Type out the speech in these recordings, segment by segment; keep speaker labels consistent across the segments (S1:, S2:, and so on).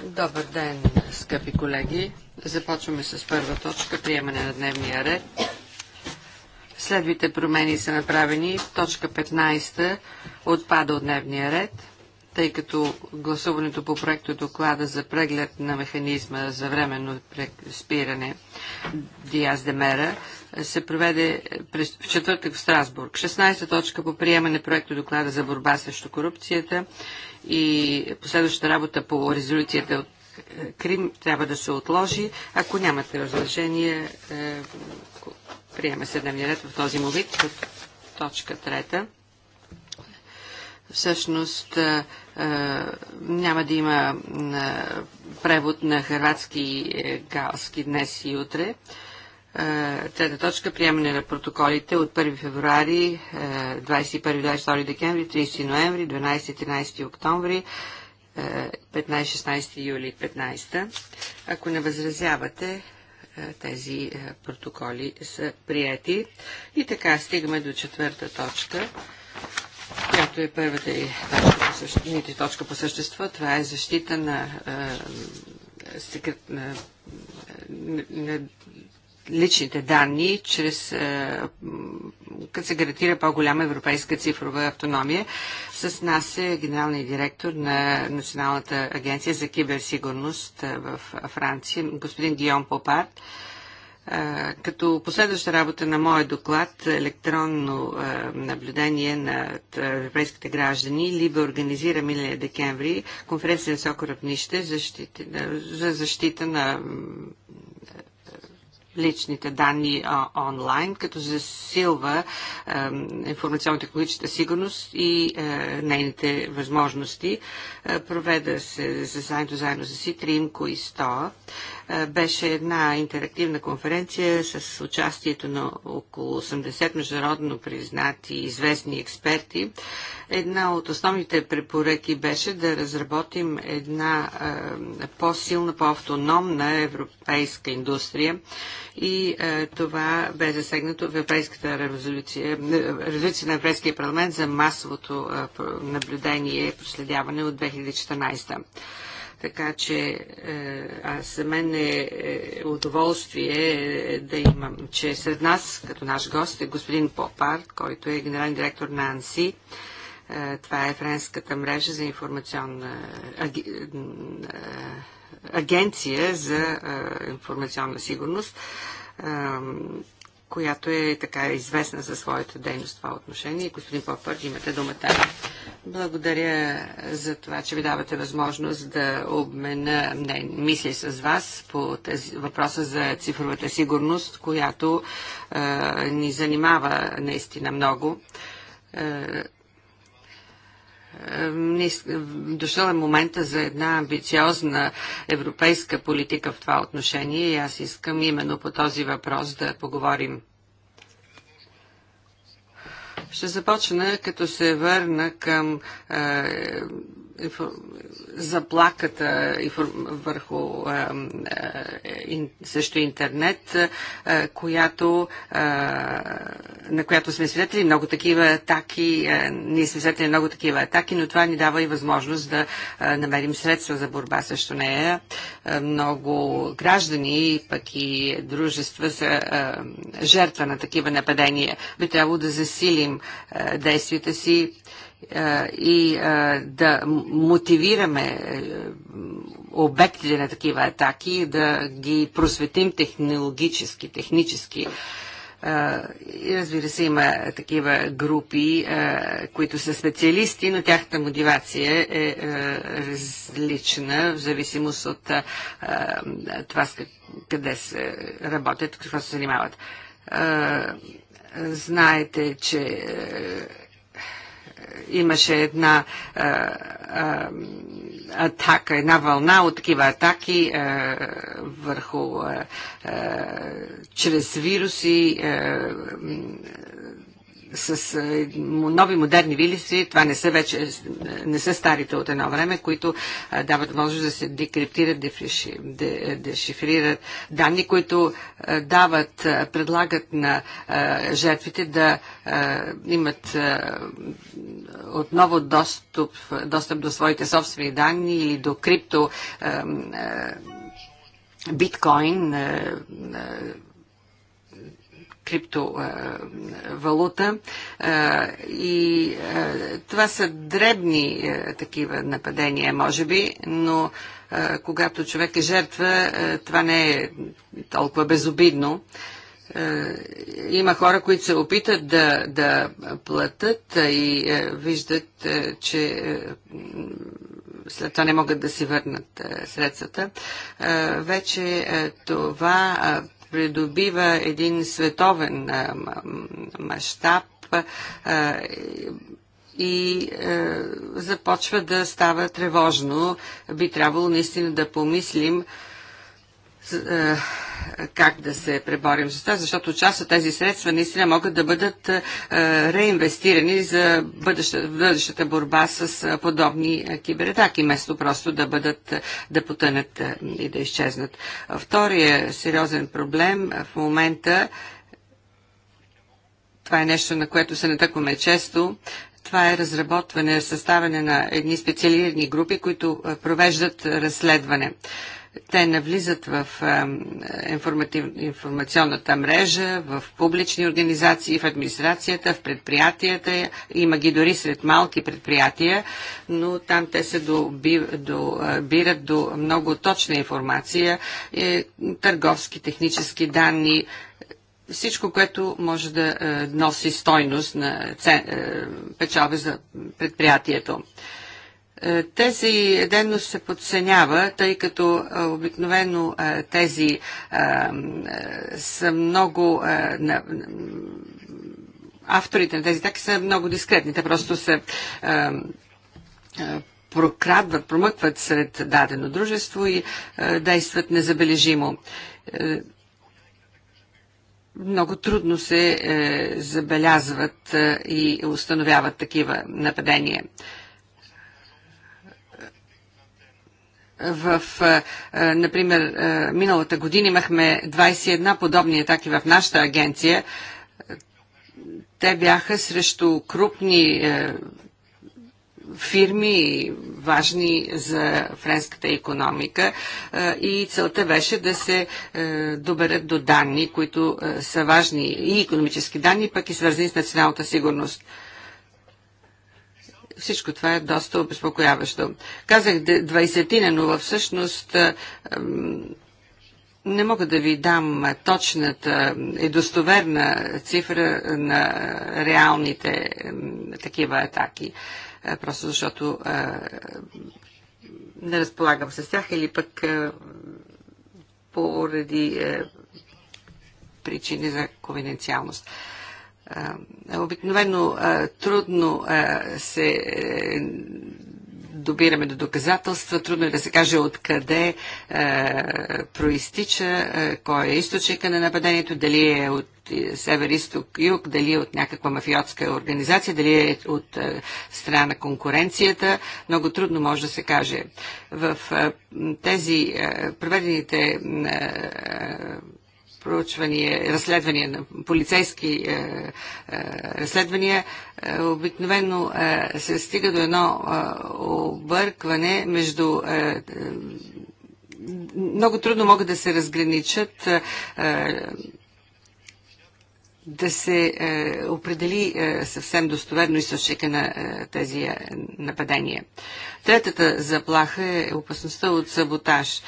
S1: Добър ден, скъпи колеги. Започваме с първа точка, приемане на дневния ред. Следвите промени са направени. Точка 15 отпада от дневния ред тъй като гласуването по проекто е доклада за преглед на механизма за временно спиране Диаз Демера се проведе през, в четвъртък в Страсбург. 16 точка по приемане проекто доклада за борба срещу корупцията и последващата работа по резолюцията от Крим трябва да се отложи. Ако нямате разрешение, е, приема се дневния ред в този му вид. Точка трета всъщност няма да има превод на хрватски и е, галски днес и утре. Трета точка – приемане на протоколите от 1 февруари, 21-22 е, декември, 30 ноември, 12-13 октомври, 15-16 е, юли 15. Ако не възразявате, тези протоколи са прияти. И така стигаме до четвърта точка – която е първата и точка по, същество, точка по същество. Това е защита на, е, секрет, на, на, личните данни, чрез, е, като се гарантира по-голяма европейска цифрова автономия. С нас е генералният директор на Националната агенция за киберсигурност в Франция, господин Гион Попарт. Като последваща работа на моя доклад електронно наблюдение на европейските граждани, либо организира миналия декември конференция на високо равнище за защита на личните данни онлайн, като засилва е, информационно-технологичната сигурност и нейните възможности. проведа се заседанието заедно ситри имко и СТОА беше една интерактивна конференция с участието на около 80 международно признати и известни експерти. Една от основните препоръки беше да разработим една по-силна, по-автономна европейска индустрия и това бе засегнато в Европейската резолюция, резолюция на Европейския парламент за масовото наблюдение и проследяване от 2014. Така че е, а за мен е, е удоволствие е, да имам, че сред нас, като наш гост, е господин Попарт, който е генерален директор на АНСИ. Това е френската мрежа за информационна агенция за информационна сигурност, която е така известна за своята дейност в това отношение. Господин Попарт, имате думата. Благодаря за това, че ви давате възможност да обмена не, мисли с вас по тези, въпроса за цифровата сигурност, която е, ни занимава наистина много. Е, Дошъл е момента за една амбициозна европейска политика в това отношение и аз искам именно по този въпрос да поговорим. Ще започна, като се върна към е, заплаката върху също интернет, която, на която сме свидетели много такива атаки. Ние сме свидетели много такива атаки, но това ни дава и възможност да намерим средства за борба срещу нея. Много граждани, пък и дружества са жертва на такива нападения. Би трябвало да засилим действията си и да мотивираме е, обектите на такива атаки, да ги просветим технологически, технически. И разбира се, има такива групи, които са специалисти, но тяхната мотивация е, е различна в зависимост от това къде се работят, какво се занимават. Знаете, че е, имаше една а, а, атака, една вълна от такива атаки а, върху а, а, чрез вируси, а, с е, нови модерни вилици, това не са вече, е, не са старите от едно време, които е, дават възможност да се декриптират, дешифрират данни, които дават, предлагат на жертвите да имат отново достъп, достъп до своите собствени данни или до крипто биткоин, криптовалута е, и е, това са дребни е, такива нападения, може би, но когато човек е жертва, това не е толкова безобидно има хора, които се опитат да, да платят и виждат, че след това не могат да си върнат средствата. Вече това придобива един световен мащаб и започва да става тревожно. Би трябвало наистина да помислим е, как да се преборим с това, защото част от тези средства наистина могат да бъдат е, реинвестирани за бъдещата, бъдещата борба с е, подобни кибератаки, вместо просто да бъдат, да потънат и да изчезнат. Втория сериозен проблем в момента, това е нещо, на което се натъкваме често, това е разработване, съставяне на едни специализирани групи, които провеждат разследване. Те навлизат в информатив... информационната мрежа, в публични организации, в администрацията, в предприятията. Има ги дори сред малки предприятия, но там те се добират до много точна информация, е, търговски, технически данни, всичко, което може да е, носи стойност на е, печалба за предприятието. Е, тези денност се подценява, тъй като е, обикновено е, тези са много авторите на тези така са много дискретни. Те просто се прокрадват, промъкват сред дадено дружество и действат незабележимо много трудно се забелязват и установяват такива нападения. в, е, е, например, е, миналата година имахме 21 подобни атаки в нашата агенция. Те бяха срещу крупни фирми, важни за френската економика и целта беше да се доберат до данни, които са важни и економически данни, пък и свързани с националната сигурност. Всичко това е доста обезпокояващо. Казах 20 но във всъщност не мога да ви дам точната и достоверна цифра на реалните такива атаки, просто защото не разполагам с тях или пък поради причини за конвенциалност. Обикновено трудно се е, добираме до доказателства, трудно е да се каже откъде е, проистича, е, кой е източника на нападението, дали е от север-исток-юг, дали е от някаква мафиотска организация, дали е от страна на конкуренцията, много трудно може да се каже. В тези проведените проучвания, разследвания на полицейски е, е, разследвания, е, обикновено е, се стига до едно е, объркване между е, е много трудно могат да се разграничат е, е, да се е, определи е, съвсем достоверно източника на е, тези е, нападения. Третата заплаха е опасността от саботаж.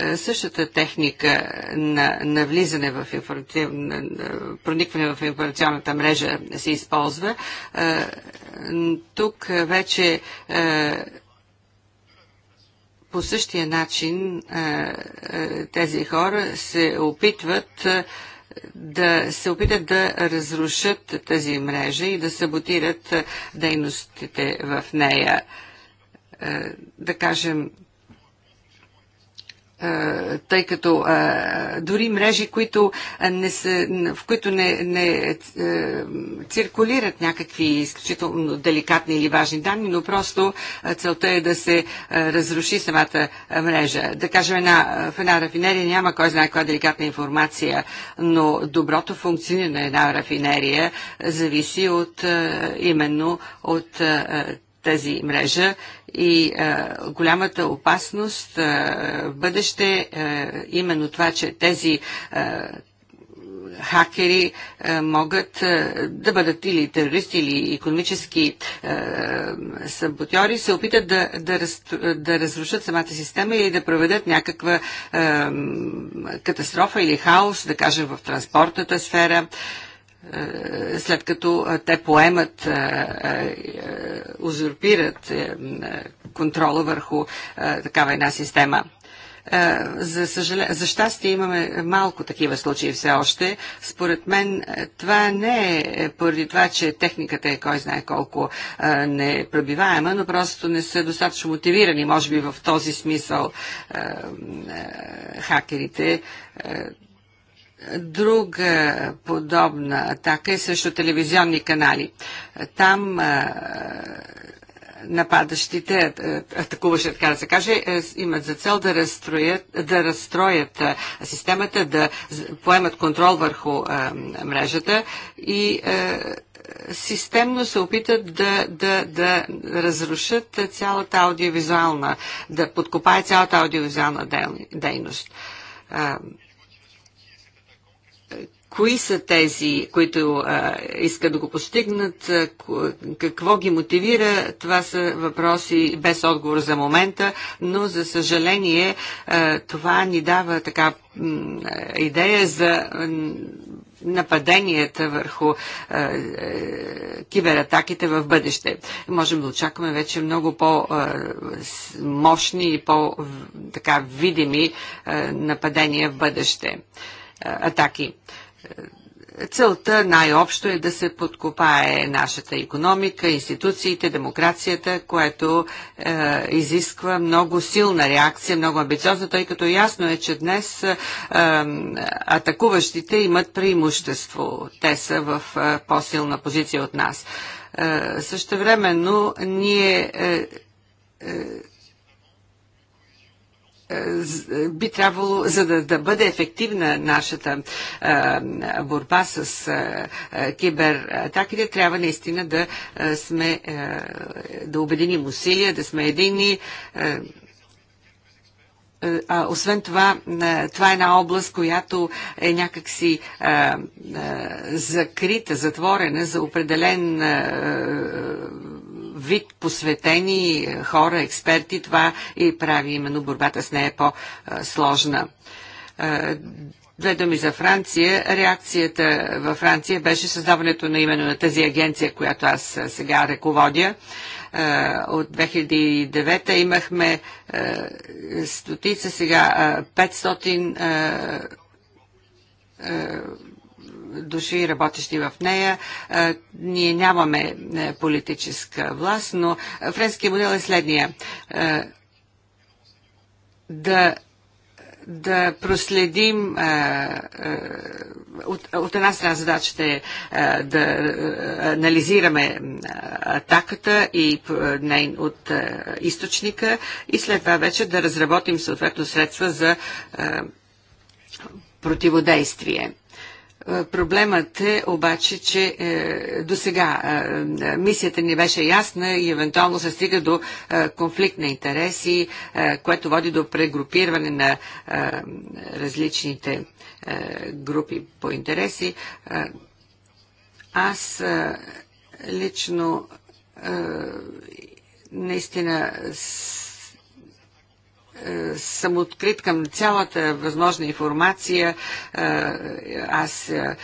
S1: Е, същата техника на, на влизане в информатив... на, на проникване в информационната мрежа се използва. Е, тук вече е, по същия начин тези хора се опитват да се опитат да разрушат тази мрежа и да саботират дейностите в нея. Да кажем, тъй като дори мрежи, които не са, в които не, не циркулират някакви изключително деликатни или важни данни, но просто целта е да се разруши самата мрежа. Да кажем, една, в една рафинерия няма кой знае каква деликатна информация, но доброто функциониране на една рафинерия зависи от, именно от тази мрежа и а, голямата опасност а, в бъдеще а, именно това, че тези а, хакери а, могат а, да бъдат или терористи, или економически а, саботьори, се опитат да, да, раз, да разрушат самата система или да проведат някаква а, катастрофа или хаос, да кажем, в транспортната сфера. А, е, след като те поемат, е, е, узурпират контрола върху такава една система. За, съжале... за щастие имаме малко такива случаи все още. Според мен това не е поради това, че техниката е кой знае колко а, непробиваема, но просто не са достатъчно мотивирани, може би в този смисъл хакерите. Друга подобна атака е срещу телевизионни канали. Там нападащите, атакуваше, така да се каже, е, имат за цел да разстроят, да разстроят системата, да поемат контрол върху мрежата и системно се опитат да, да, да разрушат цялата аудиовизуална, да подкопаят цялата аудиовизуална дейност кои са тези, които а, искат да го постигнат, а, какво ги мотивира, това са въпроси без отговор за момента, но за съжаление а, това ни дава така идея за нападенията върху е, е, кибератаките в бъдеще. Можем да очакваме вече много по-мощни и по-видими е, нападения в бъдеще. атаки. Целта най-общо е да се подкопае нашата економика, институциите, демокрацията, което е, изисква много силна реакция, много амбициозна, тъй като ясно е, че днес е, атакуващите имат преимущество. Те са в е, по-силна позиция от нас. Е, същевременно ние. Е, е, би трябвало, за да, да бъде ефективна нашата а, борба с а, кибератаките, трябва наистина да а, сме, а, да обединим усилия, да сме едини. А, а, освен това, това е една област, която е някакси а, а, закрита, затворена за определен а, вид посветени е, хора, експерти, това и прави именно борбата с нея по-сложна. Две думи за Франция. Реакцията във Франция беше създаването на именно на тази агенция, която аз е, сега ръководя. Е, От 2009 имахме стотица сега 500 души, работещи в нея. Е, ние нямаме е, политическа власт, но френския модел е следния. Е, да да проследим от, една страна задачата е да анализираме атаката и нейн от източника и след това вече да разработим съответно средства за противодействие. Е, проблемът е обаче, че е, до сега е, е, мисията ни беше ясна и евентуално се стига до е, конфликт на интереси, е, което води до прегрупиране на различните групи по интереси. Аз лично наистина с съм открит към цялата възможна информация. Е, аз е,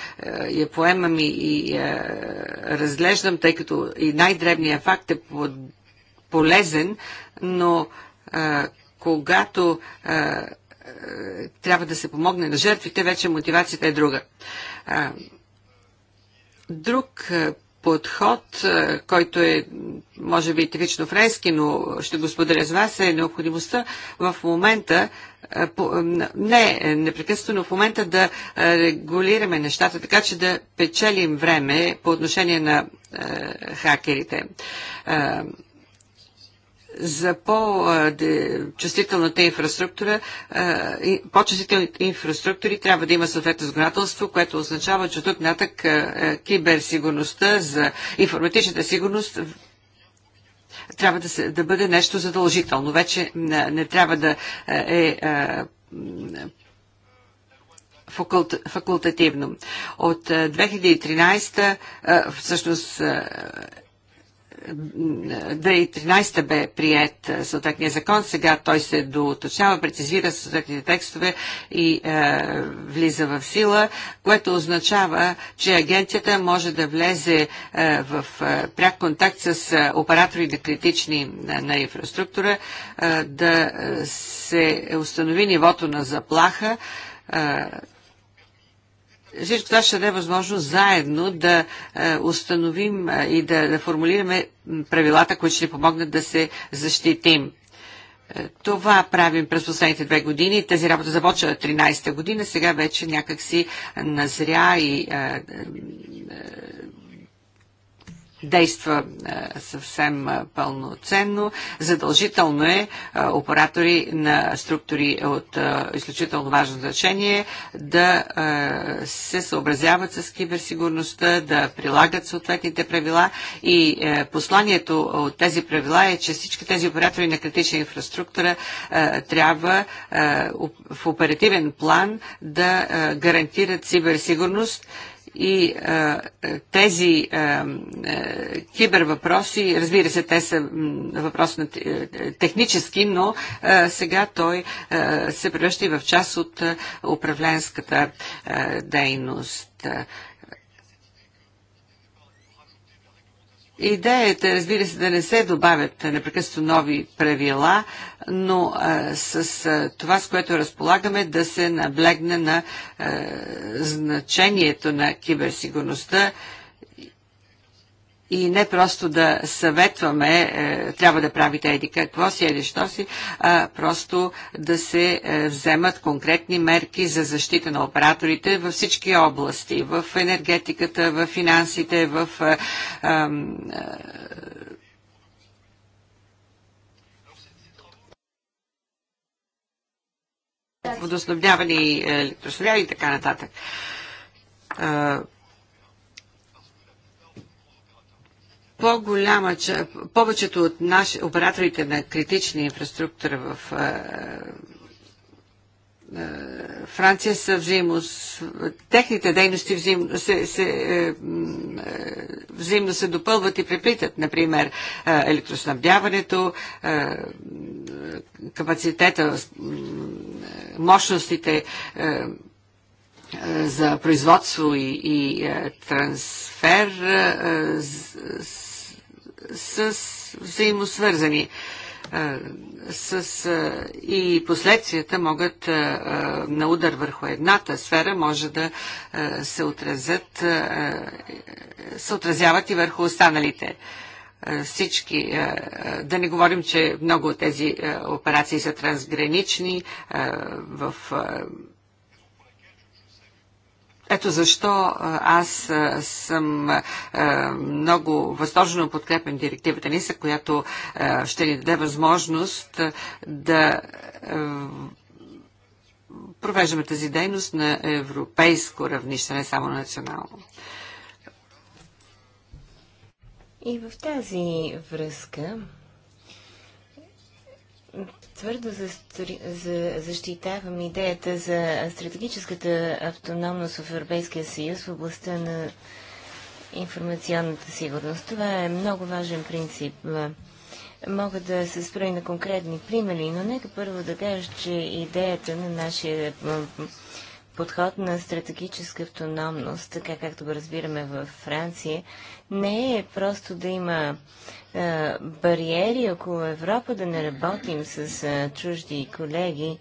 S1: я поемам и, я е, разглеждам, тъй като и най-дребният факт е полезен, но когато трябва да се помогне на жертвите, вече мотивацията е друга. Друг подход, който е, може би, типично френски, но ще го споделя с вас, е необходимостта в момента, не непрекъснато, но в момента да регулираме нещата, така че да печелим време по отношение на хакерите за по-чувствителната инфраструктура, по-чувствителните инфраструктури трябва да има съответно законодателство, което означава, че тук натък киберсигурността за информатичната сигурност трябва да, се, да бъде нещо задължително. Вече не, не трябва да е, е факулт, факултативно. От 2013, всъщност 2013 бе прият съответния закон, сега той се доточава, прецизира съответните текстове и е, влиза в сила, което означава, че агенцията може да влезе е, в е, пряк контакт с е, оператори на критични на, на инфраструктура, е, да се установи нивото на заплаха, е, всичко това ще даде възможност заедно да е, установим е, и да, да формулираме правилата, които ще помогнат да се защитим. Е, това правим през последните две години. Тази работа започва 13-та година. Сега вече някакси назря и действа е, съвсем е, пълноценно. Задължително е, е оператори на структури от изключително важно значение да се съобразяват с киберсигурността, да прилагат съответните правила и посланието от тези правила е, че всички тези оператори на критична инфраструктура трябва в оперативен план да гарантират киберсигурност и а, тези а, кибер въпроси, разбира се, те са въпрос на е, е, технически, но а, сега той а, се превръща и в част от управленската а, дейност. Идеята е, разбира се, да не се добавят непрекъснато нови правила, но а, с а, това, с което разполагаме, да се наблегне на а, значението на киберсигурността и не просто да съветваме, е, трябва да правите еди какво си, еди що си, а просто да се е, вземат конкретни мерки за защита на операторите във всички области, в енергетиката, в финансите, в е, е водоснабдяване и е, електроснабдяване и така нататък По-голяма, че, повечето от наши, операторите на критична инфраструктура в е, е, Франция са взаимно, техните дейности взаимно се, се, е, взаимно се допълват и преплитат. Например, електроснабдяването, капацитета, мощностите за производство и, и трансфер с, с взаимосвързани с, а, и последствията могат а, на удар върху едната сфера може да а, се отразят, а, се отразяват и върху останалите. всички, да не говорим, че много от тези операции са трансгранични в ето защо аз съм много възторжено подкрепен директивата НИСА, която ще ни даде възможност да провеждаме тази дейност на европейско равнище, не само национално.
S2: И в тази връзка твърдо защитавам идеята за стратегическата автономност в Европейския съюз в областта на информационната сигурност. Това е много важен принцип. Мога да се спра и на конкретни примери, но нека първо да кажа, че идеята на нашия подход на стратегическа автономност, така както го разбираме във Франция, не е просто да има е, бариери около Европа, да не работим с е, чужди колеги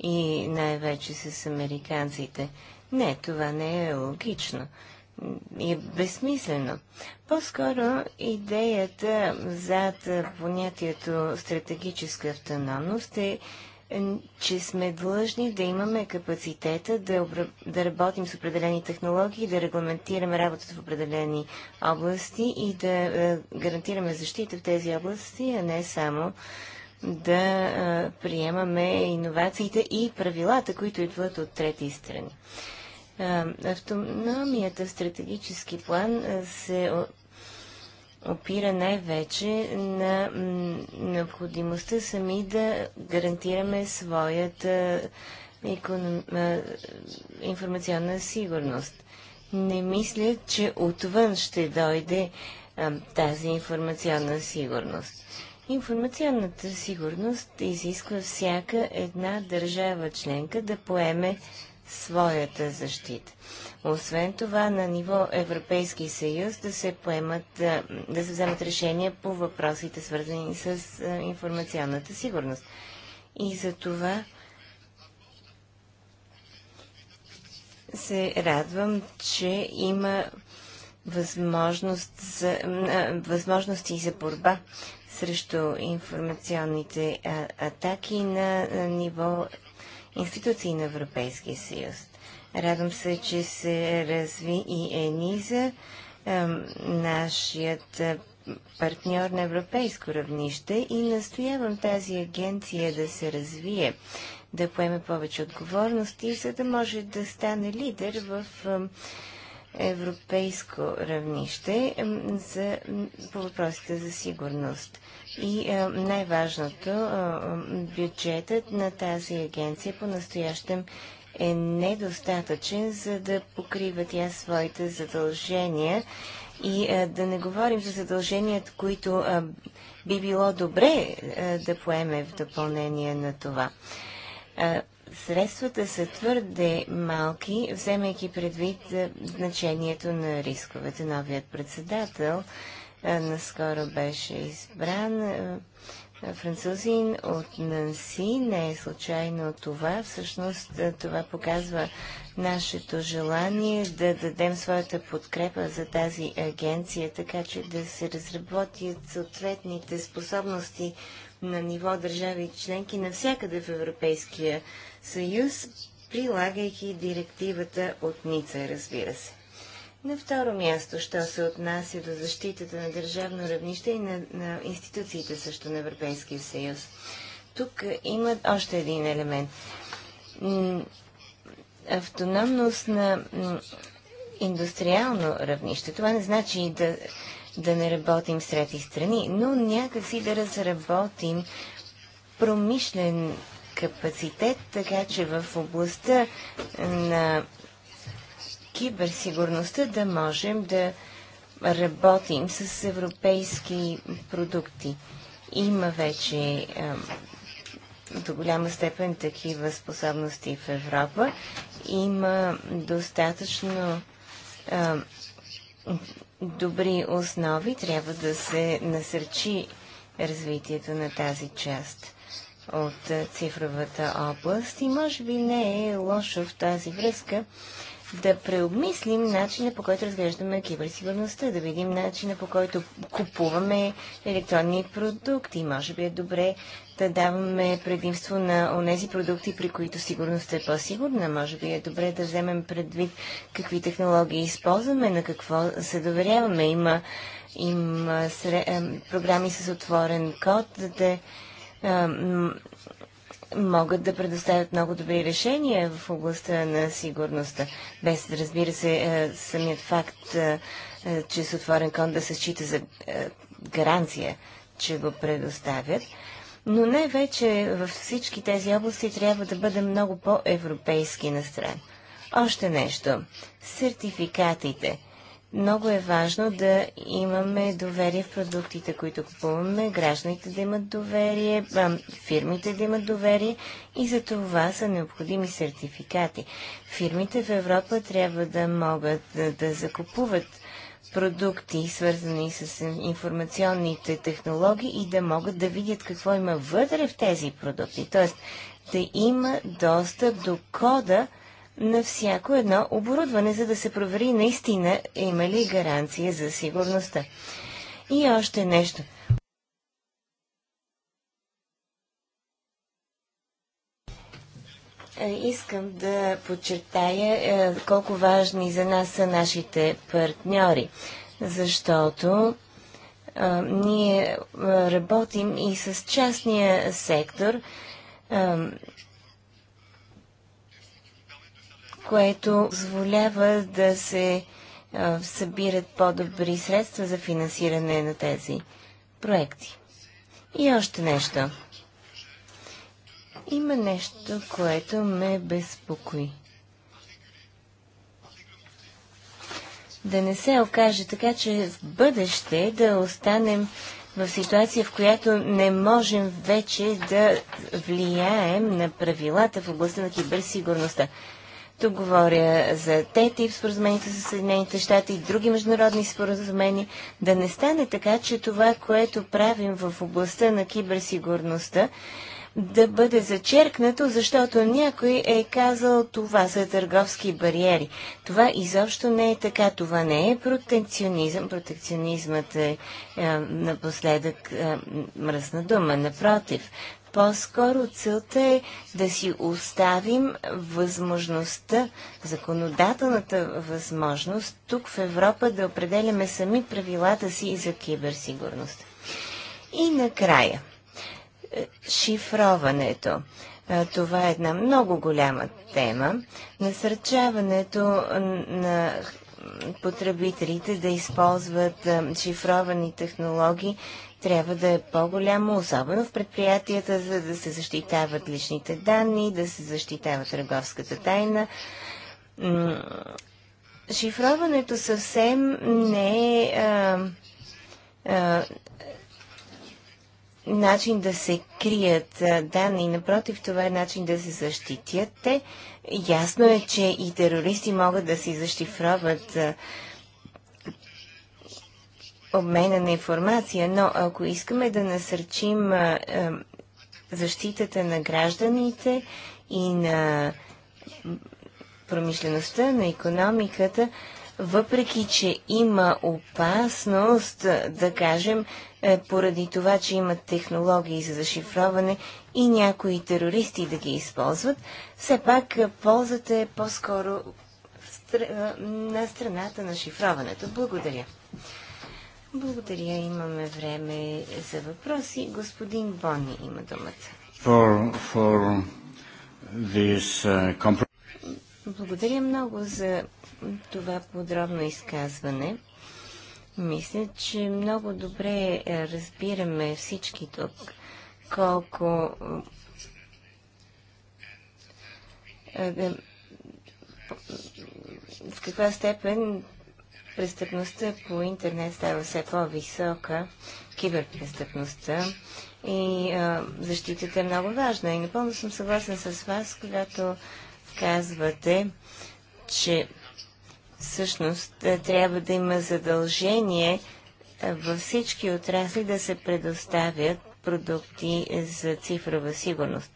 S2: и най-вече с американците. Не, това не е логично. И е безсмислено. По-скоро идеята зад е, понятието стратегическа автономност е е, че сме длъжни да имаме капацитета да, обра... да работим с определени технологии, да регламентираме работата в определени области и да е, гарантираме защита в тези области, а не само да е, приемаме иновациите и правилата, които идват от трети страни. Автономията в стратегически план се опира най-вече на необходимостта сами да гарантираме своята економ... информационна сигурност. Не мисля, че отвън ще дойде а, тази информационна сигурност. Информационната сигурност изисква всяка една държава членка да поеме своята защита. Освен това, на ниво Европейски съюз да се поемат, да се вземат решения по въпросите, свързани с информационната сигурност. И за това се радвам, че има възможност за, възможности за борба срещу информационните атаки на ниво институции на Европейския съюз. Радвам се, че се разви и ЕНИЗА, нашият партньор на европейско равнище и настоявам тази агенция да се развие, да поеме повече отговорности, за да може да стане лидер в европейско равнище за, по въпросите за сигурност. И най-важното, бюджетът на тази агенция по настоящем е недостатъчен, за да покрива тя своите задължения. И да не говорим за задълженията, които би било добре да поеме в допълнение на това. средствата са твърде малки, вземайки предвид значението на рисковете. Новият председател наскоро беше избран французин от Нанси. Не е случайно това. Всъщност е, това показва нашето желание да дадем своята подкрепа за тази агенция, така че да се разработят съответните способности на ниво държави и членки навсякъде в Европейския съюз, прилагайки директивата от Ница, разбира се. На второ място, що се отнася до защитата на държавно равнище и на, на институциите също на Европейския съюз. Тук е, има още един елемент. Автономност на индустриално равнище. Това не значи да, да не работим с трети страни, но някакси да разработим промишлен капацитет, така че в областта на киберсигурността да можем да работим с европейски продукти. Има вече до голяма степен такива способности в Европа. Има достатъчно а, добри основи. Трябва да се насърчи развитието на тази част от цифровата област и може би не е лошо в тази връзка да преобмислим начина по който разглеждаме киберсигурността, да видим начина по който купуваме електронни продукти. Може би е добре да даваме предимство на онези продукти, при които сигурността е по-сигурна. Може би е добре да вземем предвид какви технологии използваме, на какво се доверяваме. Има, има сре, програми с отворен код, да, да могат да предоставят много добри решения в областта на сигурността. Без, разбира се, е, самият факт, е, е, че с отворен кон да се счита за гаранция, че го предоставят. Но най-вече във всички тези области трябва да бъдем много по-европейски настран. Още нещо. Сертификатите. Много е важно да имаме доверие в продуктите, които купуваме, гражданите да имат доверие, фирмите да имат доверие и за това са необходими сертификати. Фирмите в Европа трябва да могат да, да закупуват продукти, свързани с информационните технологии и да могат да видят какво има вътре в тези продукти. Тоест да има достъп до кода, на всяко едно оборудване, за да се провери наистина има ли гаранция за сигурността. И още нещо. Е, искам да подчертая е, колко важни за нас са нашите партньори, защото е, ние работим и с частния сектор което позволява да се а, събират по-добри средства за финансиране на тези проекти. И още нещо. Има нещо, което ме безпокои. Да не се окаже така, че в бъдеще да останем в ситуация, в която не можем вече да влияем на правилата в областта на киберсигурността. Тук говоря за ТТИП, споразумението с Съединените щати и други международни споразумения. Да не стане така, че това, което правим в областта на киберсигурността, да бъде зачеркнато, защото някой е казал това са търговски бариери. Това изобщо не е така. Това не е протекционизъм. Протекционизмът е, е напоследък е, мръсна дума. Напротив, по-скоро целта е да си оставим възможността, законодателната възможност тук в Европа да определяме сами правилата си и за киберсигурност. И накрая, е, шифроването. Е, това е една много голяма тема. Насърчаването на потребителите да използват е, шифровани технологии трябва да е по-голямо, особено в предприятията, за да се защитават личните данни, да се защитава търговската тайна. Шифроването съвсем не е а, а, начин да се крият данни. Напротив, това е начин да се защитят те. Ясно е, че и терористи могат да си зашифроват обмена на информация, но ако искаме да насърчим защитата на гражданите и на промишлеността, на економиката, въпреки че има опасност, да кажем, е, поради това, че имат технологии за зашифроване и някои терористи да ги използват, все пак ползата е по-скоро на страната на шифроването. Благодаря. Благодаря. Имаме време за въпроси. Господин Бони има думата.
S1: For, for this, uh,
S2: Благодаря много за това подробно изказване. Мисля, че много добре разбираме всички тук колко в каква степен Престъпността по интернет става все по-висока, киберпрестъпността и а, защитата е много важна. И напълно съм съгласен с вас, когато казвате, че всъщност трябва да има задължение във всички отрасли да се предоставят продукти за цифрова сигурност.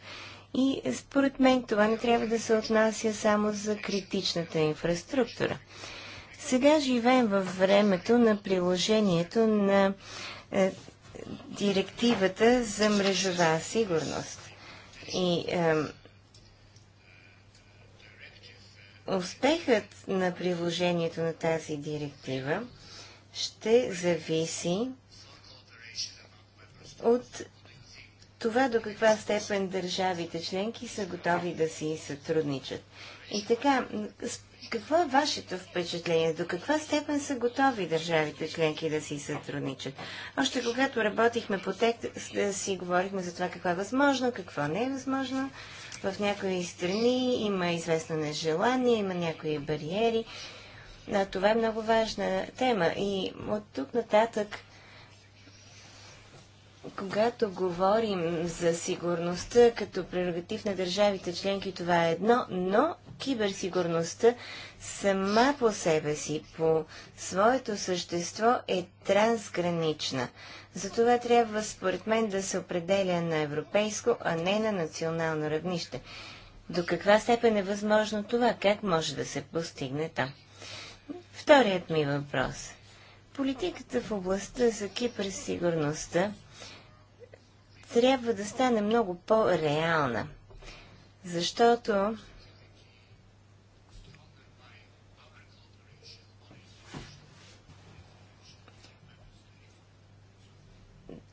S2: И според мен това не трябва да се отнася само за критичната инфраструктура. Сега живеем във времето на приложението на е, директивата за мрежова сигурност. И е, успехът на приложението на тази директива ще зависи от това до каква степен държавите членки са готови да си сътрудничат. И така, какво е вашето впечатление? До каква степен са готови държавите членки да си сътрудничат? Още когато работихме по текст, да си говорихме за това какво е възможно, какво не е възможно. В някои страни има известно нежелание, има някои бариери. Но това е много важна тема. И от тук нататък когато говорим за сигурността като прерогатив на държавите членки, това е едно, но киберсигурността сама по себе си, по своето същество е трансгранична. Затова трябва, според мен, да се определя на европейско, а не на национално равнище. До каква степен е възможно това? Как може да се постигне там? Вторият ми въпрос. Политиката в областта за киберсигурността трябва да стане много по-реална. Защото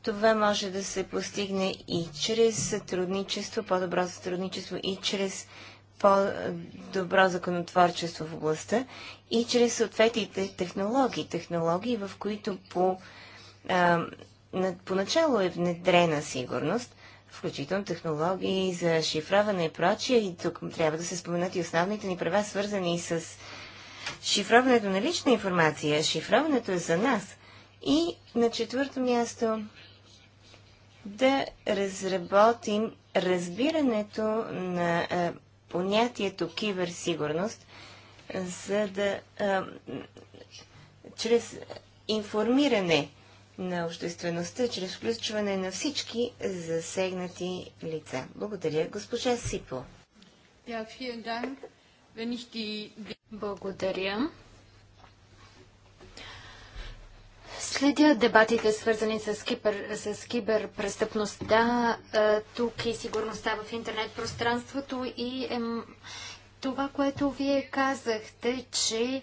S2: Това може да се постигне и чрез сътрудничество, по-добро сътрудничество, и чрез по-добро законотворчество в областта, и чрез съответните технологии, технологии, в които по а, поначало е внедрена сигурност, включително технологии за шифроване и прочие. И тук трябва да се споменат и основните ни права, свързани с шифроването на лична информация. Шифроването е за нас. И на четвърто място да разработим разбирането на а, понятието киберсигурност, за да а, чрез информиране на обществеността чрез включване на всички засегнати лица. Благодаря, госпожа Сипо.
S3: Благодаря. Следя дебатите, свързани с, кибер, с киберпрестъпността, е, тук и сигурността в интернет пространството и ем, това, което вие казахте, че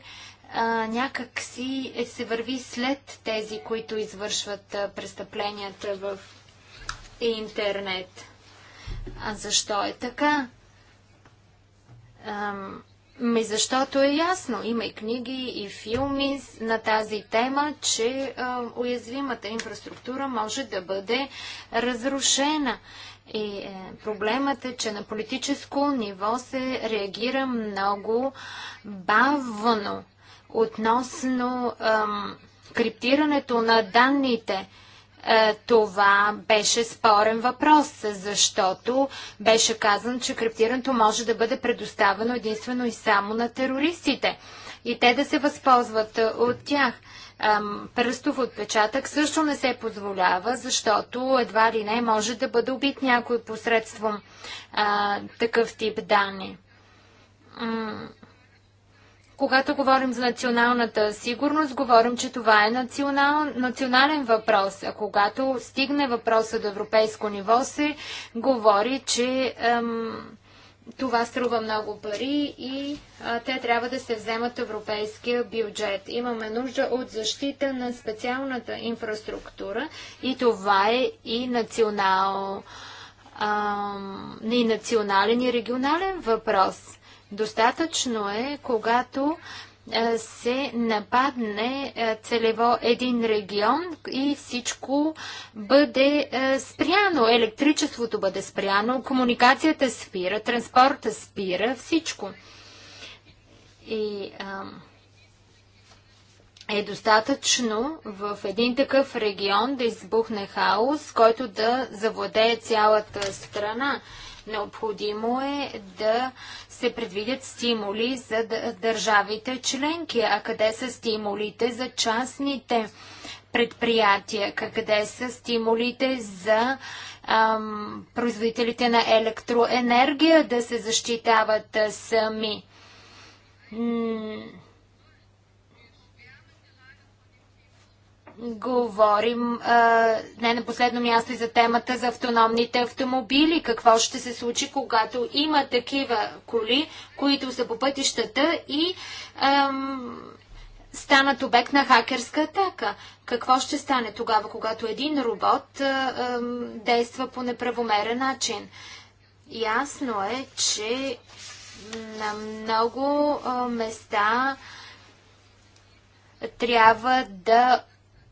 S3: някак си е, се върви след тези, които извършват престъпленията в интернет. А защо е така? Ам, ми защото е ясно, има и книги, и филми на тази тема, че а, уязвимата инфраструктура може да бъде разрушена. И е, проблемът е, че на политическо ниво се реагира много бавно Относно ам, криптирането на данните, е, това беше спорен въпрос, защото беше казано, че криптирането може да бъде предоставено единствено и само на терористите и те да се възползват е, от тях. Пръстов отпечатък също не се позволява, защото едва ли не може да бъде убит някой посредством а, такъв тип данни. Когато говорим за националната сигурност, говорим, че това е национал, национален въпрос, а когато стигне въпроса до европейско ниво, се говори, че ем, това струва много пари и а, те трябва да се вземат европейския бюджет. Имаме нужда от защита на специалната инфраструктура и това е и национал, ем, и национален и регионален въпрос. Достатъчно е, когато е, се нападне е, целево един регион и всичко бъде е, спряно. Електричеството бъде спряно, комуникацията спира, транспорта спира, всичко. И а, е достатъчно в един такъв регион да избухне хаос, който да завладее цялата страна. Необходимо е да се предвидят стимули за държавите членки, а къде са стимулите за частните предприятия, къде са стимулите за ам, производителите на електроенергия да се защитават сами. М говорим а, не на последно място и за темата за автономните автомобили. Какво ще се случи, когато има такива коли, които са по пътищата и ам, станат обект на хакерска атака? Какво ще стане тогава, когато един робот а, ам, действа по неправомерен начин? Ясно е, че на много а, места трябва да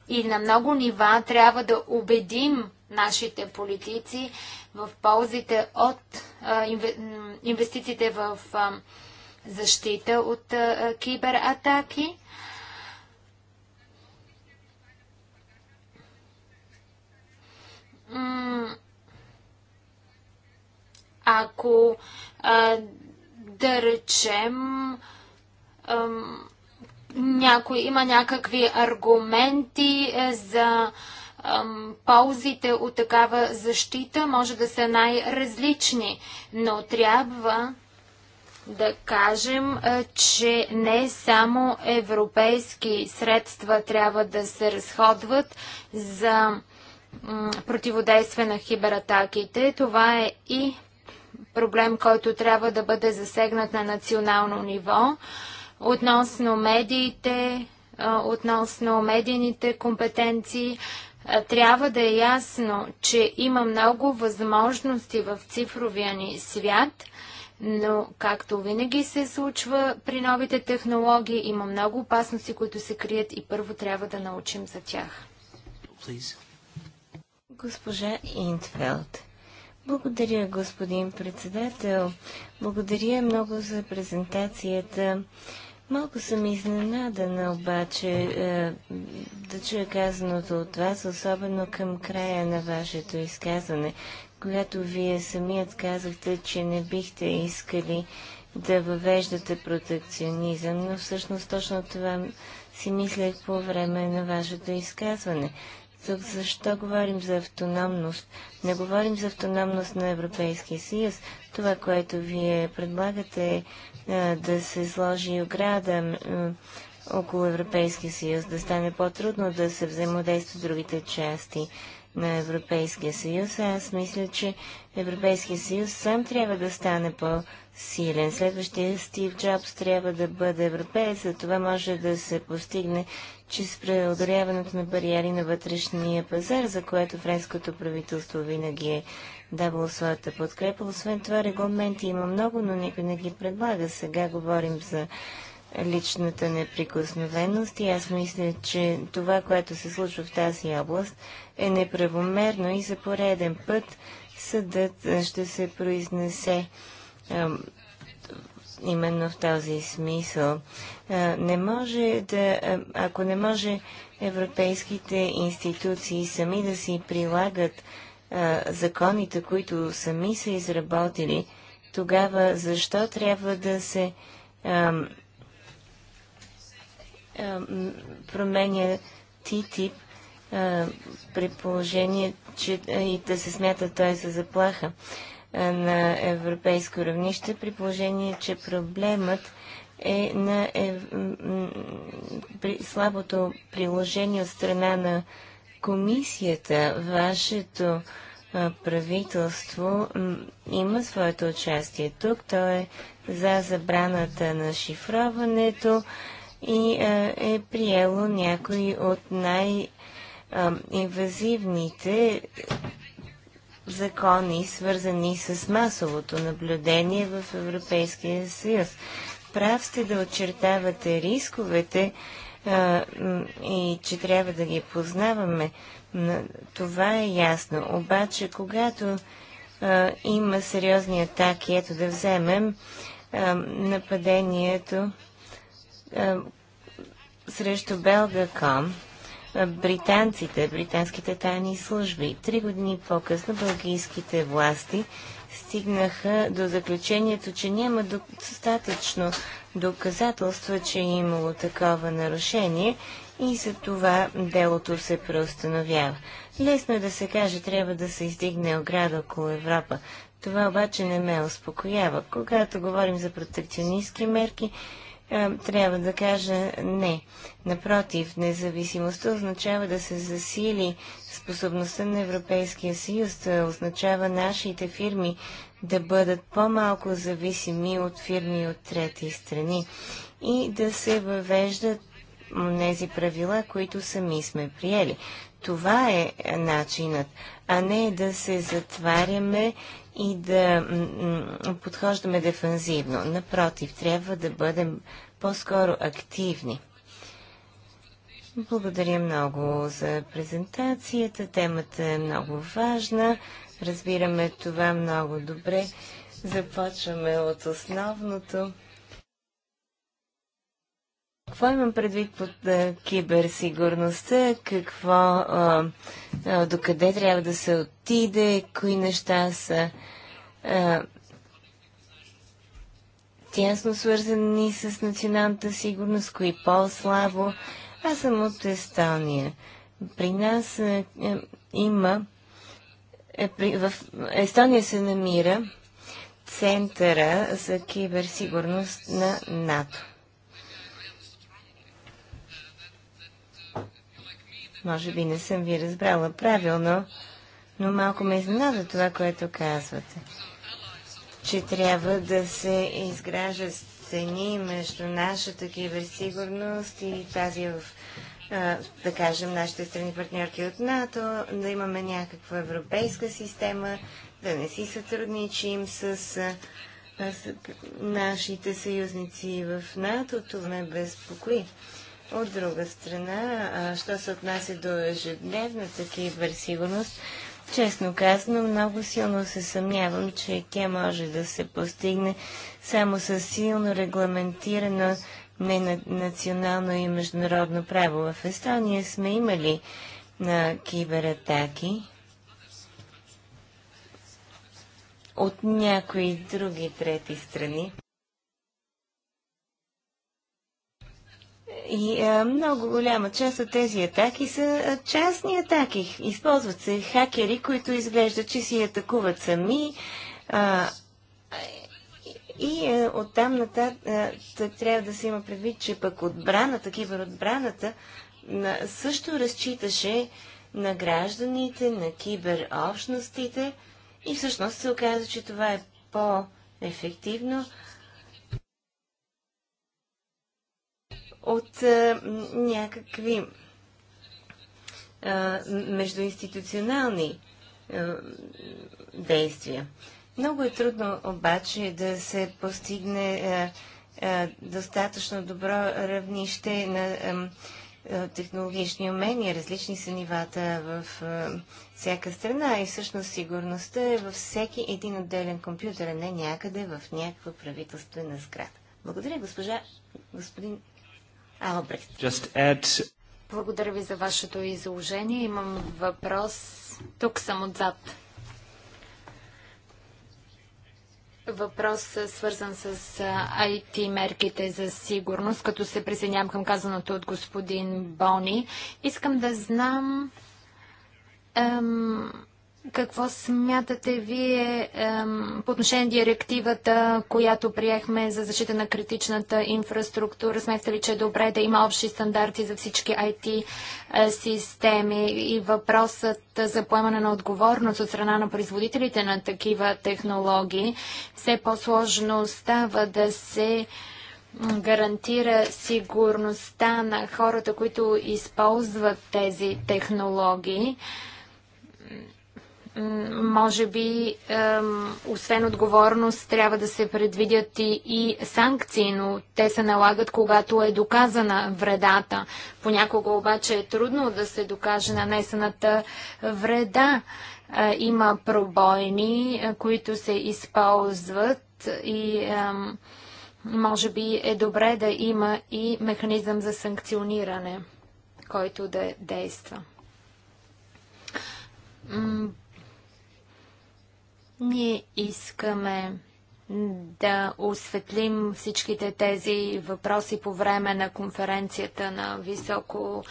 S3: и на много нива трябва да убедим нашите политици в ползите от инвестициите в защита от кибератаки. Ако да речем някой, има някакви аргументи е, за ползите от такава защита може да са най-различни, но трябва да кажем, е, че не само европейски средства трябва да се разходват за противодействие на хибератаките. Това е и проблем, който трябва да бъде засегнат на национално ниво. Относно медиите, относно медийните компетенции, трябва да е ясно, че има много възможности в цифровия ни свят, но както винаги се случва при новите технологии, има много опасности, които се крият и първо трябва да научим за тях.
S2: Please. Госпожа Интфелд. Благодаря, господин председател. Благодаря много за презентацията Малко съм изненадана обаче е, да чуя казаното от вас, особено към края на вашето изказване, когато вие самият казахте, че не бихте искали да въвеждате протекционизъм, но всъщност точно това си мислех по време на вашето изказване тук защо говорим за автономност. Не говорим за автономност на Европейския съюз. Това, което вие предлагате е да се сложи ограда е, около Европейския съюз, да стане по-трудно да се взаимодейства с другите части на Европейския съюз. Аз мисля, че Европейския съюз сам трябва да стане по-силен. Следващия Стив Джобс трябва да бъде европеец, за това може да се постигне че с преодоляването на бариери на вътрешния пазар, за което френското правителство винаги е давало своята подкрепа. Освен това, регламенти има много, но никой не ги предлага. Сега говорим за личната неприкосновеност и аз мисля, че това, което се случва в тази област, е неправомерно и за пореден път съдът ще се произнесе именно в този смисъл. Не може да, ако не може европейските институции сами да си прилагат законите, които сами са изработили, тогава защо трябва да се променя ТИТИП при положение, че и да се смята той е за заплаха? на европейско равнище, при положение, че проблемът е на ев... при слабото приложение от страна на комисията. Вашето правителство има своето участие тук. То е за забраната на шифроването и е, приело някои от най- инвазивните закони, свързани с масовото наблюдение в Европейския съюз. Прав сте да очертавате рисковете а, и че трябва да ги познаваме. Това е ясно. Обаче, когато а, има сериозни атаки, ето да вземем а, нападението срещу Белгаком, британците, британските тайни служби. Три години по-късно бългийските власти стигнаха до заключението, че няма достатъчно доказателства, че е имало такова нарушение и за това делото се преустановява. Лесно е да се каже, трябва да се издигне ограда около Европа. Това обаче не ме успокоява. Когато говорим за протекционистски мерки, е, трябва да кажа не. Напротив, независимостта означава да се засили способността на Европейския съюз, означава нашите фирми да бъдат по-малко зависими от фирми от трети страни и да се въвеждат тези правила, които сами сме приели. Това е начинът, а не да се затваряме и да подхождаме дефанзивно. Напротив, трябва да бъдем по-скоро активни. Благодаря много за презентацията. Темата е много важна. Разбираме това много добре. Започваме от основното. Какво имам предвид под а, киберсигурността? Какво, а, а, докъде трябва да се отиде? Кои неща са а, тясно свързани с националната сигурност? Кои по-слабо? Аз съм от Естония. При нас а, а, има. Е, при, в Естония се намира Центъра за киберсигурност на НАТО. Може би не съм ви разбрала правилно, но малко ме изненада това, което казвате. Че трябва да се изгражда стени между нашата киберсигурност и тази в да кажем, нашите страни партньорки от НАТО, да имаме някаква европейска система, да не си сътрудничим с, с нашите съюзници в НАТО, това ме безпокои. От друга страна, що се отнася до ежедневната киберсигурност, честно казано, много силно се съмнявам, че тя може да се постигне само с силно регламентирано не на национално и международно право. В Естония сме имали на кибератаки от някои други трети страни. И а, е, много голяма част от тези атаки са е, частни атаки. Използват се хакери, които изглеждат, че си атакуват сами. А, и а, е, оттам нататък трябва да се има предвид, че пък отбраната, киберотбраната на, също разчиташе на гражданите, на киберобщностите и всъщност се оказа, че това е по-ефективно, от а, някакви а, междуинституционални а, действия. Много е трудно обаче да се постигне а, а, достатъчно добро равнище на а, а, технологични умения. Различни са нивата в а, всяка страна и всъщност сигурността е във всеки един отделен компютър, а не някъде в някаква правителствена сграда. Благодаря, госпожа, господин
S1: Албрехт. Add...
S2: Благодаря ви за вашето изложение.
S3: Имам въпрос. Тук съм отзад. Въпрос свързан с IT мерките за сигурност, като се присъединявам към казаното от господин Бони. Искам да знам ем, какво смятате вие по отношение на директивата, която приехме за защита на критичната инфраструктура? Смятате ли, че е добре да има общи стандарти за всички IT е, системи и въпросът за поемане на отговорност от страна на производителите на такива технологии? Все по-сложно става да се гарантира сигурността на хората, които използват тези технологии може би, освен отговорност, трябва да се предвидят и, и санкции, но те се налагат, когато е доказана вредата. Понякога обаче е трудно да се докаже нанесената вреда. Е, има пробойни, е, които се използват и може би е добре да има и механизъм за санкциониране, който да действа. Ние искаме да осветлим всичките тези въпроси по време на конференцията на високо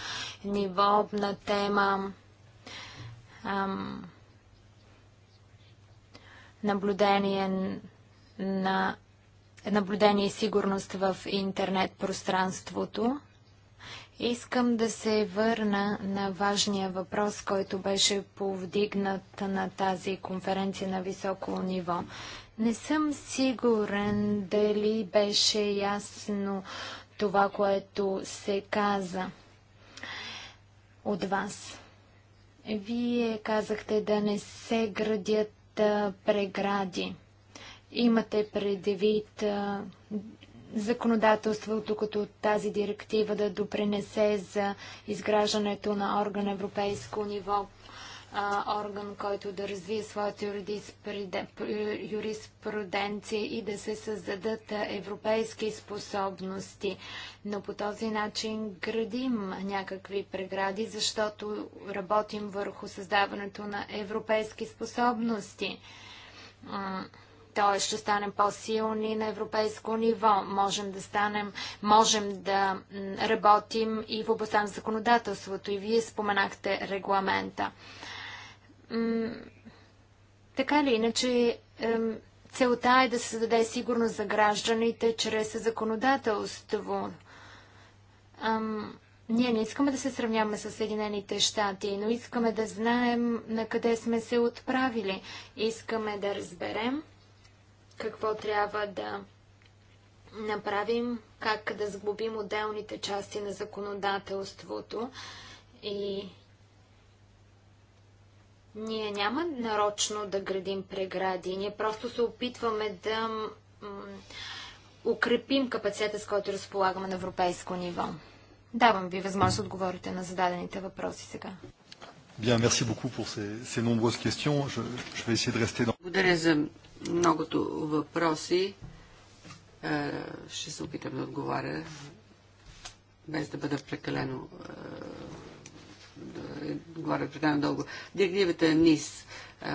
S3: ниво на тема ам, наблюдение на наблюдение и сигурност в интернет пространството. Искам да се върна на важния въпрос, който беше повдигнат на тази конференция на високо ниво. Не съм сигурен дали беше ясно това, което се каза от вас. Вие казахте да не се градят прегради. Имате предвид законодателството като тази директива да допренесе за изграждането на орган европейско ниво, а, орган, който да развие своята юриспруденция и да се създадат европейски способности. Но по този начин градим някакви прегради, защото работим върху създаването на европейски способности т.е. ще станем по-силни на европейско ниво. Можем да станем, можем да работим и в областта на законодателството. И вие споменахте регламента. Така ли, иначе, целта е да се създаде сигурност за гражданите чрез законодателство. ние не искаме да се сравняваме с Съединените щати, но искаме да знаем на къде сме се отправили. Искаме да разберем какво трябва да направим, как да сглобим отделните части на законодателството и ние няма нарочно да градим прегради, ние просто се опитваме да укрепим капацитета, с който разполагаме на европейско ниво. Давам ви възможност да отговорите на зададените въпроси сега. Bien, merci beaucoup pour ces, ces nombreuses questions. Je, je vais essayer de rester dans...
S1: Благодаря за многото въпроси. Е, ще се опитам да отговаря, без да бъда прекалено е, да говоря прекалено дълго. Директивата НИС е,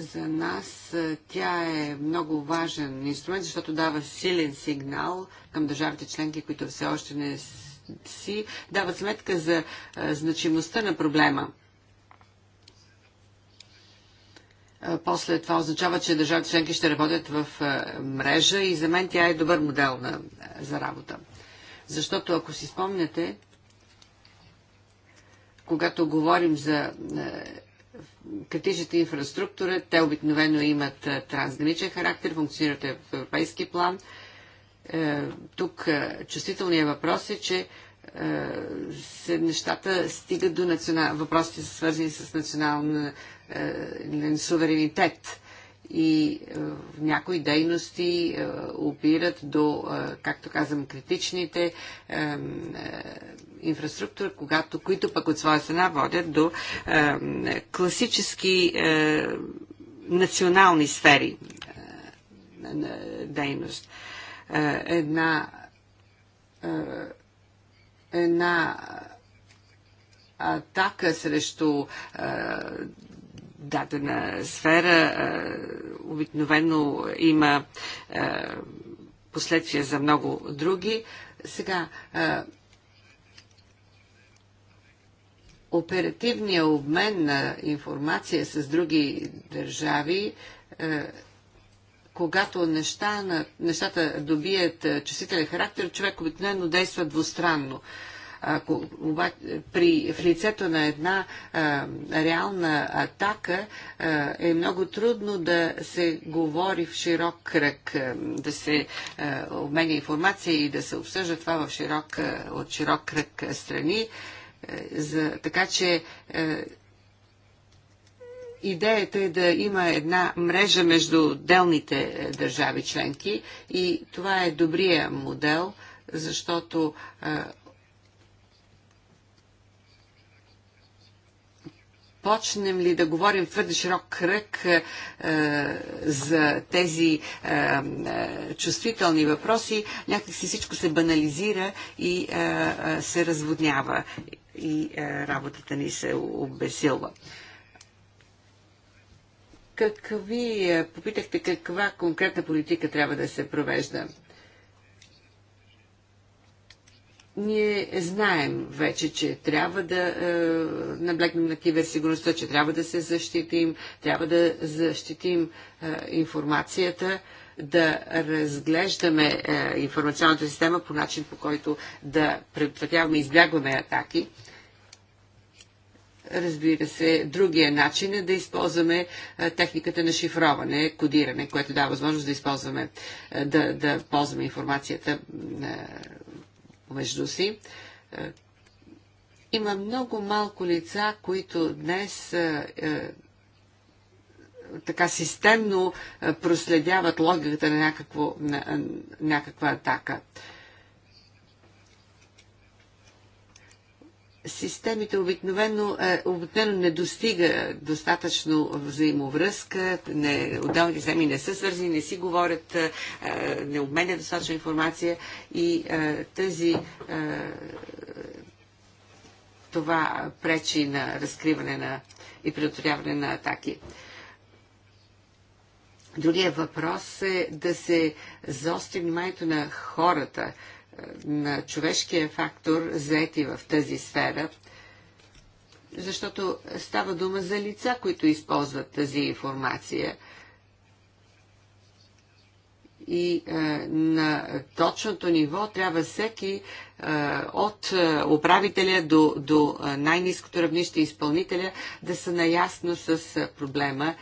S1: за нас тя е много важен инструмент, защото дава силен сигнал към държавите членки, които все още не си дават сметка за значимостта на проблема После това означава, че държавите членки ще работят в мрежа и за мен тя е добър модел на, за работа. Защото ако си спомняте, когато говорим за критичната инфраструктура, те обикновено имат трансграничен характер, функционират в европейски план. Е, тук чувствителният въпрос е, че се е, нещата стигат до национал... въпросите, са свързани с национален е, суверенитет. И е, някои дейности е, опират до, е, както казвам, критичните е, е, инфраструктури, когато, които пък от своя страна водят до е, класически е, национални сфери е, на дейност. Е, една е, една атака срещу дадена сфера обикновено има последствия за много други. Сега, оперативният обмен на информация с други държави когато неща на, нещата добият чувствителен характер, човек обикновено действа двустранно. Ако оба, при, в лицето на една а, реална атака а, е много трудно да се говори в широк кръг, а, да се а, обменя информация и да се обсъжда това в широк, а, от широк кръг страни. А, е, за, така че а, е, Идеята е да има една мрежа между отделните е, държави членки и това е добрия модел, защото е, почнем ли да говорим твърде широк кръг е, е, за тези е, е, чувствителни въпроси, някакси всичко се банализира и се разводнява и работата ни се обесилва. Какви, е, попитахте каква конкретна политика трябва да се провежда. Ние знаем вече, че трябва да е, наблегнем на киберсигурността, че трябва да се защитим, трябва да защитим е, информацията, да разглеждаме е, информационната система по начин, по който да предотвратяваме и избягваме атаки. Разбира се, другия начин е да използваме техниката на шифроване, кодиране, което дава възможност да използваме, да, да ползваме информацията между си. Има много малко лица, които днес така системно проследяват логиката на някакво, на, някаква атака. А, системите обикновено, е, обикновено не достига достатъчно взаимовръзка, не, отделните земи не са свързани, не си говорят, е, не обменят достатъчно информация и е, тази това пречи на разкриване на и предотвратяване на атаки. Другия въпрос е да се заостри вниманието на хората, на човешкия фактор, заети в тази сфера, защото става дума за лица, които използват тази информация и е, на точното ниво трябва всеки е, от е, управителя до, до най-низкото равнище изпълнителя да са наясно с проблема,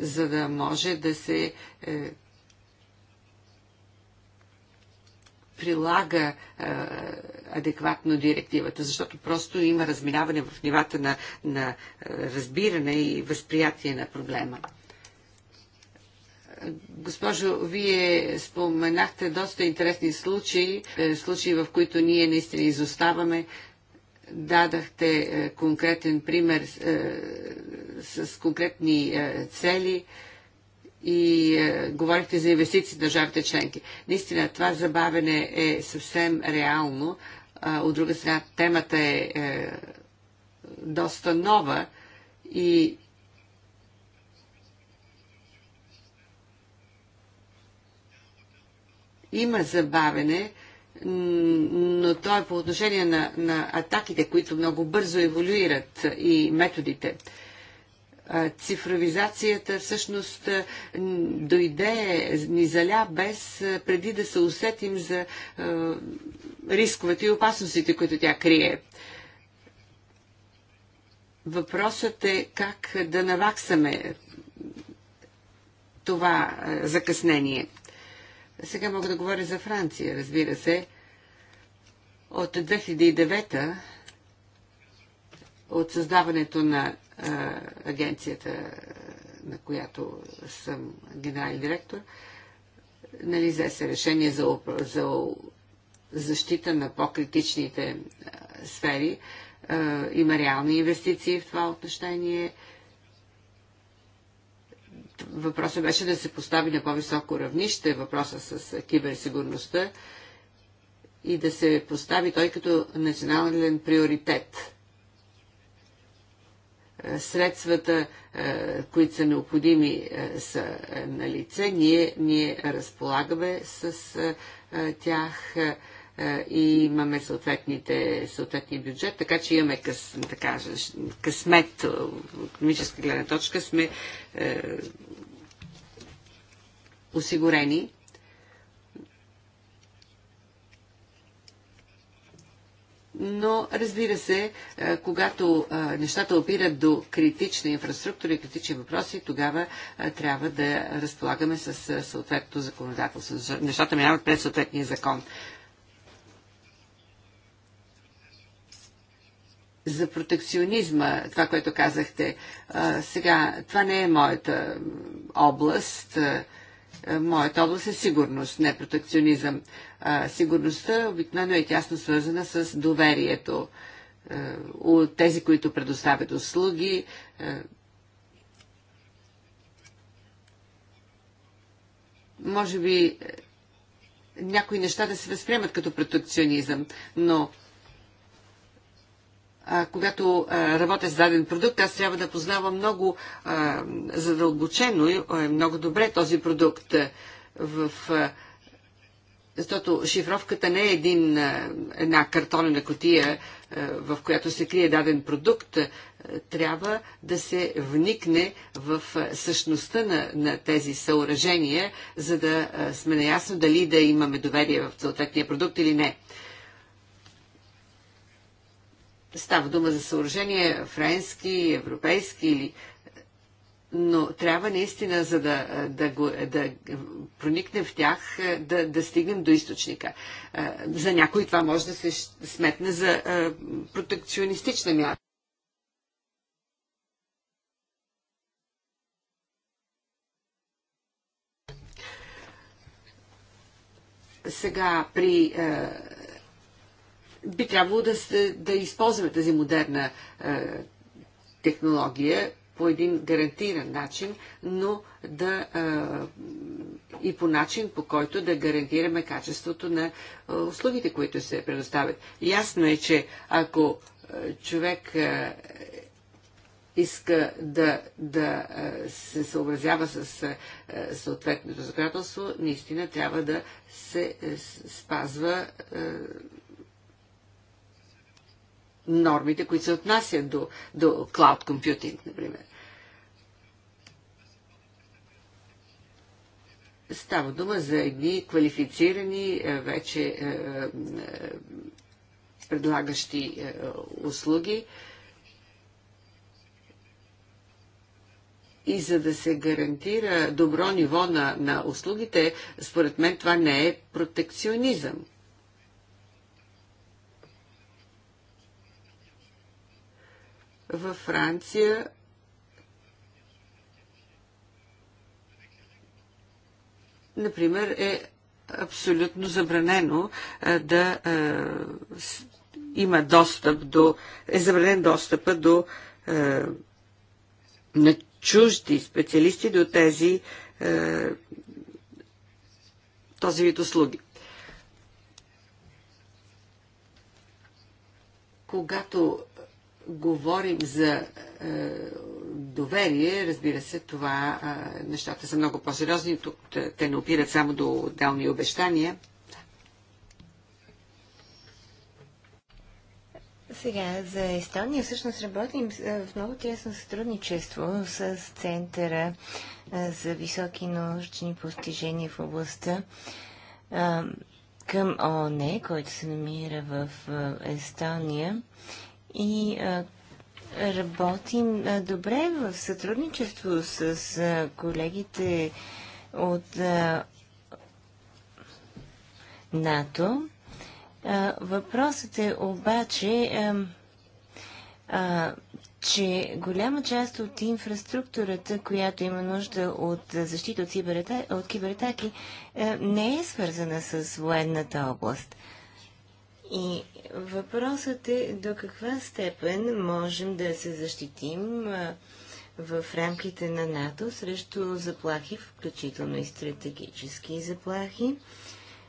S1: за да може да се е, прилага е, адекватно директивата, защото просто има разминаване в нивата на, на е, разбиране и възприятие на проблема. Госпожо, вие споменахте доста интересни случаи, е, случаи в които ние наистина изоставаме. Дадахте конкретен пример с конкретни цели и е, говорихте за инвестиции в държавите членки. Наистина, това забавене е съвсем реално. А, от друга страна, темата е, е доста нова и има забавене, но то е по отношение на, на атаките, които много бързо еволюират и методите. А, цифровизацията всъщност дойде, ни заля без преди да се усетим за рисковете и опасностите, които тя крие. Въпросът е как да наваксаме това закъснение. Сега мога да говоря за Франция, разбира се. От 2009 от създаването на агенцията, на която съм генерален директор, нали, взе решение за, за защита на по-критичните сфери. Има реални инвестиции в това отношение. Въпросът беше да се постави на по-високо равнище въпроса с киберсигурността и да се постави той като национален приоритет е, средствата, е, които са необходими, е, са на лице. Ние, ние разполагаме с тях и имаме съответните, съответния бюджет, така че имаме къс, да кажа, късмет, економическа гледна точка сме е, осигурени. но разбира се, е, когато е, нещата опират до критична инфраструктура и критични въпроси, тогава е, трябва да разполагаме с съответното законодателство. Нещата минават през съответния закон. за протекционизма, това, което казахте. Сега, това не е моята област. Е, моята област е сигурност, не протекционизъм. А, сигурността обикновено е тясно свързана с доверието от е, тези, които предоставят услуги. Е, може би някои неща да се възприемат като протекционизъм, но когато работя с даден продукт, аз трябва да познавам много задълбочено и много добре този продукт в. защото шифровката не е един, една картонена котия, в която се крие даден продукт. Трябва да се вникне в същността на, на тези съоръжения, за да сме наясно дали да имаме доверие в съответния продукт или не. Става дума за съоръжение френски, европейски или но трябва наистина, за да, да, го, да проникнем в тях, е, да, да стигнем до източника. Е, за някой това може да се сметне за е, протекционистична мярка. Сега при би трябвало да, се, да използваме тази модерна е, технология по един гарантиран начин, но да е, и по начин, по който да гарантираме качеството на е, услугите, които се предоставят. Ясно е, че ако е, човек иска да, да се съобразява с съответното законодателство, наистина трябва да се спазва нормите, които се отнасят до, до cloud computing, например. Става дума за едни квалифицирани, е, вече е, е, предлагащи услуги. И за да се гарантира добро ниво на, на услугите, според мен това не е протекционизъм. Във Франция например, е абсолютно забранено да има достъп до, е забранен достъпа до на чужди специалисти до тези този вид услуги. Когато говорим за е, доверие, разбира се, това е, нещата са много по-сериозни. Тук те не опират само до отделни обещания.
S2: Сега за Естония всъщност работим е, в много тясно сътрудничество с Центъра е, за високи научни постижения в областта е, към ООН, който се намира в Естония и работим добре в сътрудничество с колегите от НАТО. Въпросът е обаче, че голяма част от инфраструктурата, която има нужда от защита от, от кибератаки, не е свързана с военната област. И Въпросът е до каква степен можем да се защитим в рамките на НАТО срещу заплахи, включително и стратегически заплахи.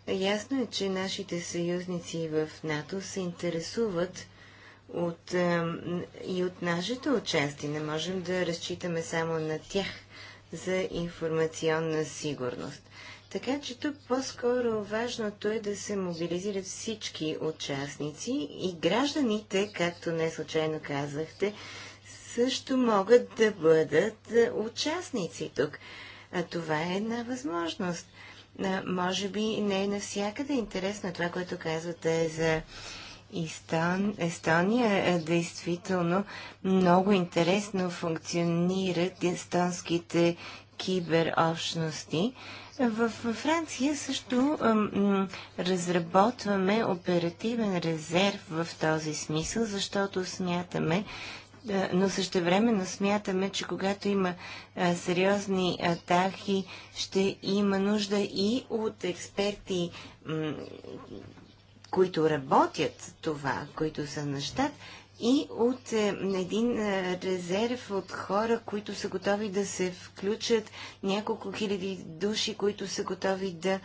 S2: Ясно е, че нашите съюзници в НАТО се интересуват от, и от нашето участие. Не можем да разчитаме само на тях за информационна сигурност. Така че тук по-скоро важното е да се мобилизират всички участници и гражданите, както не случайно казахте, също могат да бъдат е, участници тук. А това е една възможност. А, може би не е навсякъде интересно това, което казвате е за Истон, Естония. Е, действително много интересно функционират естонските киберобщности. В Франция също разработваме оперативен резерв в този смисъл, защото смятаме, но същевременно смятаме, че когато има сериозни атаки, ще има нужда и от експерти, които работят това, които са на щат, и от е, един е, резерв от хора, които са готови да се включат, няколко хиляди души, които са готови да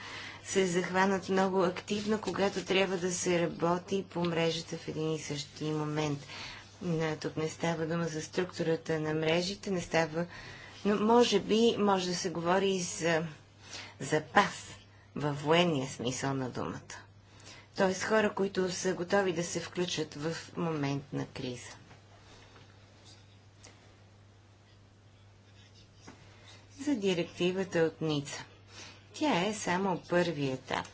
S2: се захванат много активно, когато трябва да се работи по мрежата в един и същи момент. Тук не става дума за структурата на мрежите, не става... Но може би може да се говори и за запас във военния смисъл на думата т.е. хора, които са готови да се включат в момент на криза. За директивата от Ница. Тя е само първи етап.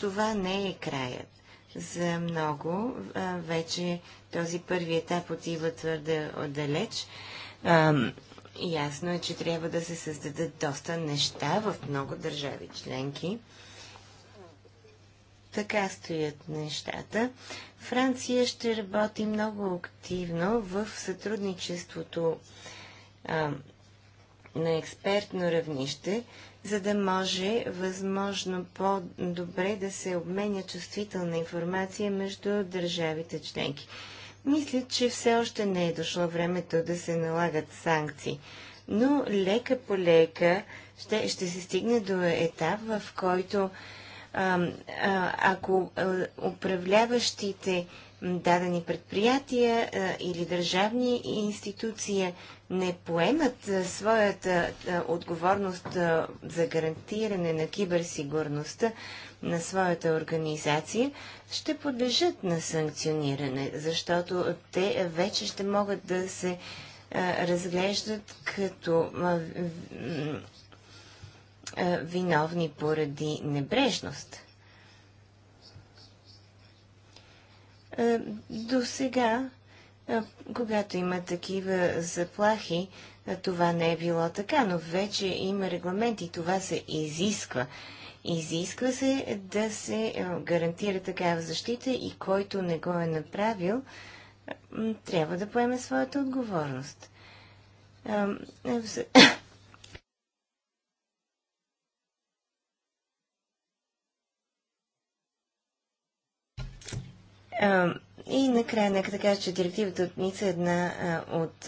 S2: Това не е краят. За много а, вече този първи етап отива твърде отдалеч. А, ясно е, че трябва да се създадат доста неща в много държави членки така стоят нещата. Франция ще работи много активно в сътрудничеството а, на експертно равнище, за да може възможно по-добре да се обменя чувствителна информация между държавите членки. Мисля, че все още не е дошло времето да се налагат санкции, но лека по лека ще, ще се стигне до етап, в който ако управляващите дадени предприятия или държавни институции не поемат своята отговорност за гарантиране на киберсигурността на своята организация, ще подлежат на санкциониране, защото те вече ще могат да се разглеждат като е, виновни поради небрежност. Е, до сега, е, когато има такива заплахи, това не е било така, но вече има регламент и това се изисква. Изисква се да се гарантира такава защита и който не го е направил, трябва да поеме своята отговорност. И накрая, нека да кажа, че директивата от НИЦ е една от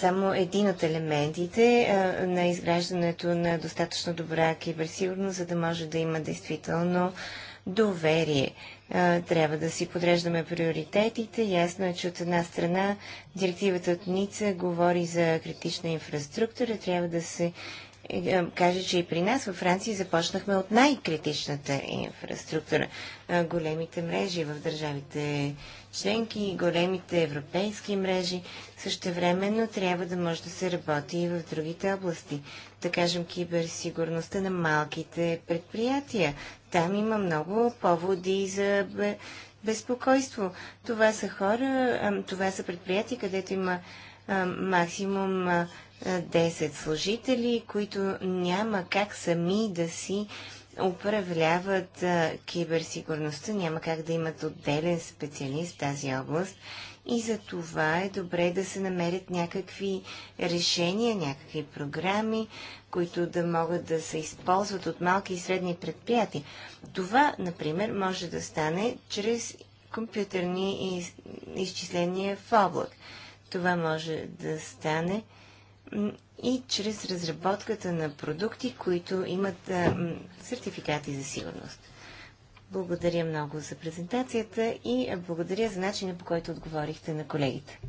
S2: само един от елементите на изграждането на достатъчно добра киберсигурност, за да може да има действително доверие. Трябва да си подреждаме приоритетите. Ясно е, че от една страна директивата от НИЦА говори за критична инфраструктура. Трябва да се е, кажа, че и при нас във Франция започнахме от най-критичната инфраструктура. Е, големите мрежи в държавите членки, големите европейски мрежи. Същевременно трябва да може да се работи и в другите области. Да кажем киберсигурността на малките предприятия. Там има много поводи за безпокойство. Това са хора, това са предприятия, където има максимум 10 служители, които няма как сами да си управляват киберсигурността, няма как да имат отделен специалист в тази област и за това е добре да се намерят някакви решения, някакви програми, които да могат да се използват от малки и средни предприятия. Това, например, може да стане чрез компютърни изчисления в облак. Това може да стане и чрез разработката на продукти, които имат сертификати за сигурност. Благодаря много за презентацията и благодаря за начина по който отговорихте на колегите.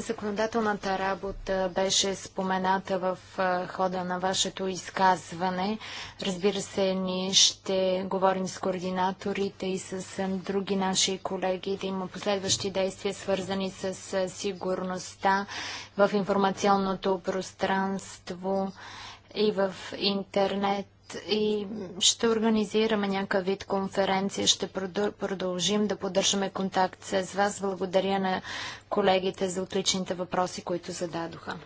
S3: Законодателната работа беше спомената в хода на вашето изказване. Разбира се, ние ще говорим с координаторите и с други наши колеги да има последващи действия, свързани с сигурността в информационното пространство и в интернет и ще организираме някакъв вид конференция. Ще продължим да поддържаме контакт с вас. Благодаря на колегите за отличните въпроси, които зададоха.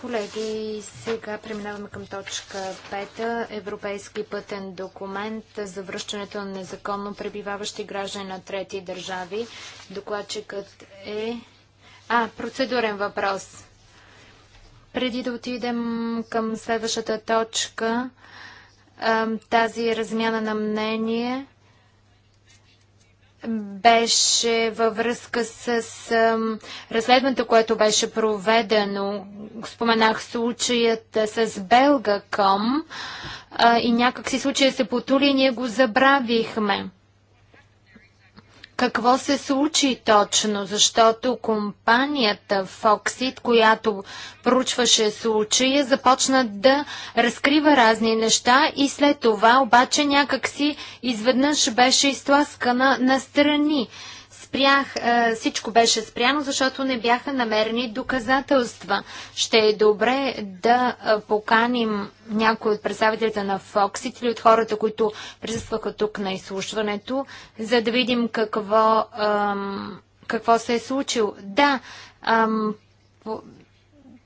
S3: Колеги, сега преминаваме към точка 5. Европейски пътен документ за връщането на незаконно пребиваващи граждани на трети държави. Докладчикът е... А, процедурен въпрос. Преди да отидем към следващата точка, тази размяна на мнение беше във връзка с разследването, което беше проведено. Споменах случаят с Белгаком и някакси случая се потули и ние го забравихме какво се случи точно, защото компанията Foxit, която проучваше случая, започна да разкрива разни неща и след това обаче някакси изведнъж беше изтласкана на страни спрях, е, всичко беше спряно, защото не бяха намерени доказателства. Ще е добре да е, поканим някой от представителите на Фоксит или от хората, които присъстваха тук на изслушването, за да видим какво, какво се е случило. Да,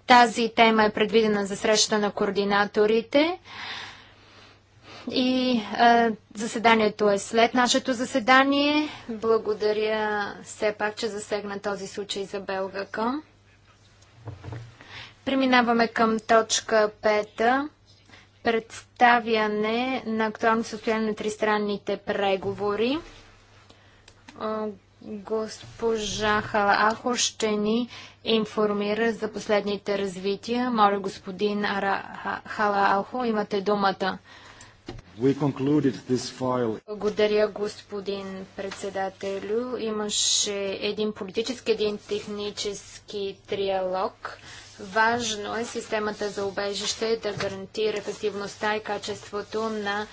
S3: тази тема е предвидена за среща на координаторите. И а, заседанието е след нашето заседание. Благодаря все пак, че засегна този случай за Белгаком. Преминаваме към точка 5. Представяне на актуално състояние на тристранните преговори. Госпожа Ахо ще ни информира за последните развития. Моля, господин Ахо, имате думата. Благодаря, господин председателю. Имаше един политически, един технически триалог. Важно е системата за обежище да гарантира ефективността и качеството на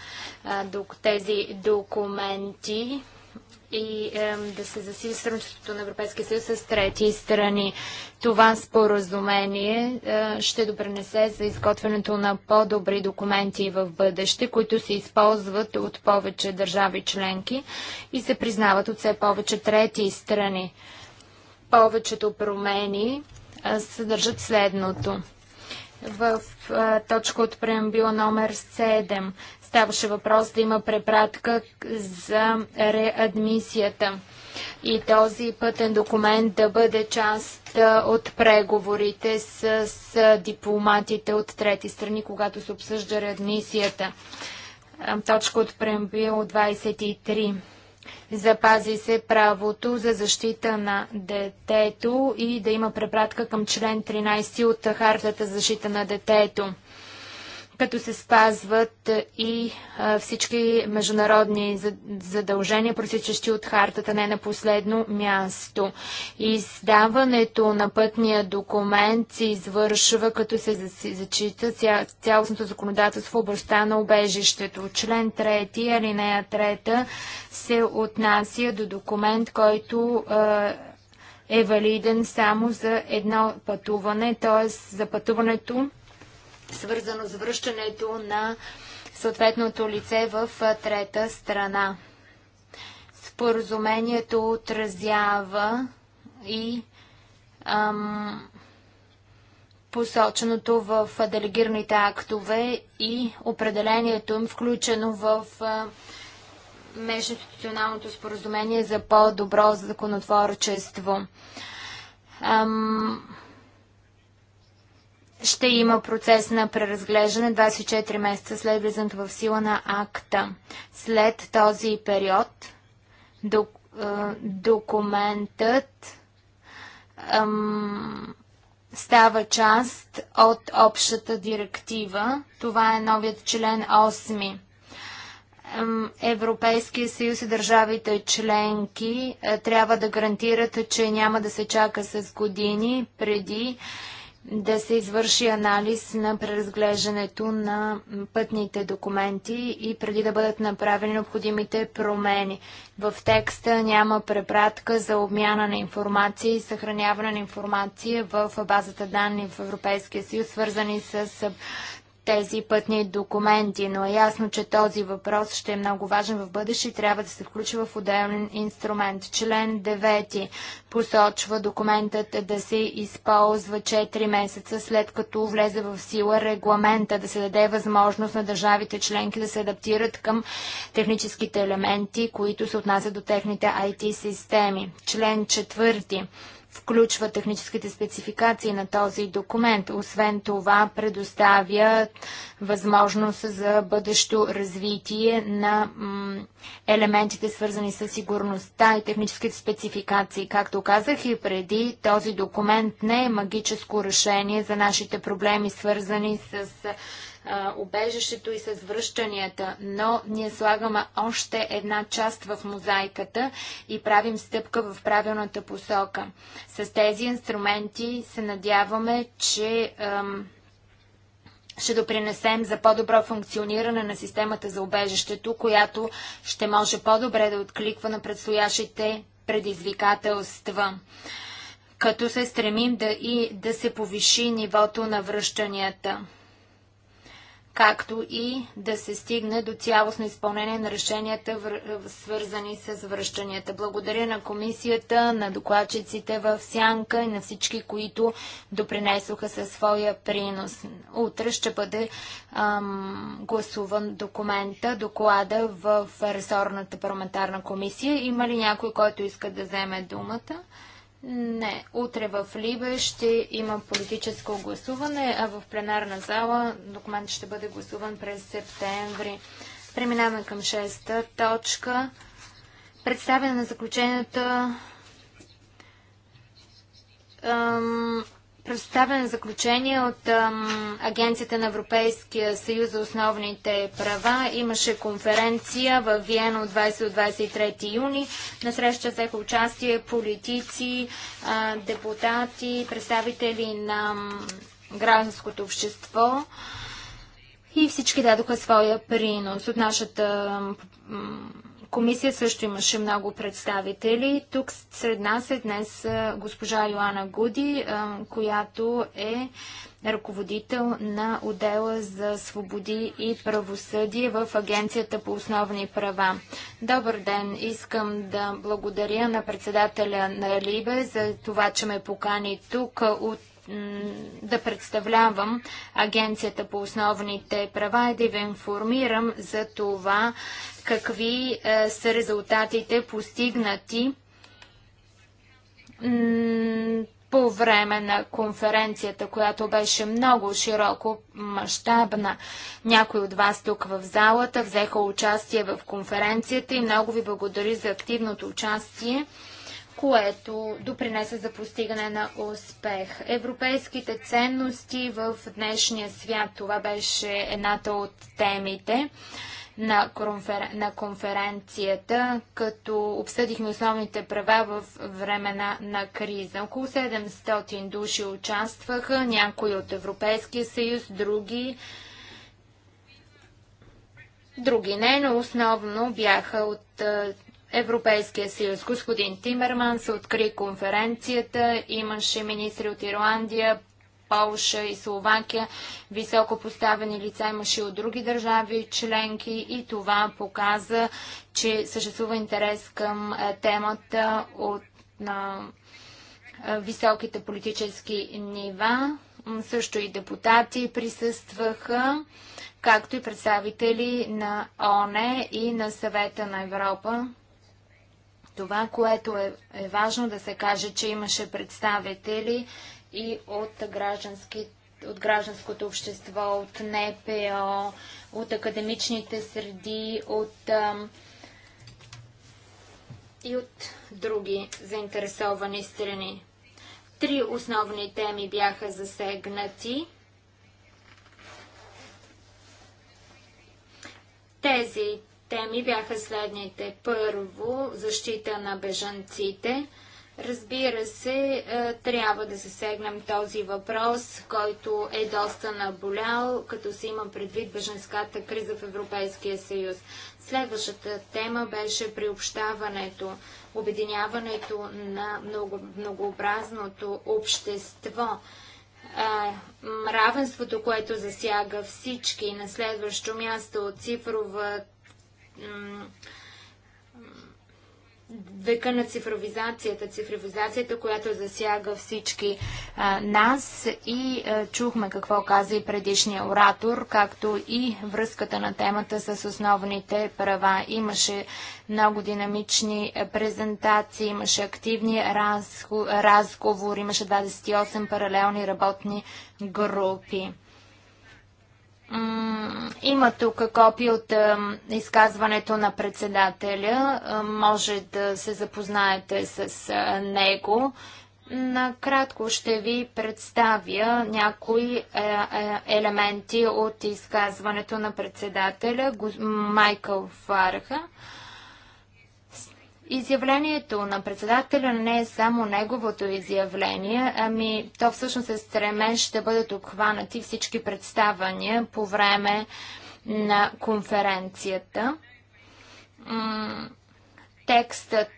S3: тези документи и е, да се засили сътрудничеството на Европейския съюз с трети страни. Това споразумение е, ще допренесе за изготвянето на по-добри документи в бъдеще, които се използват от повече държави членки и се признават от все повече трети страни. Повечето промени е, съдържат следното в е, точка от преамбила номер 7. Ставаше въпрос да има препратка за реадмисията и този пътен документ да бъде част от преговорите с, с дипломатите от трети страни, когато се обсъжда реадмисията. Точка от преамбил 23. Запази се правото за защита на детето и да има препратка към член 13 от Хартата за защита на детето като се спазват и всички международни задължения, просичащи от хартата, не на последно място. Издаването на пътния документ се извършва, като се зачита цялостното законодателство в областта на обежището. Член 3, алинея 3 се отнася до документ, който е валиден само за едно пътуване, т.е. за пътуването свързано с връщането на съответното лице в трета страна. Споразумението отразява и ам, посоченото в делегираните актове и определението им включено в междуинституционалното споразумение за по-добро законотворчество. Ам, ще има процес на преразглеждане 24 месеца след влизането в сила на акта. След този период документът става част от общата директива. Това е новият член 8. Европейския съюз и държавите членки трябва да гарантират, че няма да се чака с години преди да се извърши анализ на преразглеждането на пътните документи и преди да бъдат направени необходимите промени. В текста няма препратка за обмяна на информация и съхраняване на информация в базата данни в Европейския съюз, свързани с тези пътни документи, но е ясно, че този въпрос ще е много важен в бъдеще и трябва да се включи в отделен инструмент. Член 9 посочва документът да се използва 4 месеца след като влезе в сила регламента, да се даде възможност на държавите членки да се адаптират към техническите елементи, които се отнасят до техните IT системи. Член 4 включва техническите спецификации на този документ. Освен това, предоставя възможност за бъдещо развитие на елементите, свързани с сигурността и техническите спецификации. Както казах и преди, този документ не е магическо решение за нашите проблеми, свързани с убежището и с връщанията, но ние слагаме още една част в мозайката и правим стъпка в правилната посока. С тези инструменти се надяваме, че ам, ще допринесем за по-добро функциониране на системата за убежището, която ще може по-добре да откликва на предстоящите предизвикателства като се стремим да и да се повиши нивото на връщанията както и да се стигне до цялостно изпълнение на решенията, свързани с връщанията. Благодаря на комисията, на докладчиците в Сянка и на всички, които допринесоха със своя принос. Утре ще бъде ам, гласуван документа, доклада в ресорната парламентарна комисия. Има ли някой, който иска да вземе думата? Не, утре в Либе ще има политическо гласуване, а в пленарна зала документ ще бъде гласуван през септември. Преминаваме към шеста точка. Представяне на заключенията представен заключение от ам, Агенцията на Европейския съюз за основните права. Имаше конференция в Виена от 20 до 23 юни. На среща взеха участие политици, а, депутати, представители на гражданското общество и всички дадоха своя принос от нашата ам, комисия също имаше много представители. Тук сред нас е днес госпожа Йоана Гуди, която е ръководител на отдела за свободи и правосъдие в Агенцията по основни права. Добър ден! Искам да благодаря на председателя на Либе за това, че ме покани тук от да представлявам Агенцията по основните права и да ви информирам за това, какви е, са резултатите постигнати по време на конференцията, която беше много широко мащабна. Някои от вас тук в залата взеха участие в конференцията и много ви благодаря за активното участие което допринесе за постигане на успех. Европейските ценности в днешния свят, това беше едната от темите на, конфер... на конференцията, като обсъдихме основните права в времена на криза. Около 700 души участваха, някои от Европейския съюз, други други не, но основно бяха от Европейския съюз. Господин Тимерман се откри конференцията, имаше министри от Ирландия, Полша и Словакия. Високо поставени лица имаше от други държави членки и това показа, че съществува интерес към темата от на високите политически нива. Също и депутати присъстваха, както и представители на ОНЕ и на Съвета на Европа. Това, което е, е важно да се каже, че имаше представители и от, граждански, от гражданското общество, от НПО, от академичните среди, от, и от други заинтересовани страни. Три основни теми бяха засегнати. Тези теми бяха следните. Първо, защита на бежанците – Разбира се, е, трябва да засегнем този въпрос, който е доста наболял, като се има предвид бъженската криза в Европейския съюз. Следващата тема беше приобщаването, обединяването на много, многообразното общество е, равенството, което засяга всички. На следващо място цифрова века на цифровизацията, цифровизацията, която засяга всички а, нас и а, чухме какво каза и предишния оратор, както и връзката на темата с основните права. Имаше много динамични презентации, имаше активни разговори, имаше 28 паралелни работни групи. Има тук копия от изказването на председателя. Може да се запознаете с него. Накратко ще ви представя някои е, е, елементи от изказването на председателя Майкъл Фарха. Изявлението на председателя не е само неговото изявление, ами то всъщност е стремеж да бъдат обхванати всички представания по време на конференцията. Текстът,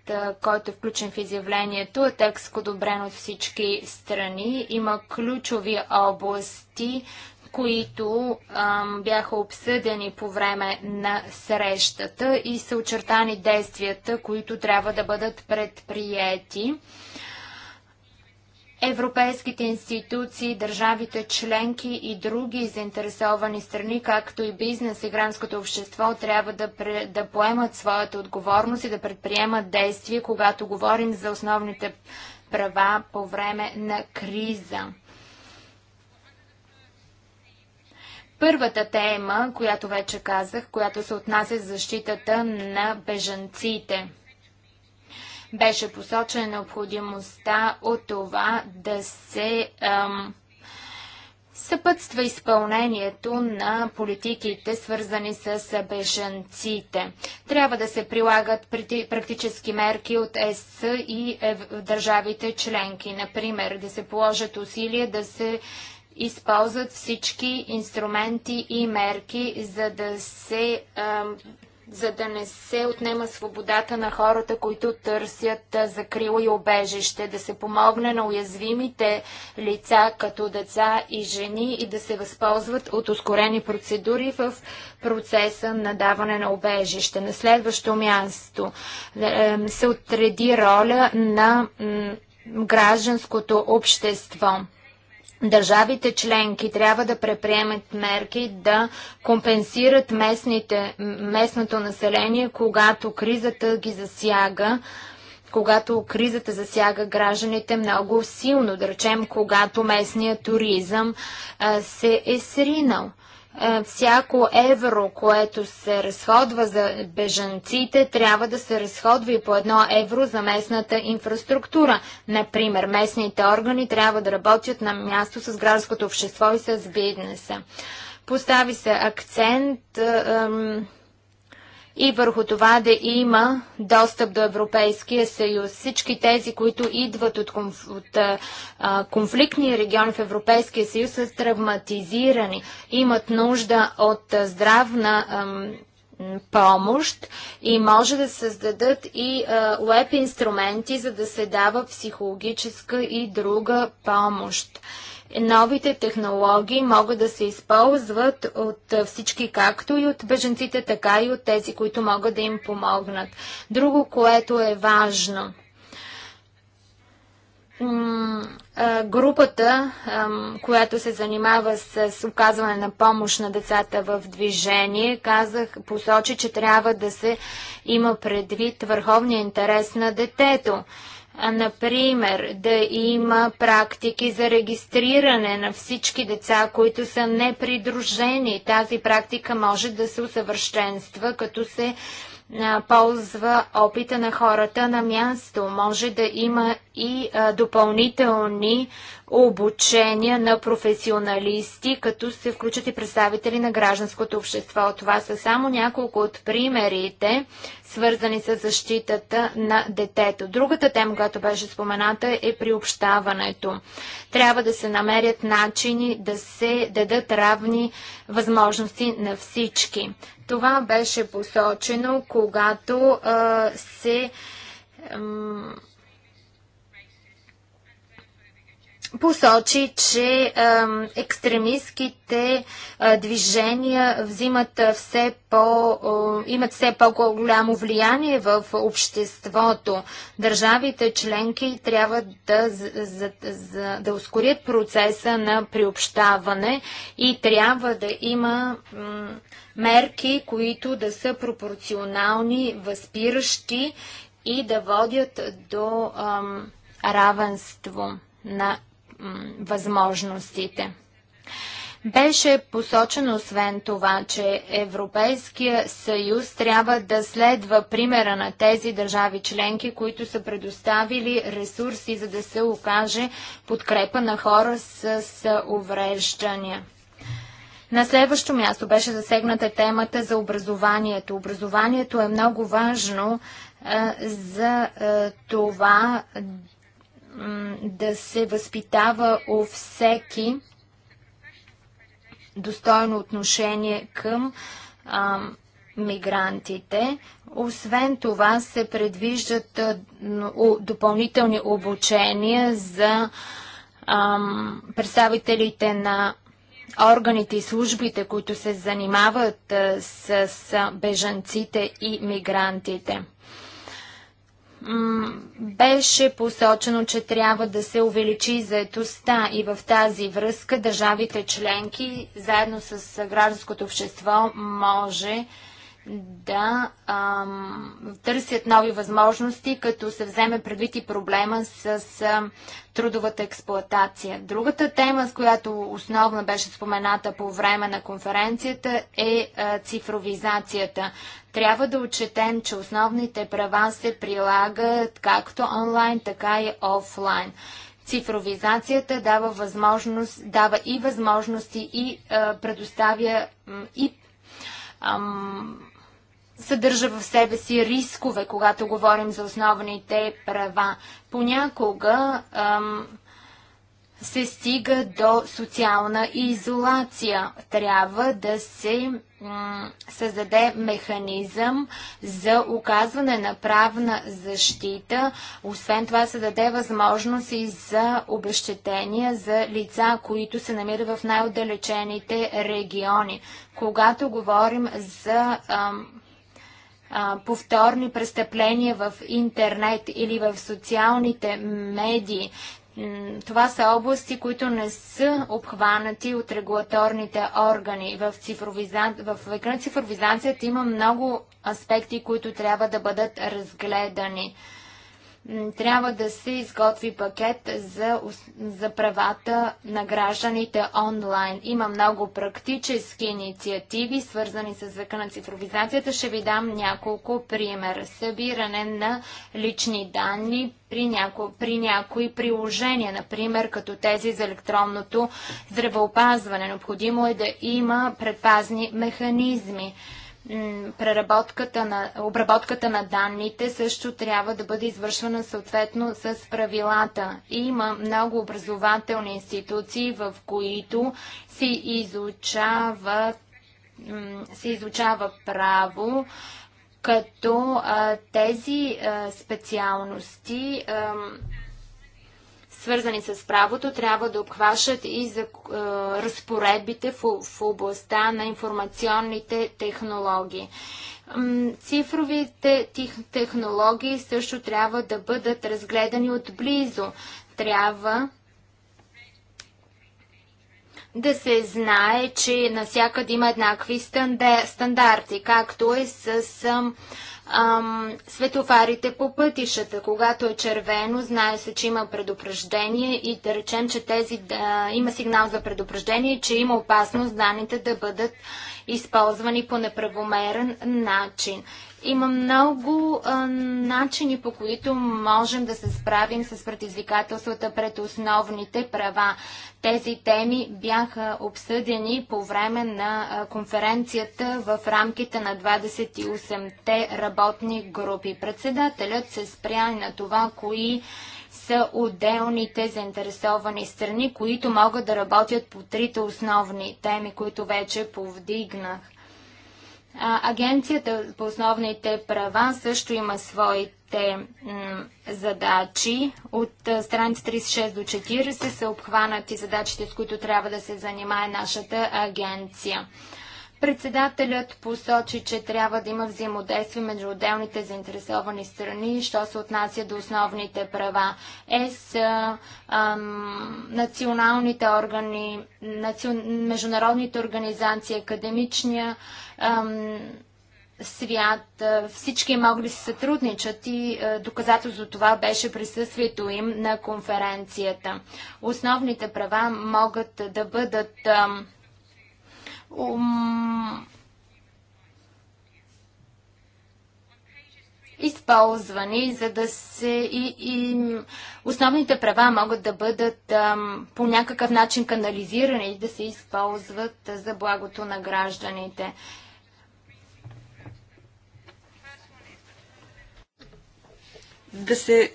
S3: който е включен в изявлението, е текст одобрен от всички страни. Има ключови области, които ам, бяха обсъдени по време на срещата и са очертани действията, които трябва да бъдат предприяти, Европейските институции, държавите членки и други заинтересовани страни, както и бизнес и гранското общество, трябва да, пре, да поемат своята отговорност и да предприемат действия, когато говорим за основните права по време на криза. Първата тема, която вече казах, която се отнася за защитата на бежанците. Беше посочена необходимостта от това да се ам, съпътства изпълнението на политиките, свързани с бежанците. Трябва да се прилагат практически мерки от ЕС и държавите членки. Например, да се положат усилия да се използват всички инструменти и мерки, за да се за да не се отнема свободата на хората, които търсят закрило и обежище, да се помогне на уязвимите лица, като деца и жени, и да се възползват от ускорени процедури в процеса на даване на обежище. На следващо място е, е, се отреди роля на гражданското общество. Държавите членки трябва да преприемат мерки да компенсират местните, местното население, когато кризата ги засяга, когато кризата засяга гражданите много силно, да речем, когато местният туризъм а, се е сринал всяко евро, което се разходва за бежанците, трябва да се разходва и по едно евро за местната инфраструктура. Например, местните органи трябва да работят на място с градското общество и с бизнеса. Постави се акцент и върху това да има достъп до Европейския съюз. Всички тези, които идват от, конф... от а, конфликтни региони в Европейския съюз, са травматизирани, имат нужда от здравна ам, помощ и може да създадат и веб инструменти, за да се дава психологическа и друга помощ новите технологии могат да се използват от всички, както и от беженците, така и от тези, които могат да им помогнат. Друго, което е важно. Групата, която се занимава с оказване на помощ на децата в движение, казах, посочи, че трябва да се има предвид върховния интерес на детето например, да има практики за регистриране на всички деца, които са непридружени. Тази практика може да се усъвършенства, като се ползва опита на хората на място. Може да има и допълнителни обучения на професионалисти, като се включат и представители на гражданското общество. Това са само няколко от примерите, свързани с защитата на детето. Другата тема, която беше спомената, е приобщаването. Трябва да се намерят начини да се дадат равни възможности на всички. Това беше посочено, когато а, се. посочи, че екстремистските движения взимат все по, имат все по-голямо влияние в обществото. Държавите членки трябва да, за, за, да ускорят процеса на приобщаване и трябва да има мерки, които да са пропорционални, възпиращи и да водят до равенство на възможностите. Беше посочено освен това, че Европейския съюз трябва да следва примера на тези държави членки, които са предоставили ресурси, за да се окаже подкрепа на хора с, с увреждания. На следващо място беше засегната темата за образованието. Образованието е много важно а, за а, това да се възпитава у всеки достойно отношение към а, мигрантите. Освен това се предвиждат а, допълнителни обучения за а, представителите на органите и службите, които се занимават а, с, с бежанците и мигрантите беше посочено, че трябва да се увеличи заетостта и в тази връзка държавите членки заедно с гражданското общество може да ам, търсят нови възможности, като се вземе предвид и проблема с, ам, трудовата експлоатация. Другата тема, с която основно беше спомената по време на конференцията, е а, цифровизацията. Трябва да отчетем, че основните права се прилагат както онлайн, така и офлайн. Цифровизацията дава, възможност, дава и възможности и а, предоставя и ам, съдържа в себе си рискове, когато говорим за основните права. Понякога ам, се стига до социална изолация. Трябва да се създаде механизъм за оказване на правна защита. Освен това се даде възможност и за обещетения за лица, които се намират в най-отдалечените региони. Когато говорим за ам, повторни престъпления в интернет или в социалните медии. Това са области, които не са обхванати от регулаторните органи. В, цифровиза... в века на цифровизацията има много аспекти, които трябва да бъдат разгледани трябва да се изготви пакет за, за правата на гражданите онлайн. Има много практически инициативи, свързани с века на цифровизацията. Ще ви дам няколко пример. Събиране на лични данни при, няко, при някои приложения, например като тези за електронното здравеопазване. Необходимо е да има предпазни механизми преработката на, обработката на данните също трябва да бъде извършвана съответно с правилата. Има много образователни институции, в които се изучава, се изучава право, като а, тези а, специалности а, свързани с правото, трябва да обхващат и за е, разпоредбите в, в областта на информационните технологии. Цифровите технологии също трябва да бъдат разгледани отблизо. Трябва да се знае, че насякъде има еднакви стандарти, както е с ам, светофарите по пътищата. Когато е червено, знае се, че има предупреждение и да речем, че тези а, има сигнал за предупреждение, че има опасност данните да бъдат използвани по неправомерен начин. Има много а, начини, по които можем да се справим с предизвикателствата пред основните права. Тези теми бяха обсъдени по време на конференцията в рамките на 28-те работни групи. Председателят се спря на това, кои са отделните заинтересовани страни, които могат да работят по трите основни теми, които вече повдигнах. Агенцията по основните права също има своите задачи. От страница 36 до 40 са обхванати задачите, с които трябва да се занимае нашата агенция. Председателят посочи, че трябва да има взаимодействие между отделните заинтересовани страни, що се отнася до основните права. ЕС, а, а, националните органи, национ... международните организации, академичния а, свят, всички могли да се сътрудничат и доказателство за това беше присъствието им на конференцията. Основните права могат да бъдат Um, използвани, за да се и, и основните права могат да бъдат ам, по някакъв начин канализирани и да се използват за благото на гражданите.
S1: Да се е,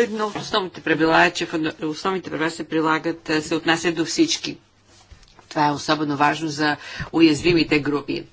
S1: едно от основните правила е, че е, основните права се прилагат, е, се отнасят до всички това е особено важно за уязвимите групи.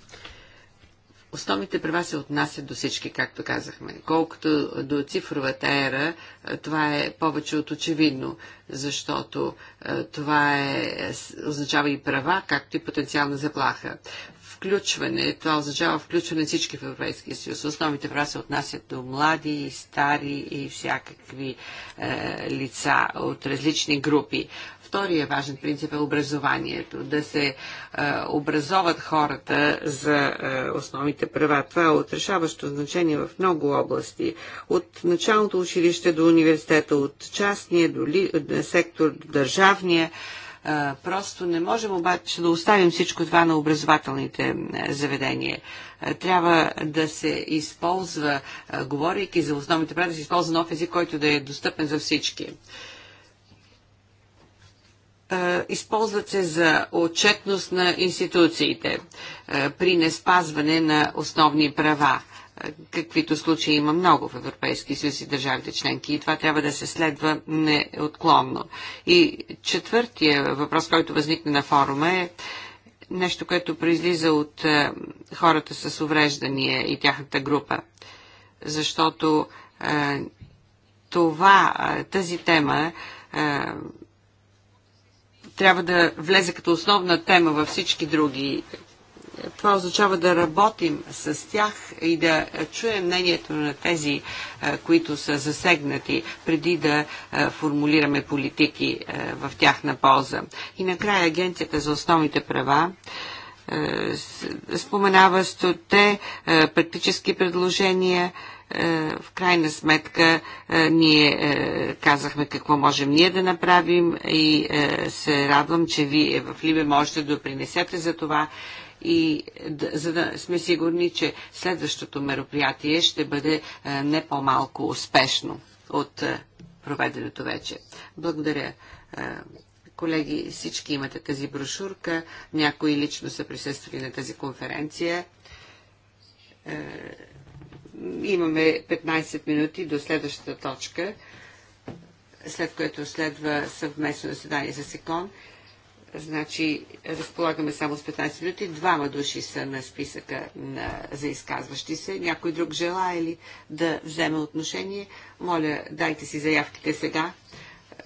S1: Основните права се отнасят до всички, както казахме. Колкото до цифровата ера, това е повече от очевидно, защото е, това е, означава и права, както и потенциална заплаха. Включване, това означава включване на всички в Европейския съюз. Основните права се отнасят до млади, стари и всякакви е, лица от различни групи. Втория важен принцип е образованието. Да се е, образоват хората за е, основните права. Това е от решаващо значение в много области. От началното училище до университета, от частния до ли, е, сектор до държавния просто не можем обаче да оставим всичко това на образователните заведения. Трябва да се използва, говорейки за основните права, да се използва нов език, който да е достъпен за всички използват се за отчетност на институциите при неспазване на основни права каквито случаи има много в Европейски съюз и държавите членки и това трябва да се следва неотклонно. И четвъртия въпрос, който възникне на форума е нещо, което произлиза от хората с увреждания и тяхната група. Защото това, тази тема трябва да влезе като основна тема във всички други. Това означава да работим с тях и да чуем мнението на тези, които са засегнати, преди да формулираме политики в тяхна полза. И накрая Агенцията за основните права споменава стоте практически предложения е, в крайна сметка е, ние е, казахме какво можем ние да направим и се радвам, че вие в Либе можете да допринесете за това и да, за да сме сигурни, че следващото мероприятие ще бъде не по-малко успешно от проведеното вече. Благодаря. Колеги, всички имате тази брошурка. Някои лично са присъствали на тази конференция Имаме 15 минути до следващата точка, след което следва съвместно заседание за секон. Значи, разполагаме само с 15 минути. Двама души са на списъка на, за изказващи се. Някой друг желая ли да вземе отношение? Моля, дайте си заявките сега.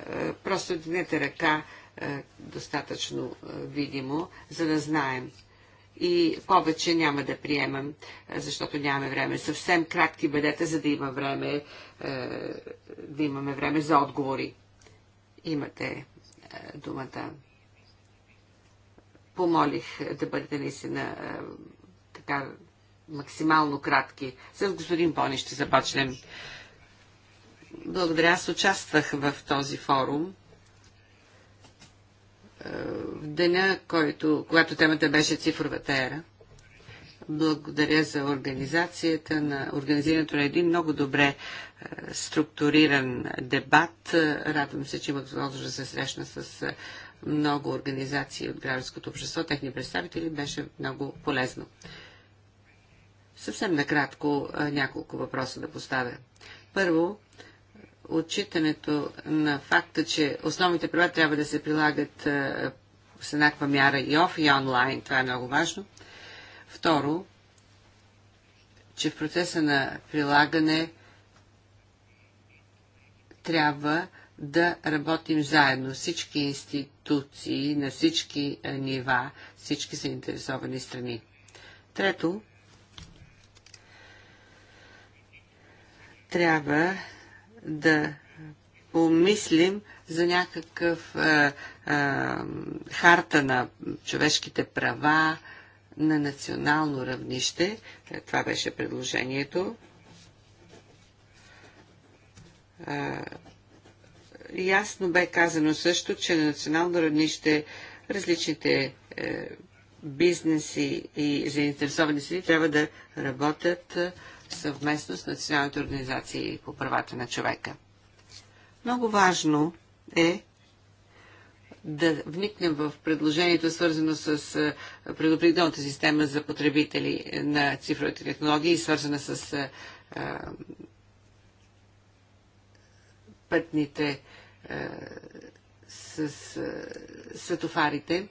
S1: Е, просто днете ръка е, достатъчно е, видимо, за да знаем и повече няма да приемам, е, защото нямаме време. Съвсем кратки бъдете, за да има време, е, да имаме време за отговори. Имате е, думата. Помолих да бъдете наистина така максимално кратки. С господин Бони ще започнем. Благодаря, аз участвах в този форум е, в деня, който, когато темата беше цифровата ера. Благодаря за организацията на организирането на един много добре е, структуриран дебат. Е, радвам се, че имах възможност да се срещна с е, много организации от гражданското общество, техни представители, беше много полезно. Съвсем накратко няколко въпроса да поставя. Първо, отчитането на факта, че основните права трябва да се прилагат с еднаква мяра и оф, и онлайн. Това е много важно. Второ, че в процеса на прилагане трябва да работим заедно всички институции на всички нива, всички заинтересовани страни. Трето, трябва да помислим за някакъв а, а, харта на човешките права на национално равнище. Това беше предложението. А, ясно бе казано също, че на национално равнище различните е, бизнеси и заинтересовани среди трябва да работят е, съвместно с националните организации по правата на човека. Много важно е да вникнем в предложението, свързано с предупредителната система за потребители на цифровите технологии, свързана с пътните, с светофарите.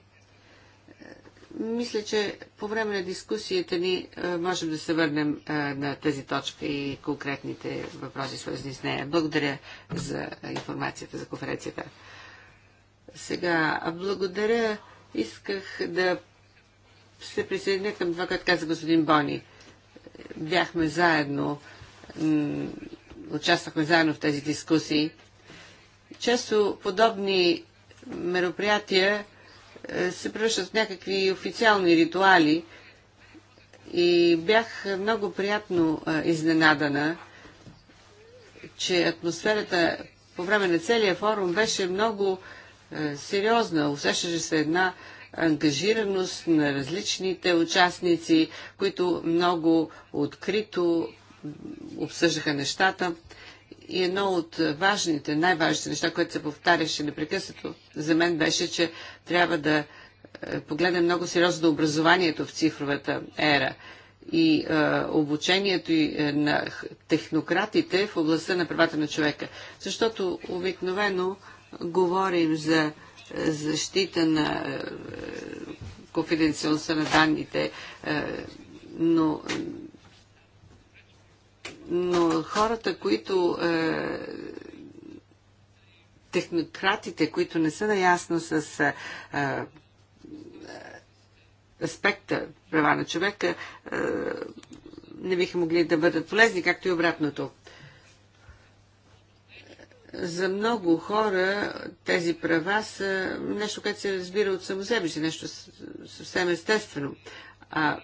S1: Мисля, че по време на дискусията ни е, можем да се върнем е, на тези точка и конкретните въпроси, свързани с нея. Благодаря за информацията за конференцията. Сега, благодаря. Исках да се присъединя към това, което каза господин Бони. Бяхме заедно, участвахме заедно в тези дискусии. Често подобни мероприятия се превръщат в някакви официални ритуали. И бях много приятно изненадана, че атмосферата по време на целия форум беше много сериозна. Усещаше се една ангажираност на различните участници, които много открито обсъждаха нещата. И едно от важните, най-важните неща, което се повтаряше непрекъснато за мен беше, че трябва да е, погледнем много сериозно образованието в цифровата ера и е, обучението и, е, на технократите в областта на правата на човека. Защото обикновено говорим за е, защита на е, конфиденциалността на данните, е, но е, но хората, които е, технократите, които не са наясно с е, е, аспекта права на човека, не биха могли да бъдат полезни, както и обратното. За много хора тези права са нещо, което се разбира от само себе си, нещо съвсем естествено. А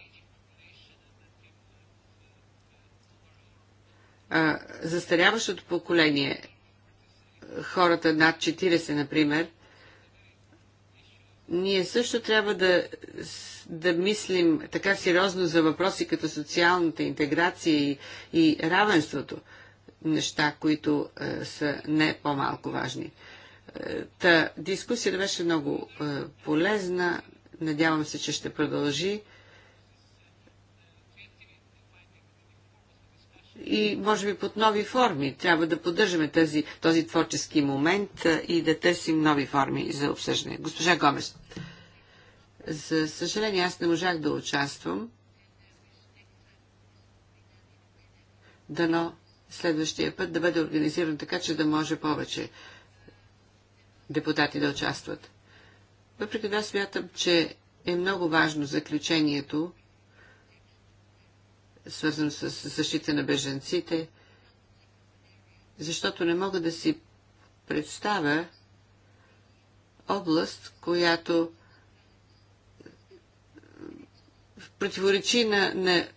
S1: а, застаряващото поколение, хората над 40, например, ние също трябва да, да мислим така сериозно за въпроси като социалната интеграция и, и равенството. Неща, които е, са не по-малко важни. Е, та дискусията беше много е, полезна. Надявам се, че ще продължи. и може би под нови форми. Трябва да поддържаме тази, този творчески момент и да търсим нови форми за обсъждане. Госпожа Гомес, за съжаление аз не можах да участвам. Дано следващия път да бъде организиран така, че да може повече депутати да участват. Въпреки това смятам, че е много важно заключението, свързан с защита на беженците, защото не мога да си представя област, която противоречи на, на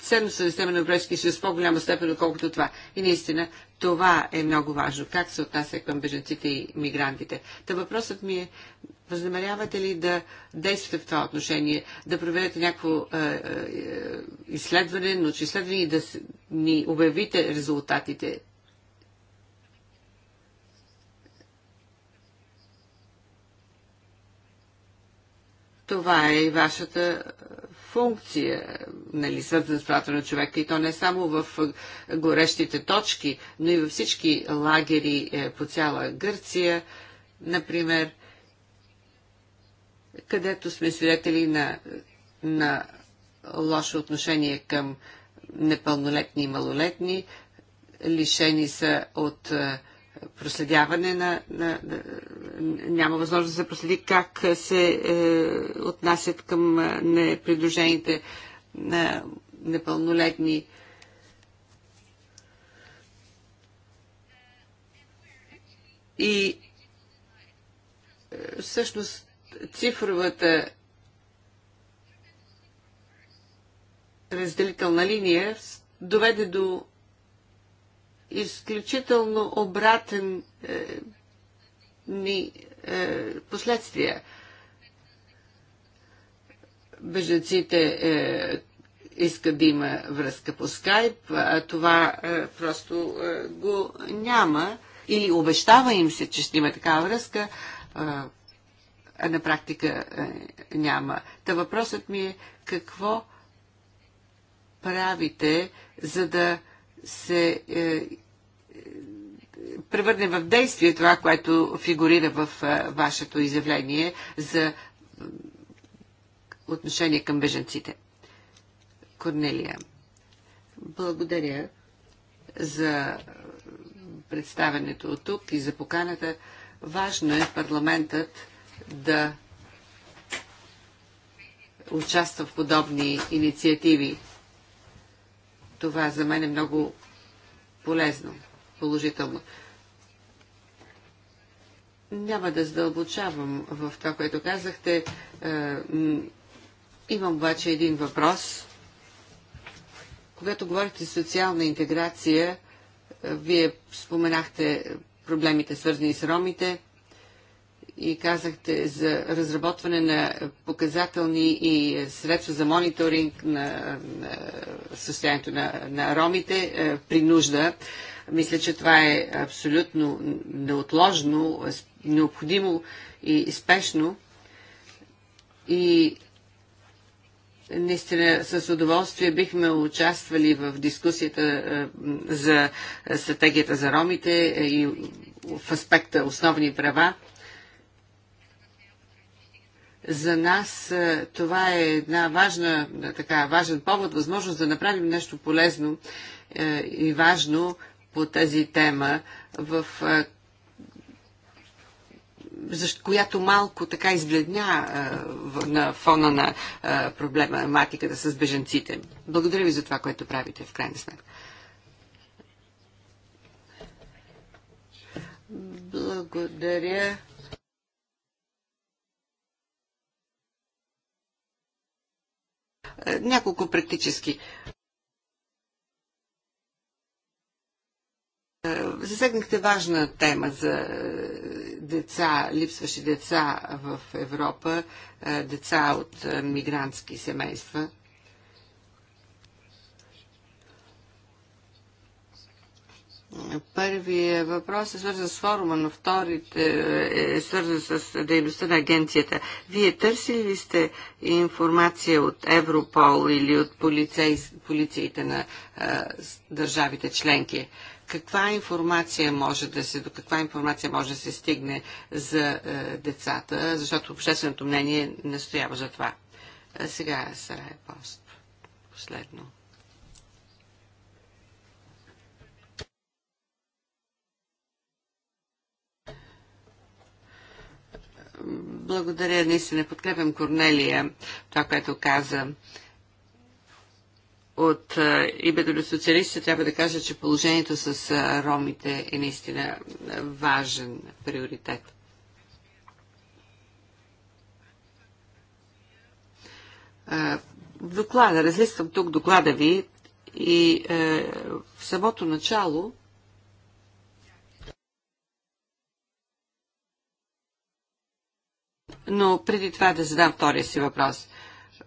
S1: съдебната система на Европейския съюз по-голяма степен, отколкото това. И наистина, това е много важно. Как се отнася към беженците и мигрантите? Та въпросът ми е, възнамерявате ли да действате в това отношение, да проведете някакво е, е, е изследване, че изследване и да ни обявите резултатите Това е и вашата е, функция, нали, свързан с правата на човека и то не само в горещите точки, но и във всички лагери е, по цяла Гърция, например, където сме свидетели на, на лошо отношение към непълнолетни и малолетни, лишени са от е, проследяване на, на, на няма възможност да проследи как се е, отнасят към е, непридружените на е, непълнолетни. И е, всъщност цифровата разделителна линия доведе до изключително обратен е, ни е, последствия. Бежеците е, искат да има връзка по скайп, а това е, просто е, го няма или обещава им се, че ще има такава връзка, а на практика е, няма. Та въпросът ми е какво правите, за да се е, превърне в действие това, което фигурира в е, вашето изявление за отношение към беженците. Корнелия, благодаря за представенето от тук и за поканата. Важно е парламентът да участва в подобни инициативи. Това за мен е много полезно, положително. Няма да задълбочавам в това, което казахте. Е, имам обаче един въпрос. Когато говорите социална интеграция, е, вие споменахте проблемите свързани с ромите и казахте за разработване на показателни и средства за мониторинг на, състоянието на, на ромите е, при нужда. Мисля, че това е абсолютно неотложно, необходимо и спешно. И Наистина с удоволствие бихме участвали в дискусията е, за стратегията за ромите е, и в аспекта основни права за нас това е една важна, така, важен повод, възможност да направим нещо полезно е, и важно по тази тема, в която малко така избледня на фона на проблематиката с беженците. Благодаря ви за това, което правите в крайна сметка. Благодаря. Е, няколко практически. Е, засегнахте важна тема за е, деца, липсващи деца в Европа, деца от мигрантски семейства. Първият въпрос е свързан с форума, но вторият е свързан с дейността на агенцията. Вие търсили ли сте информация от Европол или от полицей, полициите на а, държавите членки? Каква информация може да се, до каква информация може да се стигне за а, децата, защото общественото мнение настоява за това. А сега Сарай Пост. Последно. Благодаря, наистина подкрепям Корнелия, това, което каза от името на социалистите трябва да кажа, че положението с ромите е наистина важен приоритет. Доклада, разлиствам тук доклада ви и в самото начало Но преди това да задам втория си въпрос.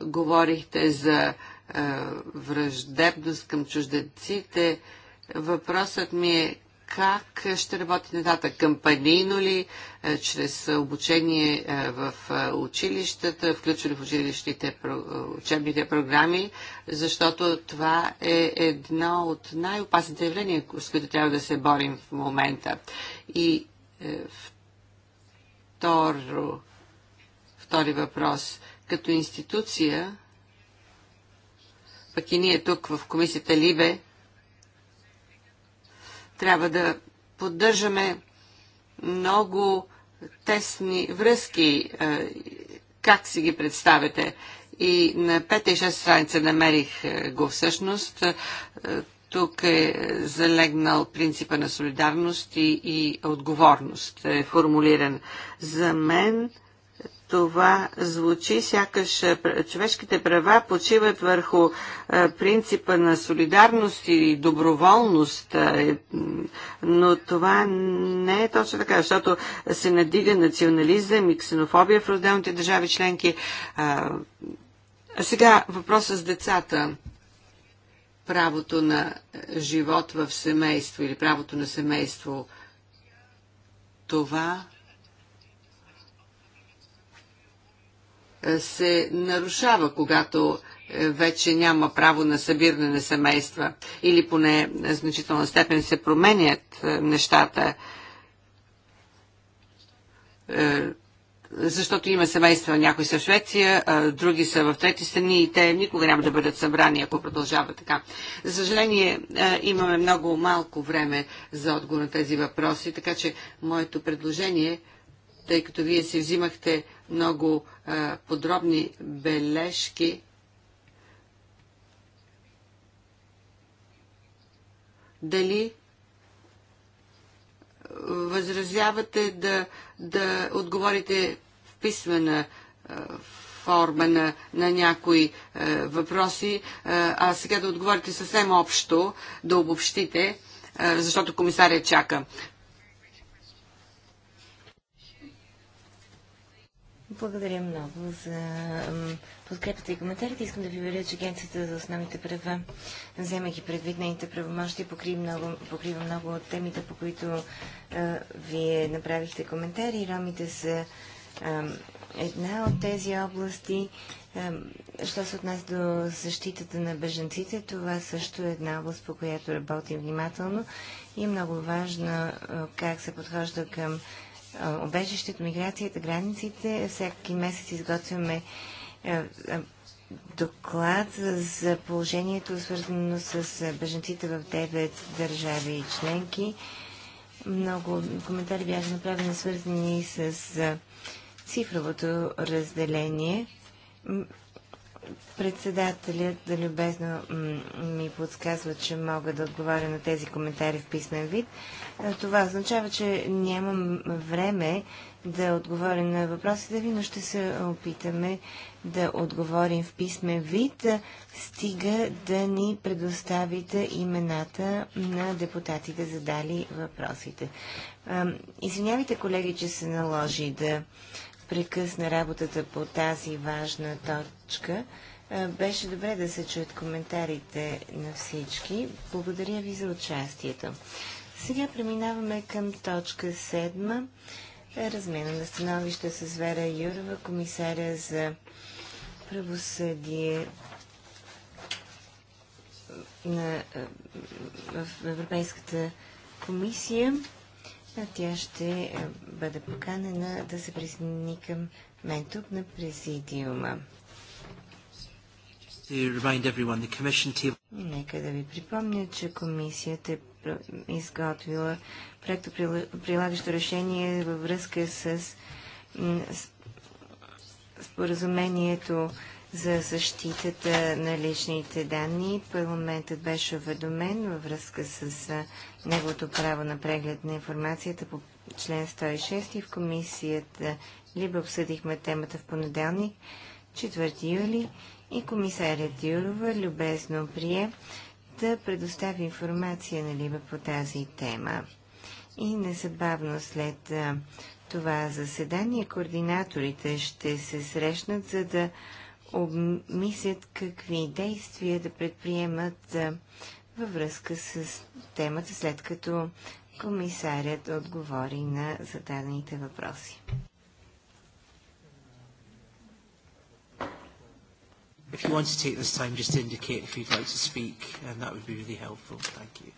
S1: Говорихте за е, враждебност към чужденците. Въпросът ми е как ще работи нататък? Кампанийно ли, е, чрез обучение е, в е, училищата, включване в училищите, е, учебните програми, защото това е едно от най-опасните явления, с които трябва да се борим в момента. И е, второ, Втори въпрос. Като институция, пък и ние тук в комисията Либе, трябва да поддържаме много тесни връзки. Как си ги представяте? И на 5 и 6 страница намерих го всъщност. Тук е залегнал принципа на солидарност и, и отговорност. Е формулиран. За мен това звучи, сякаш е, човешките права почиват върху е, принципа на солидарност и доброволност, е, но това не е точно така, защото се надига национализъм и ксенофобия в разделните държави членки. А сега въпросът с децата. Правото на живот в семейство или правото на семейство. Това се нарушава, когато е, вече няма право на събиране на семейства или поне значителна степен се променят е, нещата, е, защото има семейства, някои са в Швеция, други са в трети страни и те никога няма да бъдат събрани, ако продължава така. За съжаление, имаме много малко време за отговор на тези въпроси, така че моето предложение е тъй като вие си взимахте много а, подробни бележки. Дали възразявате да, да отговорите в писмена а, форма на, на някои а, въпроси, а, а сега да отговорите съвсем общо, да обобщите, а, защото комисаря чака.
S2: Благодаря много за подкрепата и коментарите. Искам да ви уверя, че Агенцията за основните права, вземайки предвид нейните правомощи, покрива много, покрива много от темите, по които а, вие направихте коментари. Ромите са а, една от тези области. А, що се отнася до защитата на беженците, това също е една област, по която работим внимателно и е много важно как се подхожда към обежището, миграцията, границите. Всеки месец изготвяме доклад за положението, свързано с бежанците в 9 държави и членки. Много коментари бяха направени, свързани с цифровото разделение. Председателят да любезно ми подсказва, че мога да отговаря на тези коментари в писмен вид. Това означава, че нямам време да отговоря на въпросите ви, но ще се опитаме да отговорим в писмен вид, стига да ни предоставите имената на депутатите, задали въпросите. Извинявайте, колеги, че се наложи да прекъсна работата по тази важна точка. Беше добре да се чуят коментарите на всички. Благодаря ви за участието. Сега преминаваме към точка 7. размена на становище с Вера Юрова, комисаря за правосъдие на, в Европейската комисия. Тя ще е, бъде поканена да се присъедини към мен тук на президиума. Нека да ви припомня, че комисията е изготвила проекто прилагащо решение във връзка с споразумението за защитата на личните данни. Парламентът беше уведомен във връзка с неговото право на преглед на информацията по член 106 и в комисията Либо обсъдихме темата в понеделник, 4 юли и комисарят Юрова любезно прие да предостави информация на Либа по тази тема. И незабавно след това заседание координаторите ще се срещнат, за да обмислят какви действия да предприемат във връзка с темата, след като комисарят отговори на зададените въпроси.
S1: If you want to take this time, just indicate if you'd like to speak, and that would be really helpful. Thank you.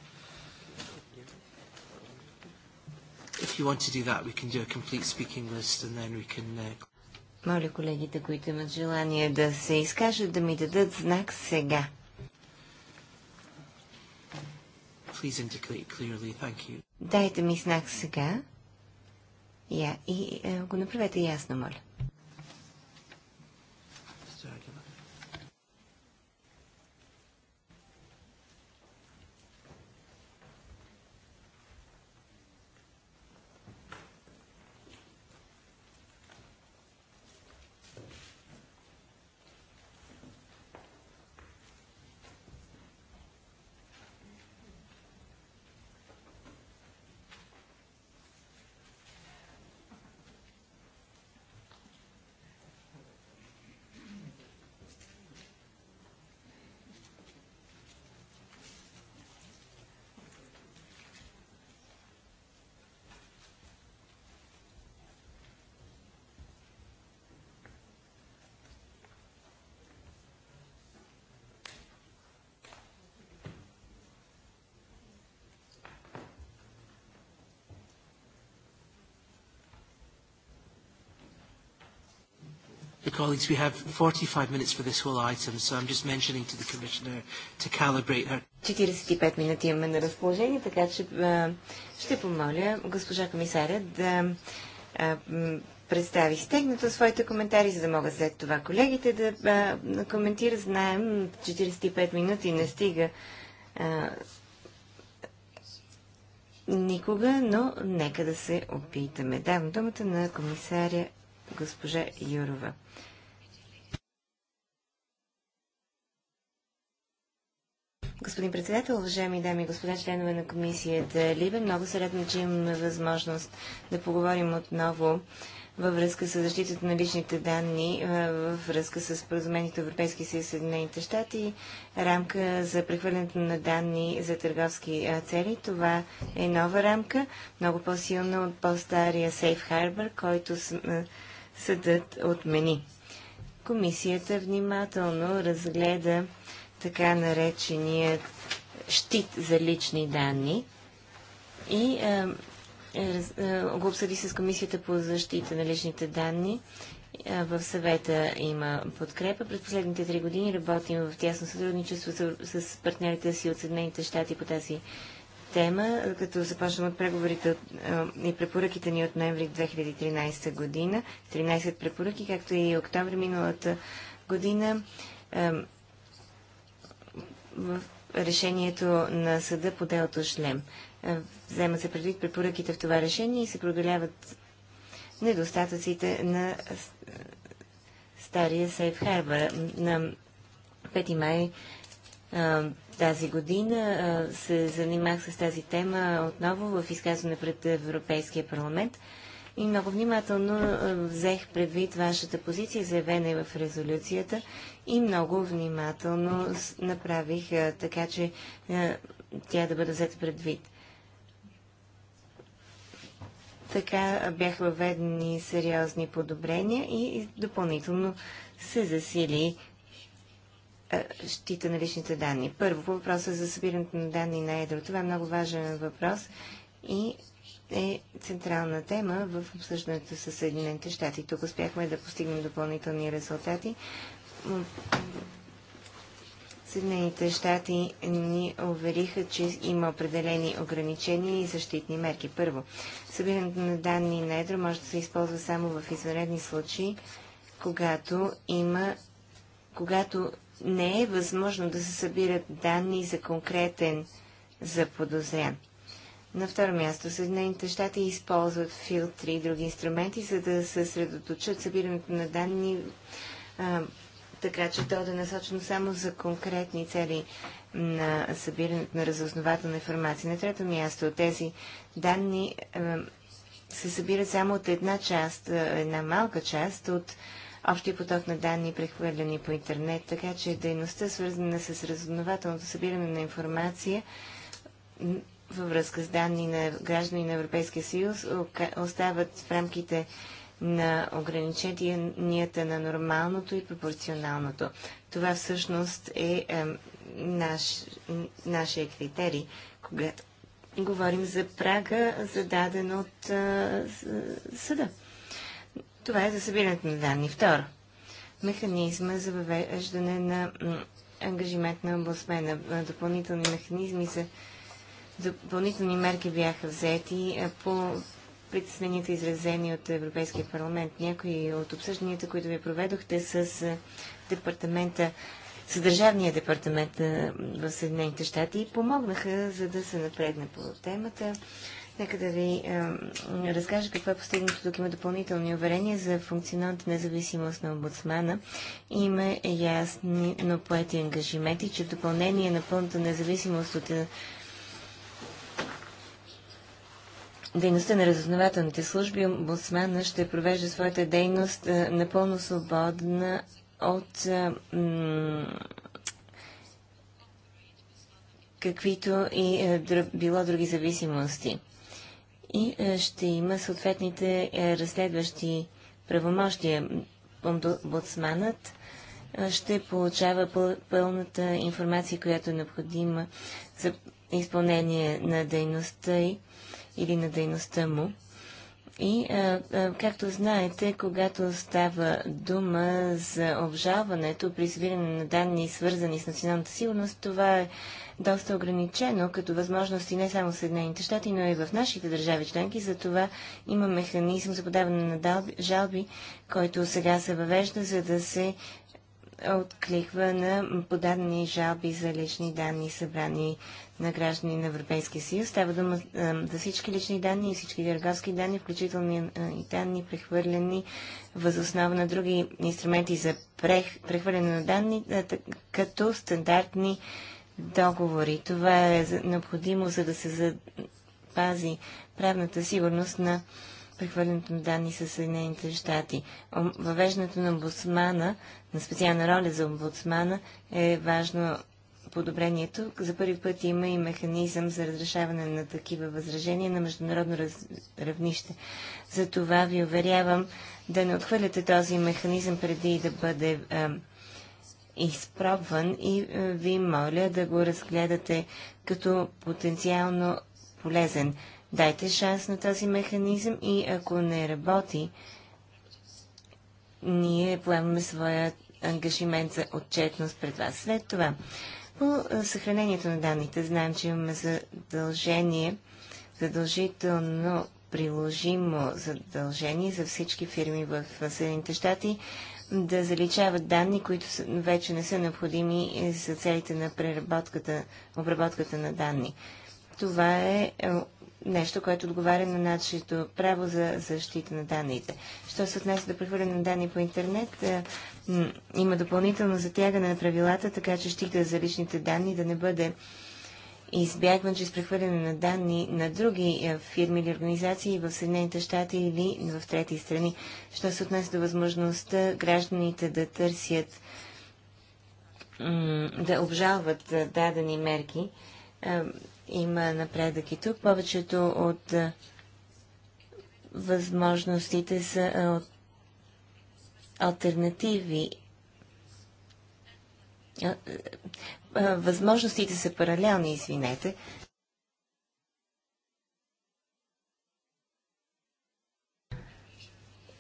S1: If you want to do that, we can do a complete speaking list, and then we can. Uh...
S2: Моля колегите, които имат желание да се изкажат, да ми дадат знак сега. Дайте ми знак сега. Я, и е, го направете ясно, моля.
S1: colleagues, we have 45 minutes for this whole item, so I'm just mentioning to the Commissioner to calibrate her.
S2: 45 минути имаме на разположение, така че ще помоля госпожа комисаря да представи стегнато своите коментари, за да могат след това колегите да коментират. Знаем, 45 минути не стига никога, но нека да се опитаме. Давам думата на комисаря госпожа Юрова. Господин председател, уважаеми дами и господа, членове на комисията Либе, много се радвам, че имаме възможност да поговорим отново във връзка с защитата на личните данни, във връзка с споразумението Европейски съюз Съединените щати, рамка за прехвърлянето на данни за търговски цели. Това е нова рамка, много по-силна от по-стария Safe Harbor, който съдът отмени. Комисията внимателно разгледа така нареченият щит за лични данни и а, е, а, го обсъди с Комисията по защита на личните данни. в съвета има подкрепа. През последните три години работим в тясно сътрудничество с, с партньорите си от Съединените щати по тази тема, като започнем от преговорите от, и препоръките ни от ноември 2013 година. 13 препоръки, както и октомври миналата година. в решението на съда по делото Шлем. взема се предвид препоръките в това решение и се продоляват недостатъците на стария Сейф Харбър. На 5 май тази година се занимах с тази тема отново в изказване пред Европейския парламент и много внимателно взех предвид вашата позиция, заявена в резолюцията и много внимателно направих така, че тя да бъде взета предвид. Така бяха въведени сериозни подобрения и допълнително се засили е, щита на личните данни. Първо, по въпроса за събирането на данни на едро. Това е много важен въпрос и е централна тема в обсъждането с Съединените щати. Тук успяхме да постигнем допълнителни резултати. Съединените щати ни увериха, че има определени ограничения и защитни мерки. Първо, събирането на данни на едро може да се използва само в извънредни случаи, когато има когато не е възможно да се събират данни за конкретен заподозрян. На второ място, Съединените щати използват филтри и други инструменти, за да съсредоточат събирането на данни, а, така че то да е насочено само за конкретни цели на събирането на разузнавателна информация. На трето място, тези данни а, се събират само от една част, една малка част от Общи поток на данни, прехвърляни по интернет, така че дейността, свързана с разузнавателното събиране на информация във връзка с данни на граждани на Европейския съюз, остават в рамките на ограниченията на нормалното и пропорционалното. Това всъщност е, е наш, нашия критерий, когато говорим за прага, зададен от е, съда. Това е за събирането на данни. Второ, механизма за въвеждане на ангажимент на омбудсмена. Допълнителни механизми за допълнителни мерки бяха взети по притесненията, изразени от Европейския парламент. Някои от обсъжданията, които ви проведохте с департамента, с Държавния департамент в Съединените щати помогнаха, за да се напредне по темата. Нека да ви е, разкажа какво е постигнато. Тук има допълнителни уверения за функционалната независимост на омбудсмана. Има ясни, но поети ангажименти, че в допълнение на пълната независимост от е, дейността на разузнавателните служби, омбудсмана ще провежда своята дейност е, напълно свободна от е, каквито и е, било други зависимости и е, ще има съответните е, разследващи правомощия. Омбудсманът е, ще получава пълната информация, която е необходима за изпълнение на дейността й или на дейността му. И, а, е, а, е, както знаете, когато става дума за обжалването при събиране на данни, свързани с националната сигурност, това е доста ограничено като възможности не само в Съединените щати, но и в нашите държави членки. За това има механизъм за подаване на далби, жалби, който сега се въвежда, за да се откликва на подадени жалби за лични данни, събрани на граждани на Европейския съюз. Става дума е, за всички лични данни и всички търговски данни, включително и е, данни, въз възоснова на други инструменти за прех, прехвърляне на данни, е, като стандартни договори. Това е необходимо, за да се запази правната сигурност на прехвърлянето на данни със Съединените щати. Въвеждането на омбудсмана, на специална роля за омбудсмана е важно подобрението. За първи път има и механизъм за разрешаване на такива възражения на международно раз... равнище. За това ви уверявам да не отхвърляте този механизъм преди да бъде а, изпробван и а, ви моля да го разгледате като потенциално полезен. Дайте шанс на този механизъм и ако не работи, ние поемаме своя ангажимент за отчетност пред вас. След това, по съхранението на данните знаем, че имаме задължение, задължително приложимо задължение за всички фирми в Съединените щати да заличават данни, които вече не са необходими е, за целите на преработката, обработката на данни. Това е, е нещо, което отговаря на нашето право за защита на данните. Що се отнася до прехвърляне на данни по интернет, е, има допълнително затягане на правилата, така че щита за личните данни да не бъде избягван чрез прехвърляне на данни на други е, фирми или организации в Съединените щати или в трети страни. Що се отнася до възможността гражданите да търсят, да обжалват е, дадени мерки, има напредък и тук. Повечето от възможностите са от альтернативи. възможностите са паралелни, извинете.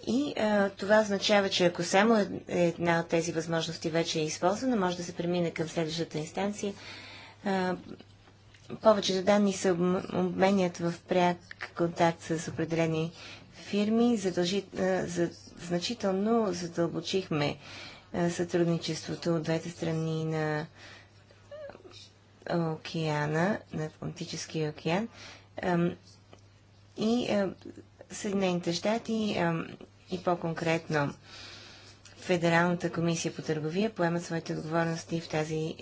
S2: И а, това означава, че ако само е, една от тези възможности вече е използвана, може да се премине към следващата инстанция. А, повечето данни се обменят в пряк контакт с определени фирми. Задължи, за, значително задълбочихме сътрудничеството от двете страни на океана, на Атлантическия океан. И Съединените щати и по-конкретно Федералната комисия по търговия поемат своите отговорности в тази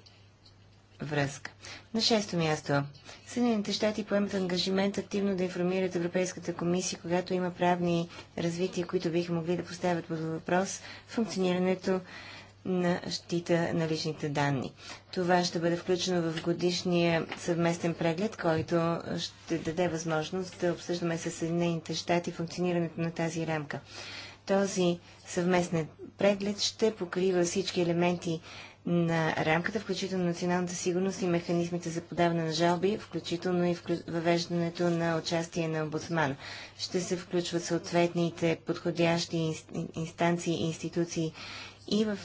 S2: връзка. На шесто място, Съединените щати поемат ангажимент активно да информират Европейската комисия, когато има правни развития, които биха могли да поставят под въпрос функционирането на щита на личните данни. Това ще бъде включено в годишния съвместен преглед, който ще даде възможност да обсъждаме с Съединените щати функционирането на тази рамка. Този съвместен преглед ще покрива всички елементи на рамката, включително националната сигурност и механизмите за подаване на жалби, включително и въвеждането на участие на омбудсмана. Ще се включват съответните подходящи инстанции и институции и в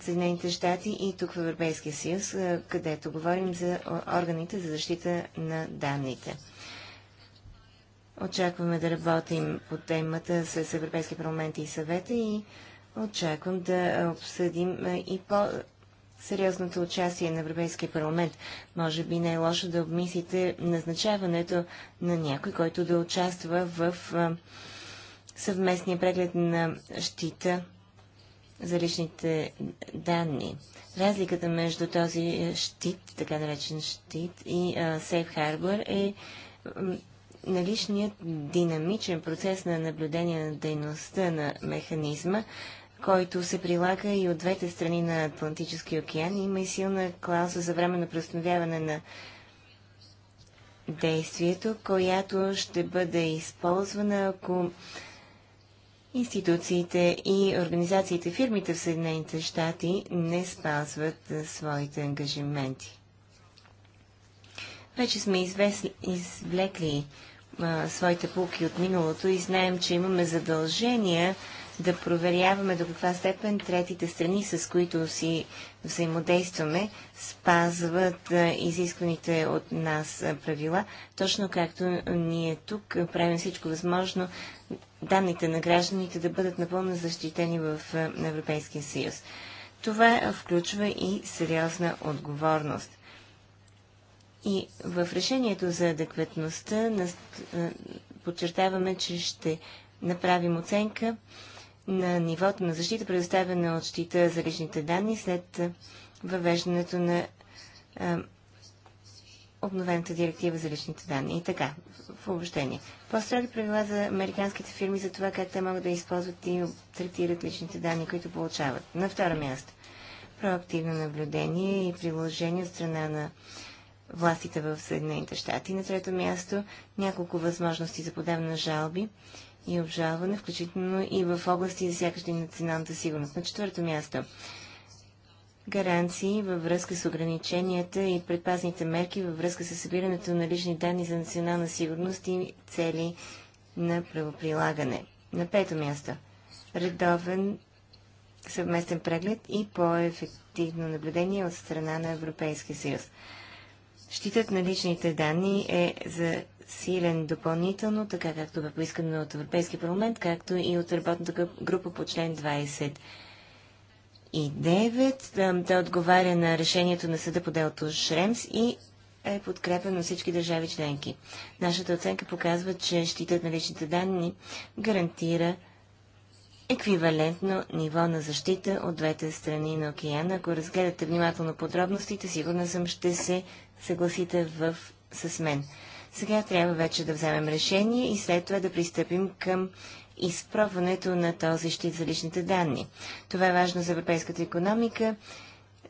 S2: Съединените щати, и тук в Европейския съюз, където говорим за органите за защита на данните. Очакваме да работим по темата с Европейския парламент и съвета и очаквам да обсъдим и по сериозното участие на Европейския парламент. Може би не е лошо да обмислите назначаването на някой, който да участва в съвместния преглед на щита за личните данни. Разликата между този щит, така наречен щит и Safe Harbor е наличният динамичен процес на наблюдение на дейността на механизма, който се прилага и от двете страни на Атлантическия океан. Има и силна клауза за време на преустановяване на действието, която ще бъде използвана, ако институциите и организациите, фирмите в Съединените щати не спазват своите ангажименти. Вече сме извесли, извлекли а, своите полки от миналото и знаем, че имаме задължения да проверяваме до каква степен третите страни, с които си взаимодействаме, спазват изискваните от нас правила, точно както ние тук правим всичко възможно данните на гражданите да бъдат напълно защитени в Европейския съюз. Това включва и сериозна отговорност. И в решението за адекватността подчертаваме, че ще направим оценка на нивото на защита, предоставена от щита за личните данни след въвеждането на а, обновената директива за личните данни. И така, в обобщение. По-строги правила за американските фирми за това как те могат да използват и третират личните данни, които получават. На второ място. Проактивно наблюдение и приложение от страна на властите в Съединените щати. На трето място няколко възможности за подаване на жалби и обжалване, включително и в области, засягащи националната сигурност. На четвърто място гаранции във връзка с ограниченията и предпазните мерки във връзка с събирането на лични данни за национална сигурност и цели на правоприлагане. На пето място редовен съвместен преглед и по-ефективно наблюдение от страна на Европейския съюз. Щитът на личните данни е за Силен допълнително, така както бе поискано от Европейския парламент, както и от работната група по член 20 и отговаря на решението на съда по делото Шремс и е подкрепен от всички държави членки. Нашата оценка показва, че щитът на личните данни гарантира еквивалентно ниво на защита от двете страни на океана. Ако разгледате внимателно подробностите, сигурна съм, ще се съгласите в... с мен. Сега трябва вече да вземем решение и след това да пристъпим към изпробването на този щит за личните данни. Това е важно за европейската економика,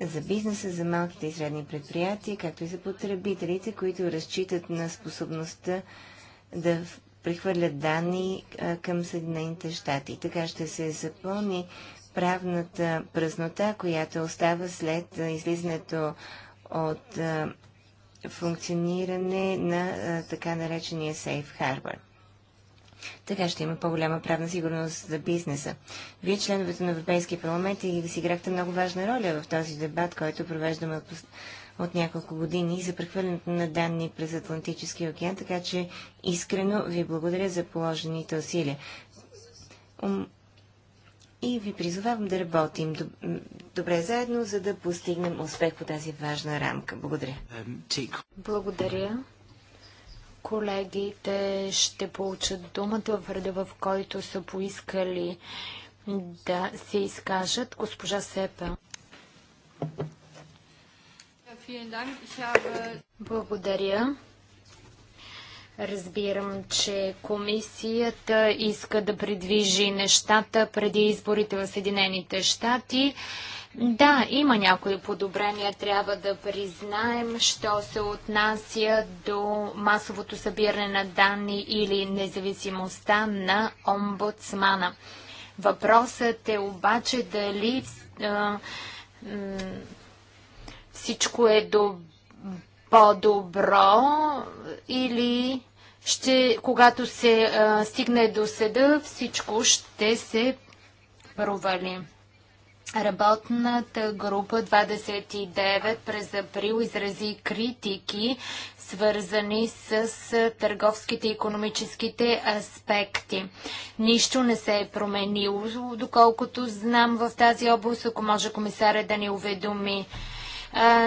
S2: за бизнеса, за малките и средни предприятия, както и за потребителите, които разчитат на способността да прехвърлят данни към Съединените щати. Така ще се запълни правната празнота, която остава след излизането от функциониране на така наречения Safe Harbor. Така ще има по-голяма правна сигурност за бизнеса. Вие, членовете на Европейския парламент, и си играхте много важна роля в този дебат, който провеждаме от, от няколко години за прехвърлянето на данни през Атлантическия океан, така че искрено ви благодаря за положените усилия и ви призовавам да работим добре заедно, за да постигнем успех по тази важна рамка. Благодаря.
S3: Благодаря. Колегите ще получат думата в реда, в който са поискали да се изкажат. Госпожа Сепа. Благодаря. Разбирам, че комисията иска да придвижи нещата преди изборите в Съединените щати. Да, има някои подобрения, трябва да признаем, що се отнася до масовото събиране на данни или независимостта на омбудсмана. Въпросът е обаче дали а, всичко е добре по-добро или ще, когато се а, стигне до съда, всичко ще се провали. Работната група 29 през април изрази критики, свързани с търговските и економическите аспекти. Нищо не се е променило, доколкото знам в тази област, ако може комисаря да ни уведоми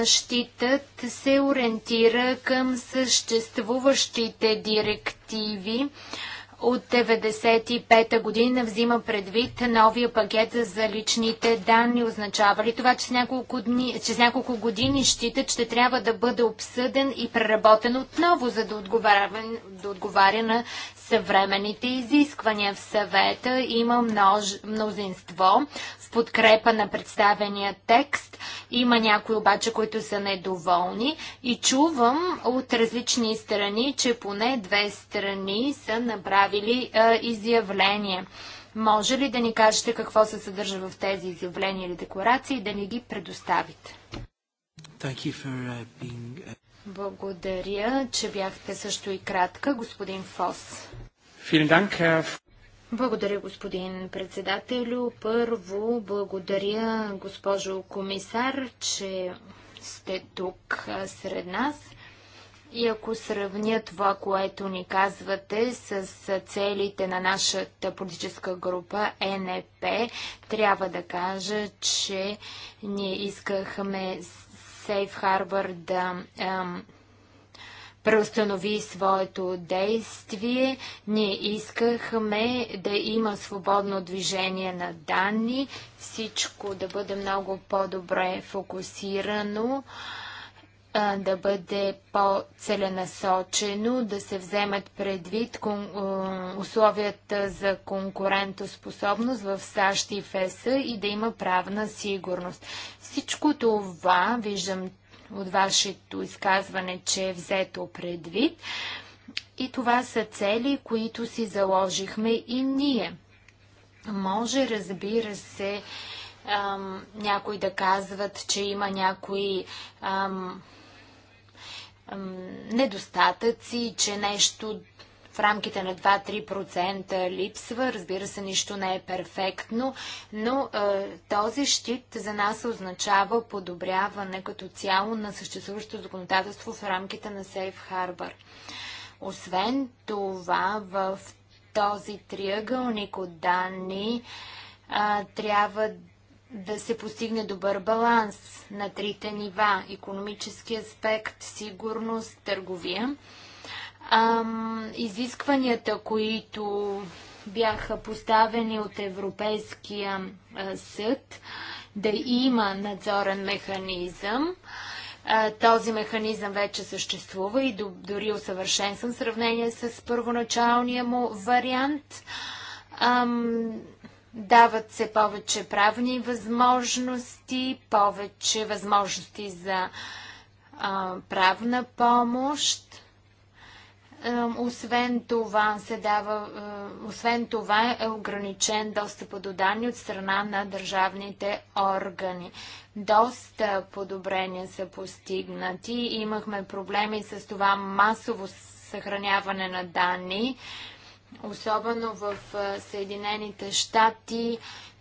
S3: щитът се ориентира към съществуващите директиви от 1995 година взима предвид новия пакет за личните данни. Означава ли това, че с няколко, дни, че с няколко години щитът ще трябва да бъде обсъден и преработен отново, за да отговаря, да отговаря на съвременните изисквания в съвета. Има множ... мнозинство в подкрепа на представения текст. Има някои обаче, които са недоволни и чувам от различни страни, че поне две страни са направили а, изявление. Може ли да ни кажете какво се съдържа в тези изявления или декларации и да ни ги предоставите?
S2: Thank
S1: you for uh, being uh,
S3: благодаря, че бяхте също и кратка, господин Фос. Благодаря, господин председателю. Първо, благодаря, госпожо комисар, че сте тук сред нас. И ако сравня това, което ни казвате с целите на нашата политическа група е НЕП, трябва да кажа, че ние искахме Сейф Harbor да ем, преустанови своето действие. Ние искахме да има свободно движение на данни, всичко да бъде много по-добре фокусирано. Ем, да бъде по-целенасочено, да се вземат предвид условията за конкурентоспособност в САЩ и ФСА и да има правна сигурност. Всичко това виждам от вашето изказване, че е взето предвид. И това са цели, които си заложихме и ние. Може, разбира се, някои да казват, че има някои ам, недостатъци, че нещо в рамките на 2-3% липсва. Разбира се, нищо не е перфектно, но е, този щит за нас означава подобряване като цяло на съществуващото законодателство в рамките на Safe Harbor. Освен това, в този триъгълник от данни е, трябва да да се постигне добър баланс на трите нива – економически аспект, сигурност, търговия. Ам, изискванията, които бяха поставени от Европейския съд, да има надзорен механизъм. този механизъм вече съществува и дори е усъвършенствам в сравнение с първоначалния му вариант. Ам, Дават се повече правни възможности, повече възможности за а, правна помощ. Освен това, се дава, освен това е ограничен достъп до данни от страна на държавните органи. Доста подобрения са постигнати. Имахме проблеми с това масово съхраняване на данни особено в Съединените щати.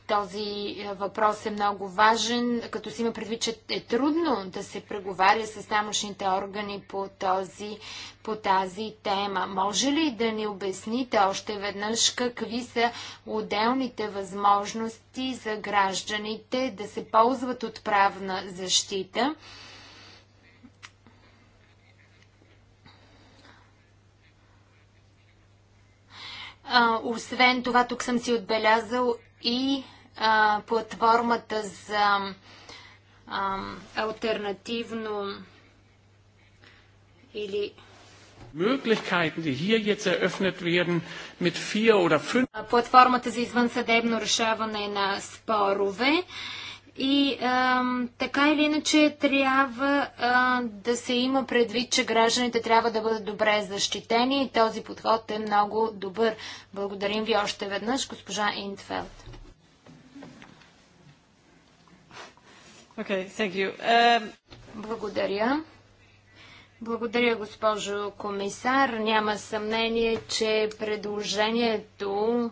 S3: Този въпрос е много важен, като си има предвид, че е трудно да се преговаря с тамошните органи по, този, по тази тема. Може ли да ни обясните още веднъж какви са отделните възможности за гражданите да се ползват от правна защита? А, освен това, тук съм си отбелязал и а, платформата за а, альтернативно или
S1: Möglichkeiten, die hier jetzt eröffnet werden, mit vier oder fünf.
S3: Платформата за извънсъдебно решаване на спорове. И а, така или иначе трябва а, да се има предвид, че гражданите трябва да бъдат добре защитени и този подход е много добър. Благодарим ви още веднъж, госпожа Интфелд.
S1: Okay, thank you. Uh... Благодаря.
S3: Благодаря, госпожо комисар. Няма съмнение, че предложението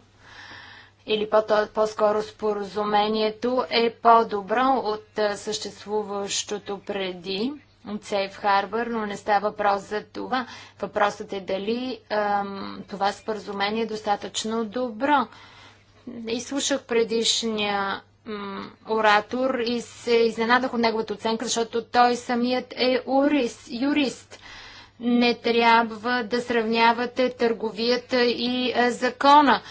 S3: или по-скоро по споразумението е по-добро от съществуващото преди от Сейф Харбър, но не става въпрос за това. Въпросът е дали ам, това споразумение е достатъчно добро. Изслушах предишния оратор и се изненадах от неговата оценка, защото той самият е урис, юрист. Не трябва да сравнявате търговията и а, закона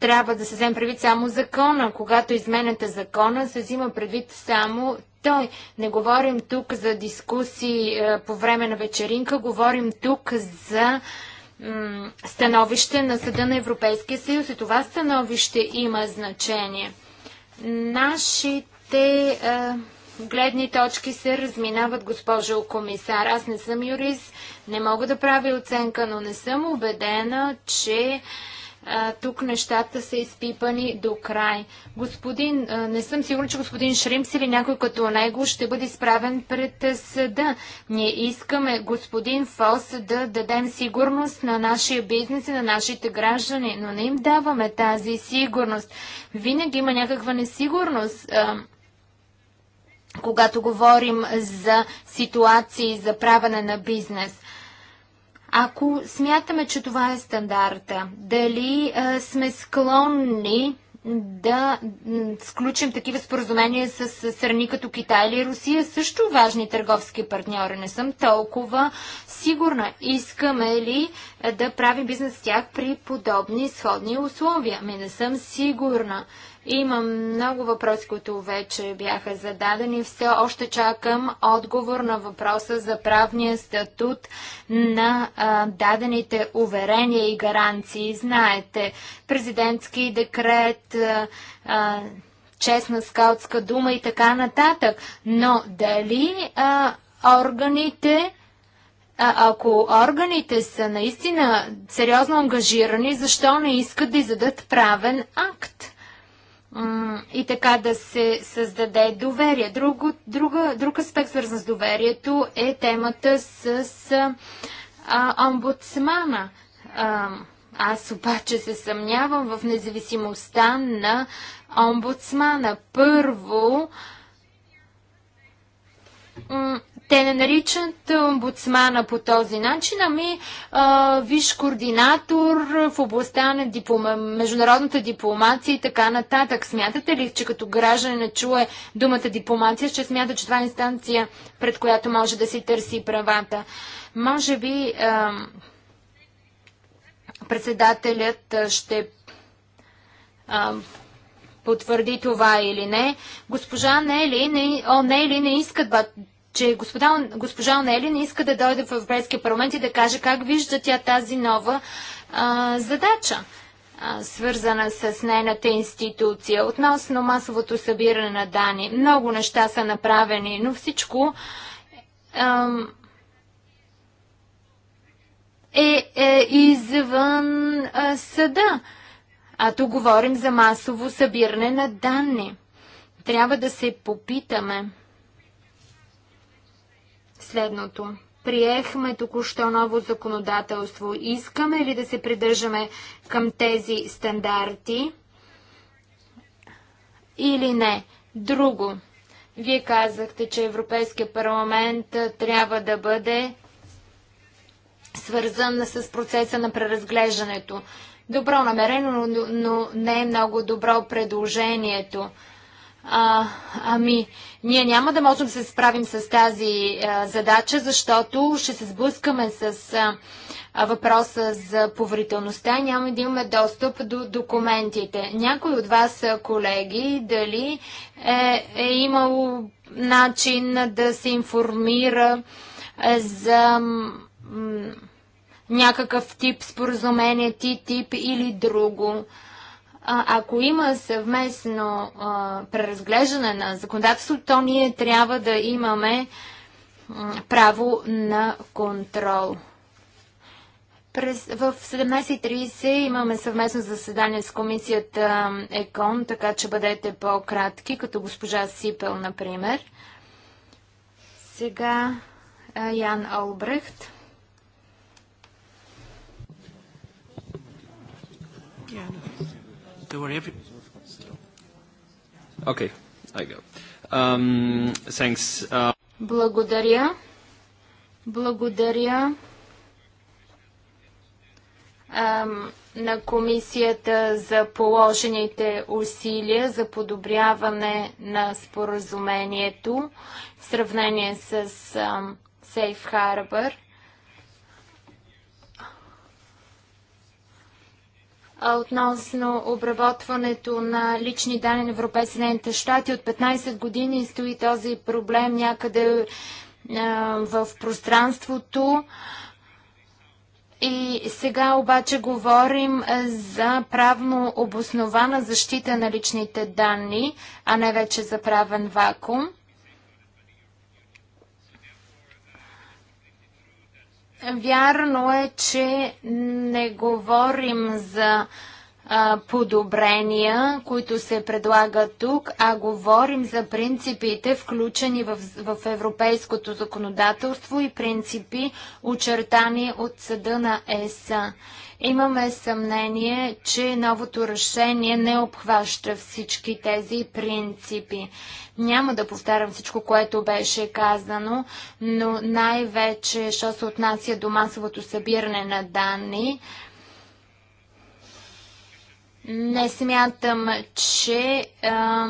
S3: трябва да се вземе предвид само закона. Когато изменяте закона, се взима предвид само той. Не говорим тук за дискусии е, по време на вечеринка, говорим тук за становище на Съда на Европейския съюз и това становище има значение. Нашите е, гледни точки се разминават, госпожо комисар. Аз не съм юрист, не мога да правя оценка, но не съм убедена, че тук нещата са изпипани до край. Господин, не съм сигурна, че господин Шримс или някой като него ще бъде изправен пред съда. Ние искаме господин Фос да дадем сигурност на нашия бизнес и на нашите граждани, но не им даваме тази сигурност. Винаги има някаква несигурност. когато говорим за ситуации за правене на бизнес. Ако смятаме, че това е стандарта, дали а, е, сме склонни да сключим такива споразумения с страни като Китай или Русия, също важни търговски партньори. Не съм толкова сигурна. Искаме ли е, да правим бизнес с тях при подобни сходни условия? Ми не съм сигурна. Има много въпроси, които вече бяха зададени. Все още чакам отговор на въпроса за правния статут на а, дадените уверения и гаранции. Знаете, президентски декрет, а, а, честна скаутска дума и така нататък. Но дали а, органите. А ако органите са наистина сериозно ангажирани, защо не искат да издадат правен акт? и така да се създаде доверие. Друго, друга, друг аспект, свързан с доверието, е темата с, а, омбудсмана. А, аз обаче се съмнявам в независимостта на омбудсмана. Първо, те не наричат омбудсмана по този начин, ами а, виш координатор в областта на диплома, международната дипломация и така нататък. Смятате ли, че като граждане не чуе думата дипломация, ще смята, че това е инстанция, пред която може да си търси правата? Може би а, председателят ще а, потвърди това или не. Госпожа Нели, не, о, Нели не иска че господа, госпожа Онелин иска да дойде в Европейския парламент и да каже как вижда тя тази нова а, задача, а, свързана с нейната институция, относно масовото събиране на данни. Много неща са направени, но всичко а, е, е извън а, съда. А тук говорим за масово събиране на данни. Трябва да се попитаме следното. Приехме току-що ново законодателство. Искаме ли да се придържаме към тези стандарти или не? Друго. Вие казахте, че Европейския парламент трябва да бъде свързан с процеса на преразглеждането. Добро намерено, но, но не е много добро предложението. А, ами, ние няма да можем да се справим с тази а, задача, защото ще се сблъскаме с а, въпроса за поверителността и няма да имаме достъп до документите. Някой от вас, колеги, дали е, е имал начин да се информира е, за някакъв тип споразумение, ти тип или друго? ако има съвместно а, преразглеждане на законодателството, то ние трябва да имаме а, право на контрол. През, в 17.30 имаме съвместно заседание с комисията ЕКОН, така че бъдете по-кратки, като госпожа Сипел, например. Сега Ян Олбрехт.
S1: Okay, I go. Um, thanks. Uh,
S3: Благодаря. Благодаря на Комисията за положените усилия за подобряване на споразумението в сравнение с Safe Harbor. относно обработването на лични данни на Европейски Съединените щати. От 15 години стои този проблем някъде в пространството. И сега обаче говорим за правно обоснована защита на личните данни, а не вече за правен вакуум. Вярно е, че не говорим за подобрения, които се предлагат тук, а говорим за принципите, включени в, в европейското законодателство и принципи, очертани от съда на ЕС, Имаме съмнение, че новото решение не обхваща всички тези принципи. Няма да повтарям всичко, което беше казано, но най-вече, що се отнася до масовото събиране на данни, не смятам, че а,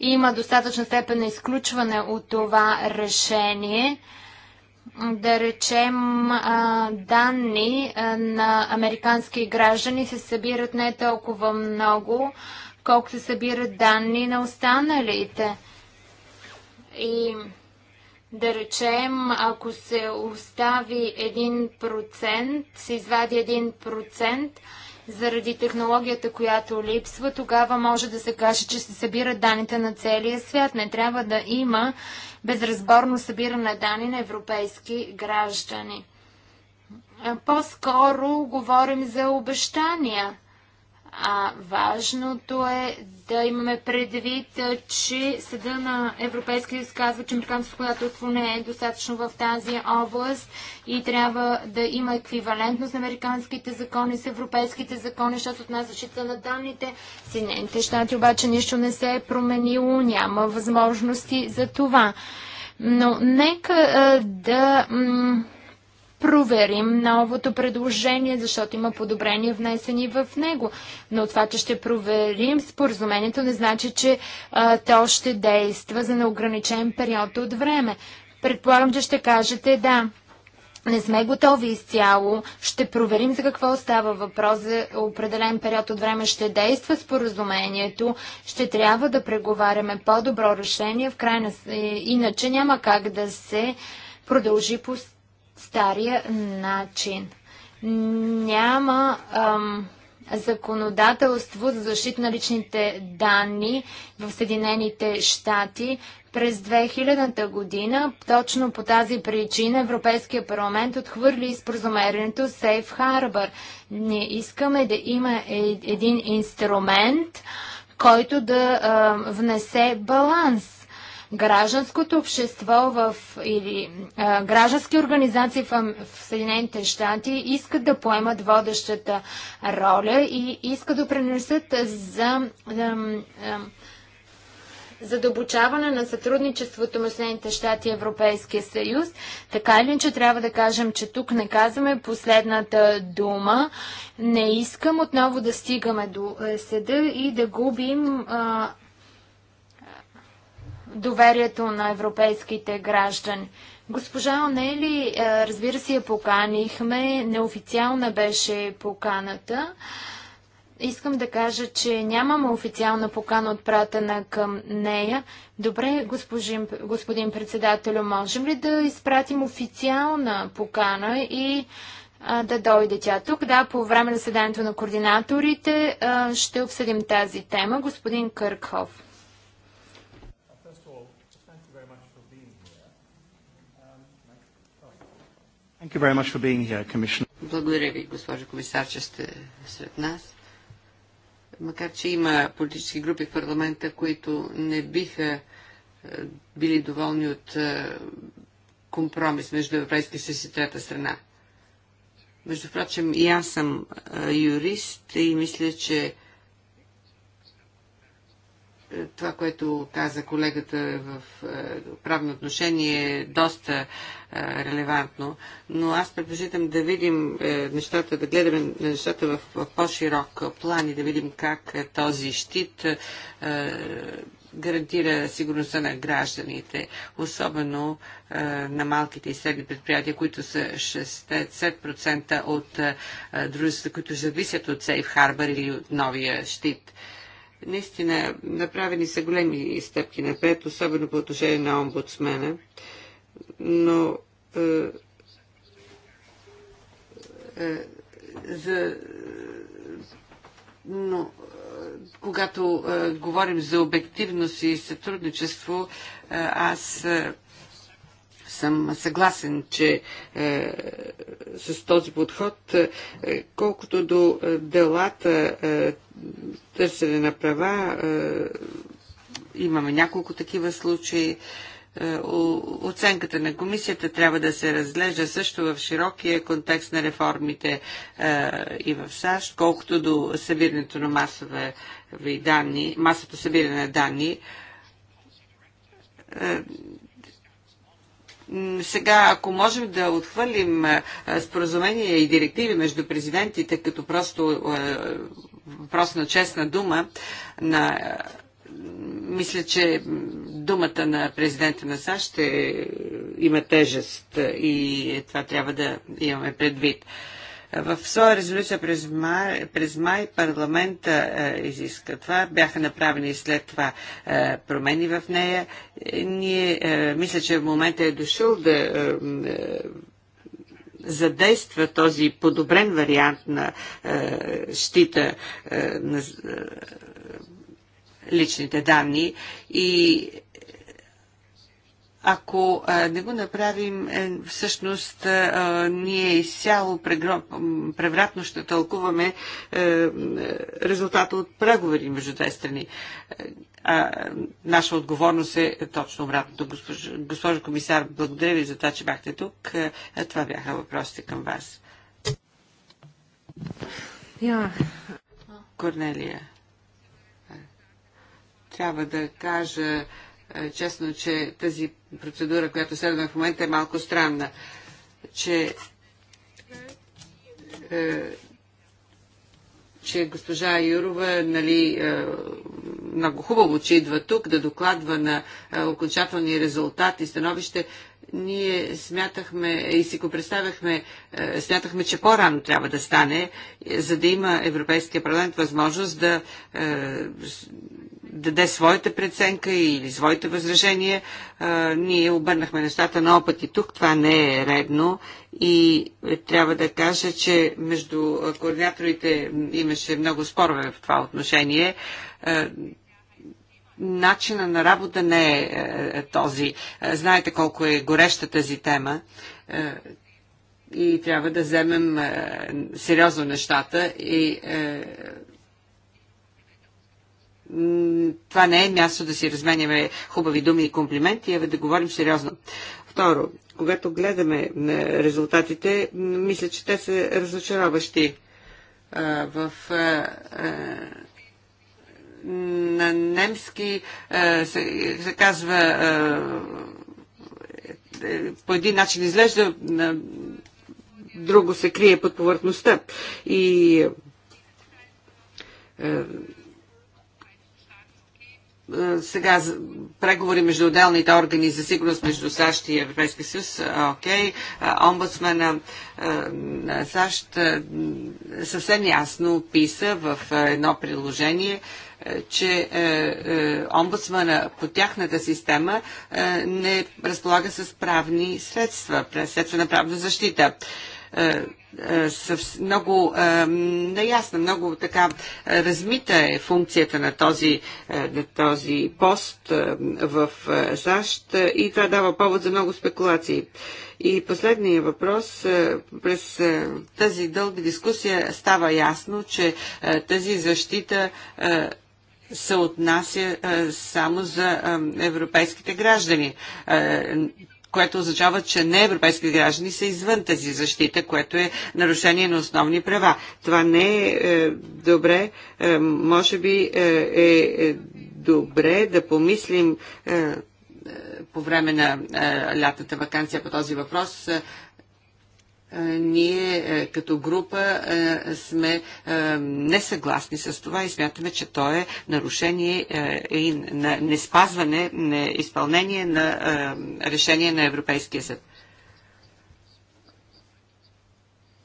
S3: има достатъчна степен на изключване от това решение. Да речем, а, данни а, на американски граждани се събират не толкова много, колкото се събират данни на останалите. И да речем, ако се остави един процент се извади един процент, заради технологията, която липсва, тогава може да се каже, че се събират данните на целия свят. Не трябва да има безразборно събиране данни на европейски граждани. По-скоро говорим за обещания а важното е да имаме предвид, че Съда на Европейския съюз казва, че американското законодателство не е достатъчно в тази област и трябва да има еквивалентност на американските закони с европейските закони, защото от нас защита на данните. Съединените щати обаче нищо не се е променило, няма възможности за това. Но нека да проверим новото предложение, защото има подобрения внесени в него. Но това, че ще проверим споразумението, не значи, че а, то ще действа за неограничен период от време. Предполагам, че ще кажете да. Не сме готови изцяло. Ще проверим за какво става въпрос. За определен период от време ще действа споразумението. Ще трябва да преговаряме по-добро решение. В крайна... Иначе няма как да се продължи по стария начин. Няма ам, законодателство за защита на личните данни в Съединените щати. През 2000-та година, точно по тази причина, Европейския парламент отхвърли споразумението Safe Harbor. Ние искаме да има е, един инструмент, който да а, внесе баланс гражданското общество в, или а, граждански организации в, в Съединените щати искат да поемат водещата роля и искат да принесат за. за задълбочаване на сътрудничеството на Съединените щати и Европейския съюз. Така или че трябва да кажем, че тук не казваме последната дума. Не искам отново да стигаме до е, съда и да губим а, доверието на европейските граждани. Госпожа Онели, е, разбира се, я поканихме. Неофициална беше поканата. Искам да кажа, че нямаме официална покана отпратена към нея. Добре, госпожин, господин председател, можем ли да изпратим официална покана и а, да дойде тя тук? Да, по време на седанието на координаторите а, ще обсъдим тази тема. Господин Къркхов.
S1: Благодаря ви, госпожо комисар, че сте сред нас. Макар, че има политически групи в парламента, които не биха е, били доволни от е, компромис между Европейския съюз и трета страна. Между прочим, и аз съм е, юрист и мисля, че това, което каза колегата в е, правно отношение е доста е, релевантно, но аз предпочитам да видим е, нещата, да гледаме нещата в по-широк план и да видим как този щит гарантира сигурността на гражданите, особено е, на малките и средни предприятия, които са 60% от е, дружествата, които зависят от Сейф Harbor или от новия щит. Е, Наистина, направени са големи стъпки напред, особено по отношение на омбудсмена, но е, е, за, но е, когато е, говорим за обективност и сътрудничество, е, аз е, съм съгласен, че е, с този подход, е, колкото до е, делата е, търсене на права, е, имаме няколко такива случаи. Е, оценката на комисията трябва да се разглежда също в широкия контекст на реформите е, и в САЩ, колкото до събирането на масове данни, масото събиране на данни. Е, сега, ако можем да отхвърлим споразумения и директиви между президентите, като просто въпрос на честна дума, на мисля, че думата на президента на САЩ ще има тежест и това трябва да имаме предвид. В своя резолюция през май, през май парламента е, изиска това. Бяха направени след това е, промени в нея. Ние, е, мисля, че в момента е дошъл да е, задейства този подобрен вариант на е, щита е, на е, личните данни и ако не го направим, е, всъщност ние изцяло превратно ще тълкуваме е, резултата от преговори между две страни. А, наша отговорност е точно обратното. Госпожо, госпожо комисар, благодаря ви за това, че бяхте тук. Е, това бяха въпросите към вас. Yeah. Корнелия, трябва да кажа, е, честно, че тази процедура, която следваме в момента е малко странна, че е, че госпожа Юрова нали, е, много хубаво, че идва тук да докладва на окончателни резултати и становище. Ние смятахме и си го представяхме, смятахме, че по-рано трябва да стане, за да има Европейския парламент възможност да даде своята преценка или своите възражения. Ние обърнахме нещата на опът и тук. Това не е редно и е, трябва да кажа, че между координаторите имаше много спорове в това отношение начина на работа не е, е, е този. Знаете колко е гореща тази тема и трябва да вземем сериозно нещата и това не е място да си разменяме хубави думи и комплименти, а да говорим сериозно. Второ, когато гледаме резултатите, мисля, че те са разочароващи в на немски се, се казва е, по един начин изглежда, друго се крие под повърхността. И е, сега преговори между отделните органи за сигурност между САЩ и Европейския съюз, е, окей, okay. Е, омбудсмена на САЩ съвсем ясно описа в едно приложение, че омбудсмена по тяхната система не разполага с правни средства, средства на правна защита. Е, е, много е, наясна, много така размита е функцията на този, на този пост в САЩ и това дава повод за много спекулации. И последния въпрос. През тази дълга дискусия става ясно, че тази защита се отнася само за европейските граждани което означава, че не европейски граждани са извън тази защита, което е нарушение на основни права. Това не е, е добре. Е, може би е, е, е добре да помислим. Е, е, по време на е, лятната вакансия по този въпрос. Е, е, ние е, като група е, сме несъгласни с това и смятаме, че то е нарушение и на неспазване, на изпълнение на решение на Европейския съд.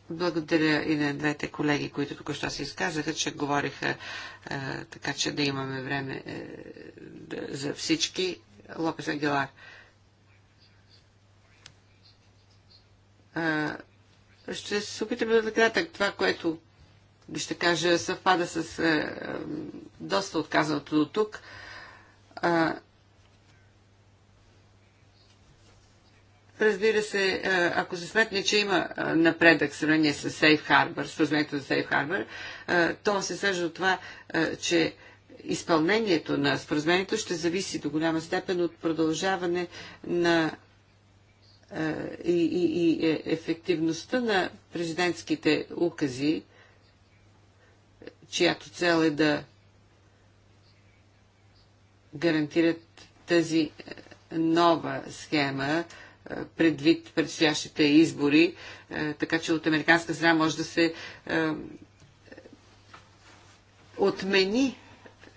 S1: Благодаря и на двете колеги, които тук що се изказаха, че говориха така, че да имаме време за всички. Лопес Агилар. Ще се опитам да кратък. Това, което ще кажа, съвпада с е, е доста отказаното до тук. А, Разбира се, е, ако се сметне, че има е, напредък в сравнение с Сейф Harbor, споразумението за Сейф Harbor, то се свежда от това, че изпълнението на споразумението ще зависи до голяма степен от продължаване на и, и, и е, ефективността на президентските укази, чиято цел е да гарантират тази е, нова схема е, предвид предстоящите избори, така че от американска страна може да се отмени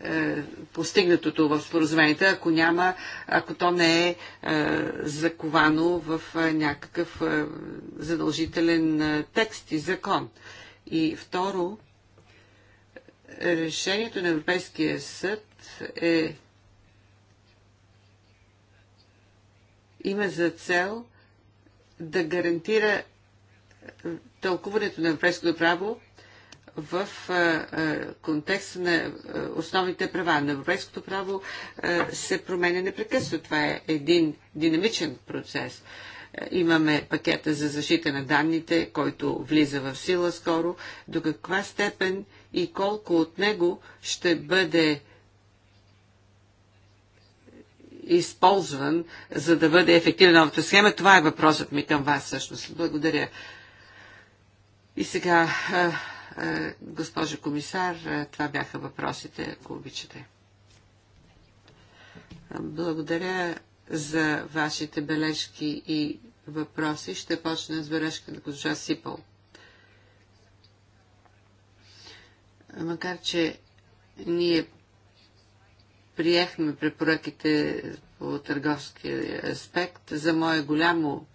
S1: е, постигнатото в споразумението, ако няма, ако то не е, е заковано в е, някакъв задължителен текст и закон. И второ, решението на Европейския съд е има за цел да гарантира тълкуването на европейското право в контекст на основните права. На европейското право се променя непрекъснато. Това е един динамичен процес. Имаме пакета за защита на данните, който влиза в сила скоро. До каква степен и колко от него ще бъде използван, за да бъде ефективна новата схема? Това е въпросът ми към вас всъщност. Благодаря. И сега е, госпожо комисар, е, това бяха въпросите, ако обичате. Благодаря за вашите бележки и въпроси. Ще почна с бележка на госпожа Сипъл. Макар, че ние приехме препоръките по търговски аспект, за мое голямо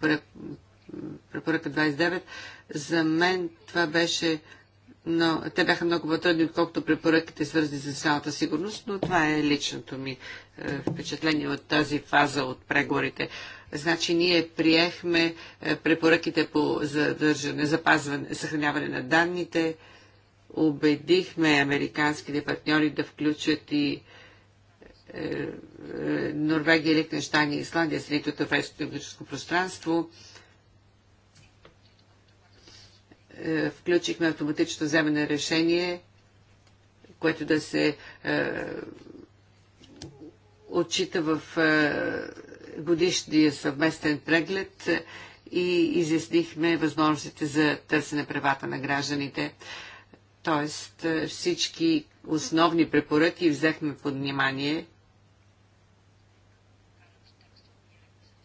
S1: препоръка 29, за мен това беше но те бяха много по-трудни, отколкото препоръките свързани с цялата сигурност, но това е личното ми е, впечатление от тази фаза от преговорите. Значи ние приехме е, препоръките по задържане, запазване, съхраняване на данните, убедихме американските партньори да включат и е, е Норвегия, Лихтенштайн и Исландия, страните от европейското економическо пространство. Е, включихме автоматичното вземане на решение, което да се е, отчита в е, годишния съвместен преглед и изяснихме възможностите за търсене правата на гражданите. Тоест всички основни препоръки взехме под внимание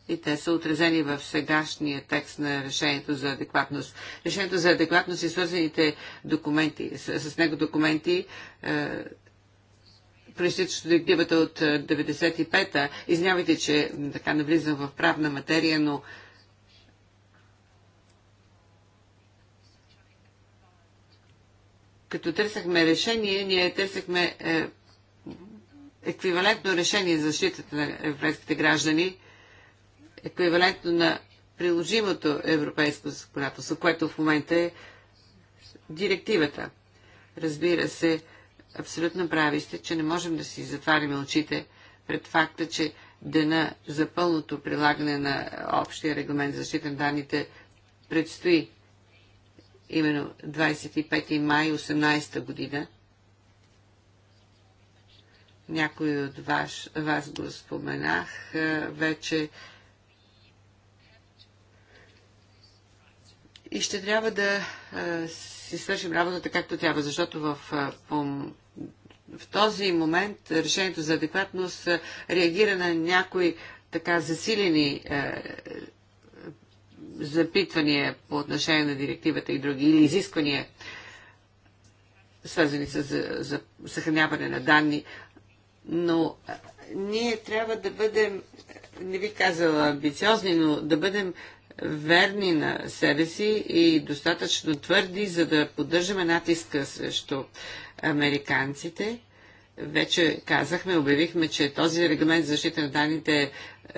S1: и те са отразени в сегашния текст на решението за адекватност. Решението за адекватност и свързаните документи, с, с него документи е, проистичат директивата от 95-та. Е, Извинявайте, че така навлизам в правна материя, но като търсахме решение, ние търсахме е, еквивалентно решение за защитата на европейските граждани – еквивалентно на приложимото европейско законодателство, което в момента е директивата. Разбира се, абсолютно прави сте, че не можем да си затваряме очите пред факта, че дена за пълното прилагане на общия регламент за защита на данните предстои именно 25 май 18 година. Някой от вас, вас го споменах вече и ще трябва да си свършим работата както трябва, защото в, в този момент решението за адекватност реагира на някои така засилени запитвания по отношение на директивата и други, или изисквания, свързани с за, за съхраняване на данни, но ние трябва да бъдем, не ви казала амбициозни, но да бъдем верни на себе си и достатъчно твърди, за да поддържаме натиска срещу американците. Вече казахме, обявихме, че този регламент за защита на данните е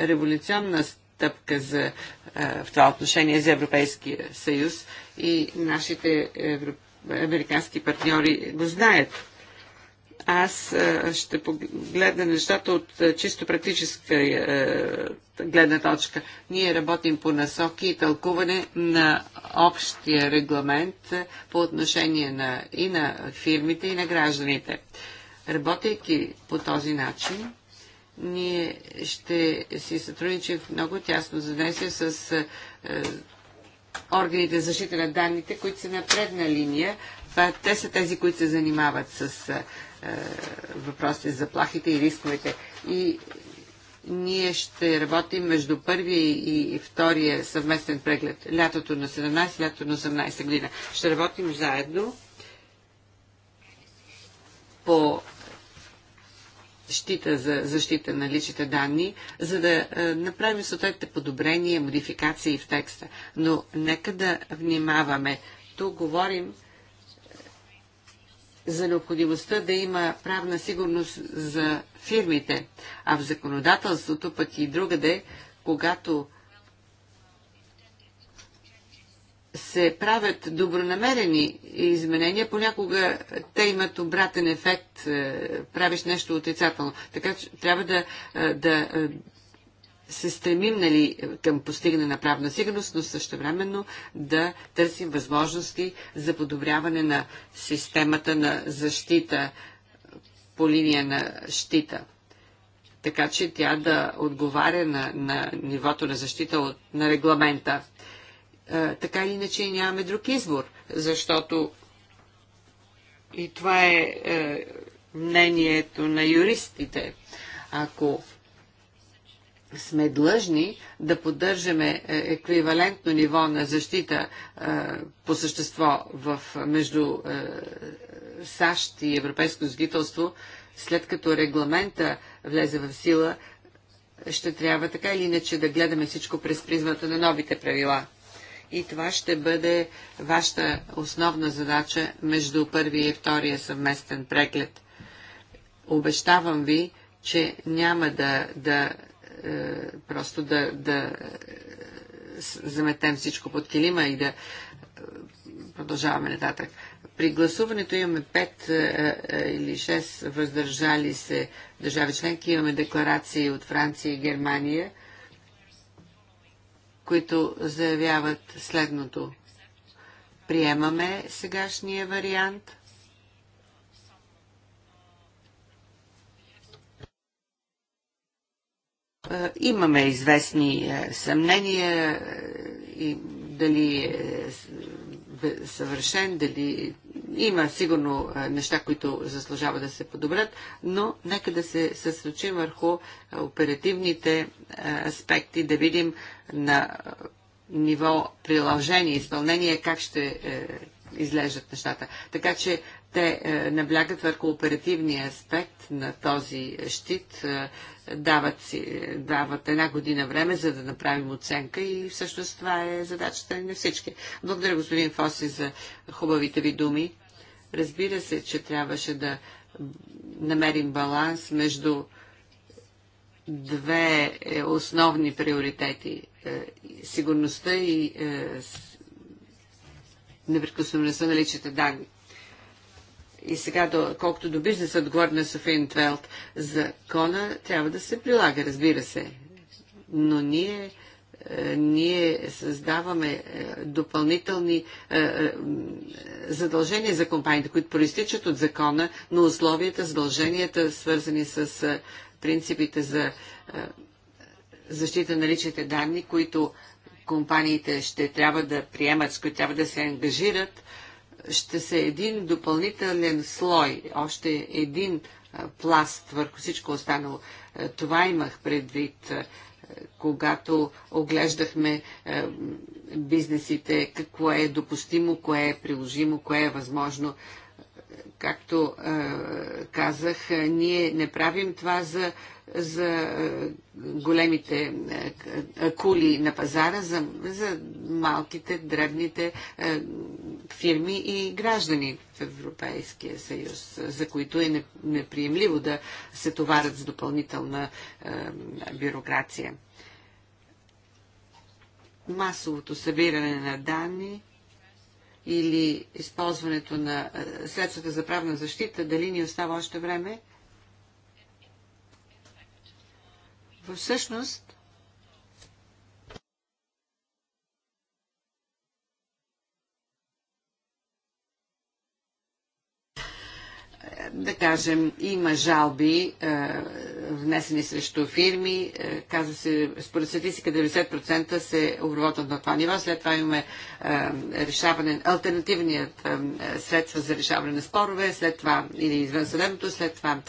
S1: революционна стъпка за, в това отношение за Европейския съюз и нашите европ... американски партньори го знаят. Аз ще погледна нещата от чисто практическа гледна точка. Ние работим по насоки и тълкуване на общия регламент по отношение на, и на фирмите, и на гражданите. Работейки по този начин, ние ще си сътрудничим в много тясно задействие с е, органите за защита на данните, които са на предна линия. Това, те са тези, които се занимават с е, въпросите, заплахите и рисковете. И ние ще работим между първия и втория съвместен преглед. Лятото на 17, лятото на 18 година. Ще работим заедно по щита за защита на личните данни, за да е, направим съответните подобрения, модификации в текста. Но нека да внимаваме. Тук говорим за необходимостта да има правна сигурност за фирмите, а в законодателството пък и другаде, когато се правят добронамерени изменения, понякога те имат обратен ефект, е, правиш нещо отрицателно. Така че трябва да, е, да е, се стремим нали, към постигане на правна сигурност, но също времено да търсим възможности за подобряване на системата на защита по линия на щита. Така че тя да отговаря на, на нивото на защита от, на регламента. Е, така или иначе нямаме друг избор, защото и това е, е мнението на юристите. Ако сме длъжни да поддържаме е, еквивалентно ниво на защита е, по същество в, между е, САЩ и Европейско зрителство, след като регламента влезе в сила, ще трябва така или иначе да гледаме всичко през призмата на новите правила. И това ще бъде вашата основна задача между първия и втория съвместен преглед. Обещавам ви, че няма да, да е, просто да, да е, заметем всичко под килима и да е, продължаваме нататък. При гласуването имаме 5 или 6 въздържали се държави членки. Имаме декларации от Франция и Германия, които заявяват следното. Приемаме сегашния вариант – Е, имаме известни е, съмнения е, и дали е съвършен, дали има сигурно неща, които заслужава да се подобрят, но нека да се съсредоточим върху оперативните аспекти, да видим на ниво приложение, изпълнение, как ще изглеждат нещата. Така че те наблягат върху оперативния аспект на този щит, дават, дават една година време, за да направим оценка и всъщност това е задачата на всички. Благодаря, господин Фоси, за хубавите ви думи. Разбира се, че трябваше да намерим баланс между две е, основни приоритети е, сигурността и е, неприкосновеността на личните данни. И сега, до, колкото до бизнеса, отговори на Софин Твелт, закона трябва да се прилага, разбира се. Но ние е, ние създаваме е, допълнителни е, задължения за компаниите, които проистичат от закона, но условията, задълженията, свързани с принципите за защита на личните данни, които компаниите ще трябва да приемат, с които трябва да се ангажират, ще се един допълнителен слой, още един пласт върху всичко останало. Това имах предвид, когато оглеждахме бизнесите, какво е допустимо, кое е приложимо, кое е възможно. Както е, казах, е, ние не правим това за, за е, големите е, е, кули на пазара, за, за малките, дребните е, фирми и граждани в Европейския съюз, за които е неприемливо да се товарят с допълнителна е, бюрокрация масовото събиране на данни или използването на е, средствата за правна защита, дали ни остава още време? Всъщност, да кажем, има жалби е, внесени срещу фирми. Е, казва се, според статистика 90% се обработват на това ниво. След това имаме е, решаване, альтернативният средство средства за решаване на спорове, след това или извън съдебното, след това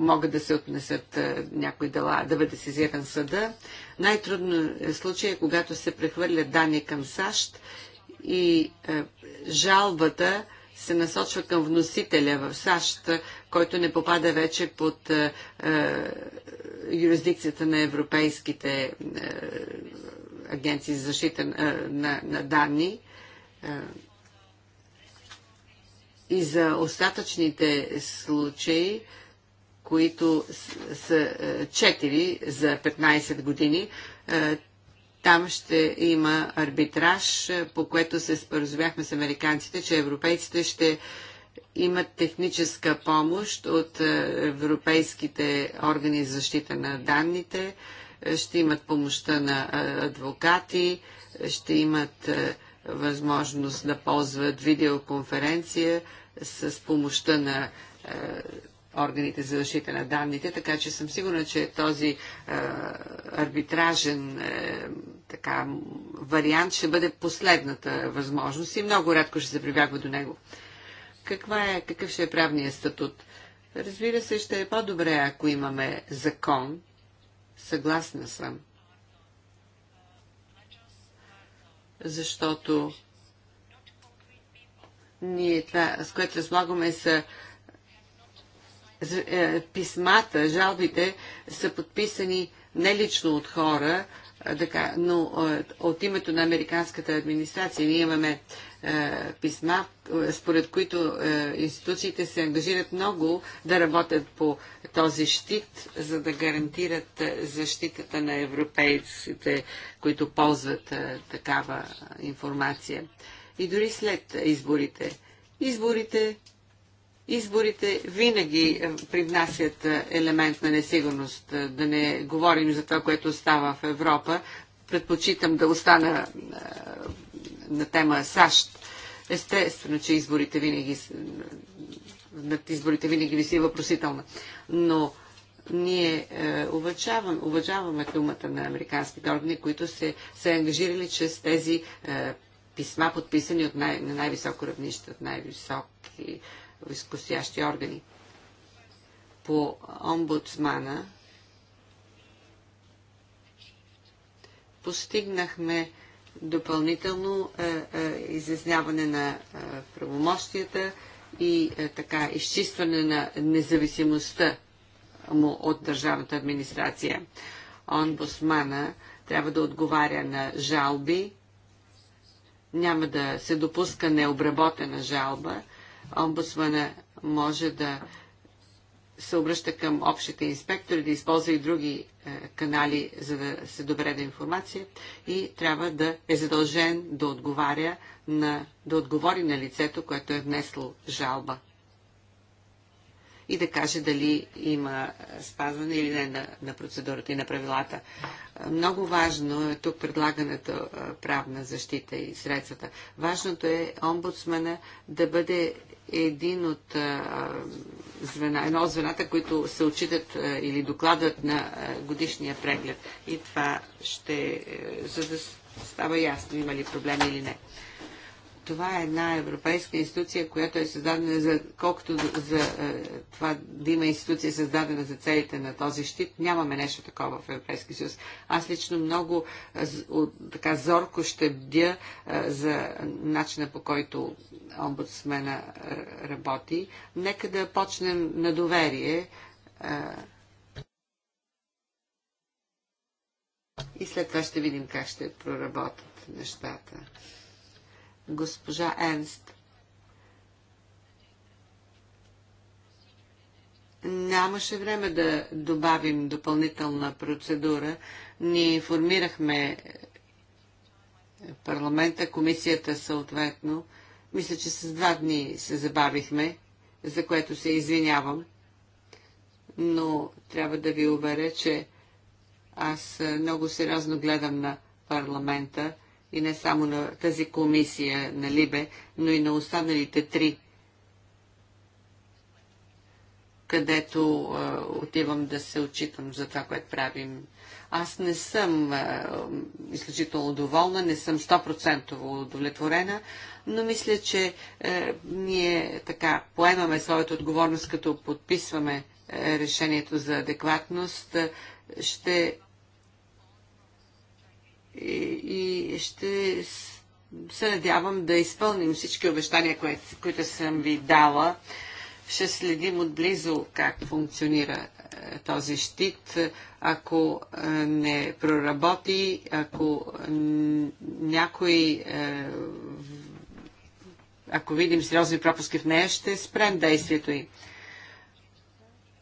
S1: могат да се отнесат някои дела, да бъде сезиран съда. Най-трудно е случай е, когато се прехвърлят данни към САЩ и жалбата е, се насочва към вносителя в САЩ, който не попада вече под е, е юрисдикцията на европейските е, агенции за защита на, е, на, на данни. Е, и за остатъчните случаи, които са е, четири за 15 години, там ще има арбитраж, е, по което се споразумяхме с американците, че европейците ще имат техническа помощ от е, европейските органи за защита на данните, е, ще имат помощта на адвокати, ще имат възможност да ползват видеоконференция с помощта на органите за защита на данните, така че съм сигурна, че този е, арбитражен е, така, вариант ще бъде последната възможност и много рядко ще се прибягва до него. Каква е, какъв ще е правният статут? Разбира се, ще е по-добре, ако имаме закон. Съгласна съм. Защото ние това, с което разполагаме, са е, писмата, жалбите са подписани не лично от хора, така, но е, от името на американската администрация ние имаме е, писма, според които институциите се ангажират много да работят по този щит, за да гарантират защитата на европейците, които ползват такава информация. И дори след изборите. Изборите Изборите винаги е, привнасят е, елемент на несигурност. Е, да не говорим за това, което става в Европа. Предпочитам да остана на тема САЩ. Естествено, че изборите винаги над изборите винаги виси въпросителна. Но ние е, уважавам, уважаваме думата на американските органи, които се, се ангажирали чрез тези е, писма, подписани от най, на най-високо равнище, от най-високи изкосящи органи. По омбудсмана постигнахме допълнително е, е, изясняване на е, правомощията и е, така изчистване на независимостта му от държавната администрация. Омбудсмана трябва да отговаря на жалби, няма да се допуска необработена жалба Омбудсмана може да се обръща към общите инспектори, да използва и други е, канали, за да се добре до информация и трябва да е задължен да отговаря на, да отговори на лицето, което е внесло жалба и да каже дали има е, спазване или не на, на процедурата и на правилата. Много важно е тук предлаганата е, правна защита и средствата. Важното е омбудсмана да бъде един от звена, едно от звената, които се отчитат или докладват на годишния преглед. И това ще, е, за да става ясно има ли проблеми или не това е една европейска институция, която е създадена за, колкото за е, това да има институция създадена за целите на този щит, нямаме нещо такова в Европейския съюз. Аз лично много е, така зорко ще бдя е, за начина по който омбудсмена е, работи. Нека да почнем на доверие. Е, и след това ще видим как ще проработят нещата госпожа Енст. Нямаше време да добавим допълнителна процедура. Ние информирахме парламента, комисията съответно. Мисля, че с два дни се забавихме, за което се извинявам. Но трябва да ви уверя, че аз много сериозно гледам на парламента и не само на тази комисия на Либе, но и на останалите три, където а, отивам да се отчитам за това, което правим. Аз не съм а, изключително доволна, не съм 100% удовлетворена, но мисля, че а, е, ние така поемаме своята отговорност, като подписваме е, решението за адекватност. Ще и ще се надявам да изпълним всички обещания, които, които съм ви дала. Ще следим отблизо как функционира е, този щит. Ако е, не проработи, ако някой е, ако видим сериозни пропуски в нея, ще спрем действието й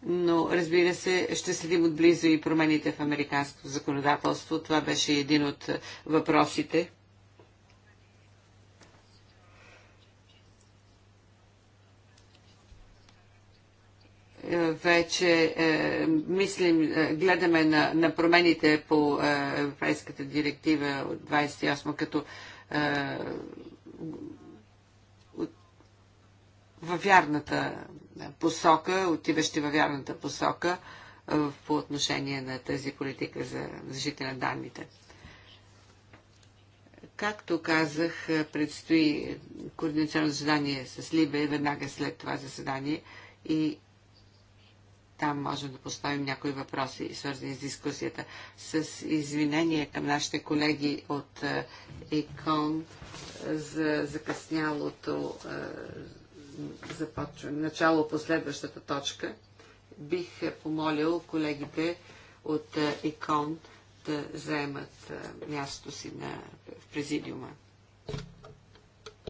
S1: но разбира се, ще следим отблизо и промените в американското законодателство. Това беше един от е, въпросите. Е, вече е, мислим, е, гледаме на, на промените по е, Европейската директива от 28 като е, от, във вярната посока, отиващи във вярната посока по отношение на тази политика за защита на данните. Както казах, предстои координационно заседание с Либе веднага след това заседание и там можем да поставим някои въпроси, свързани с дискусията. С извинение към нашите колеги от ИКОН за закъснялото Започваме, начало по следващата точка, бих е помолил колегите от е, ИКОН да заемат е, мястото си на, в президиума.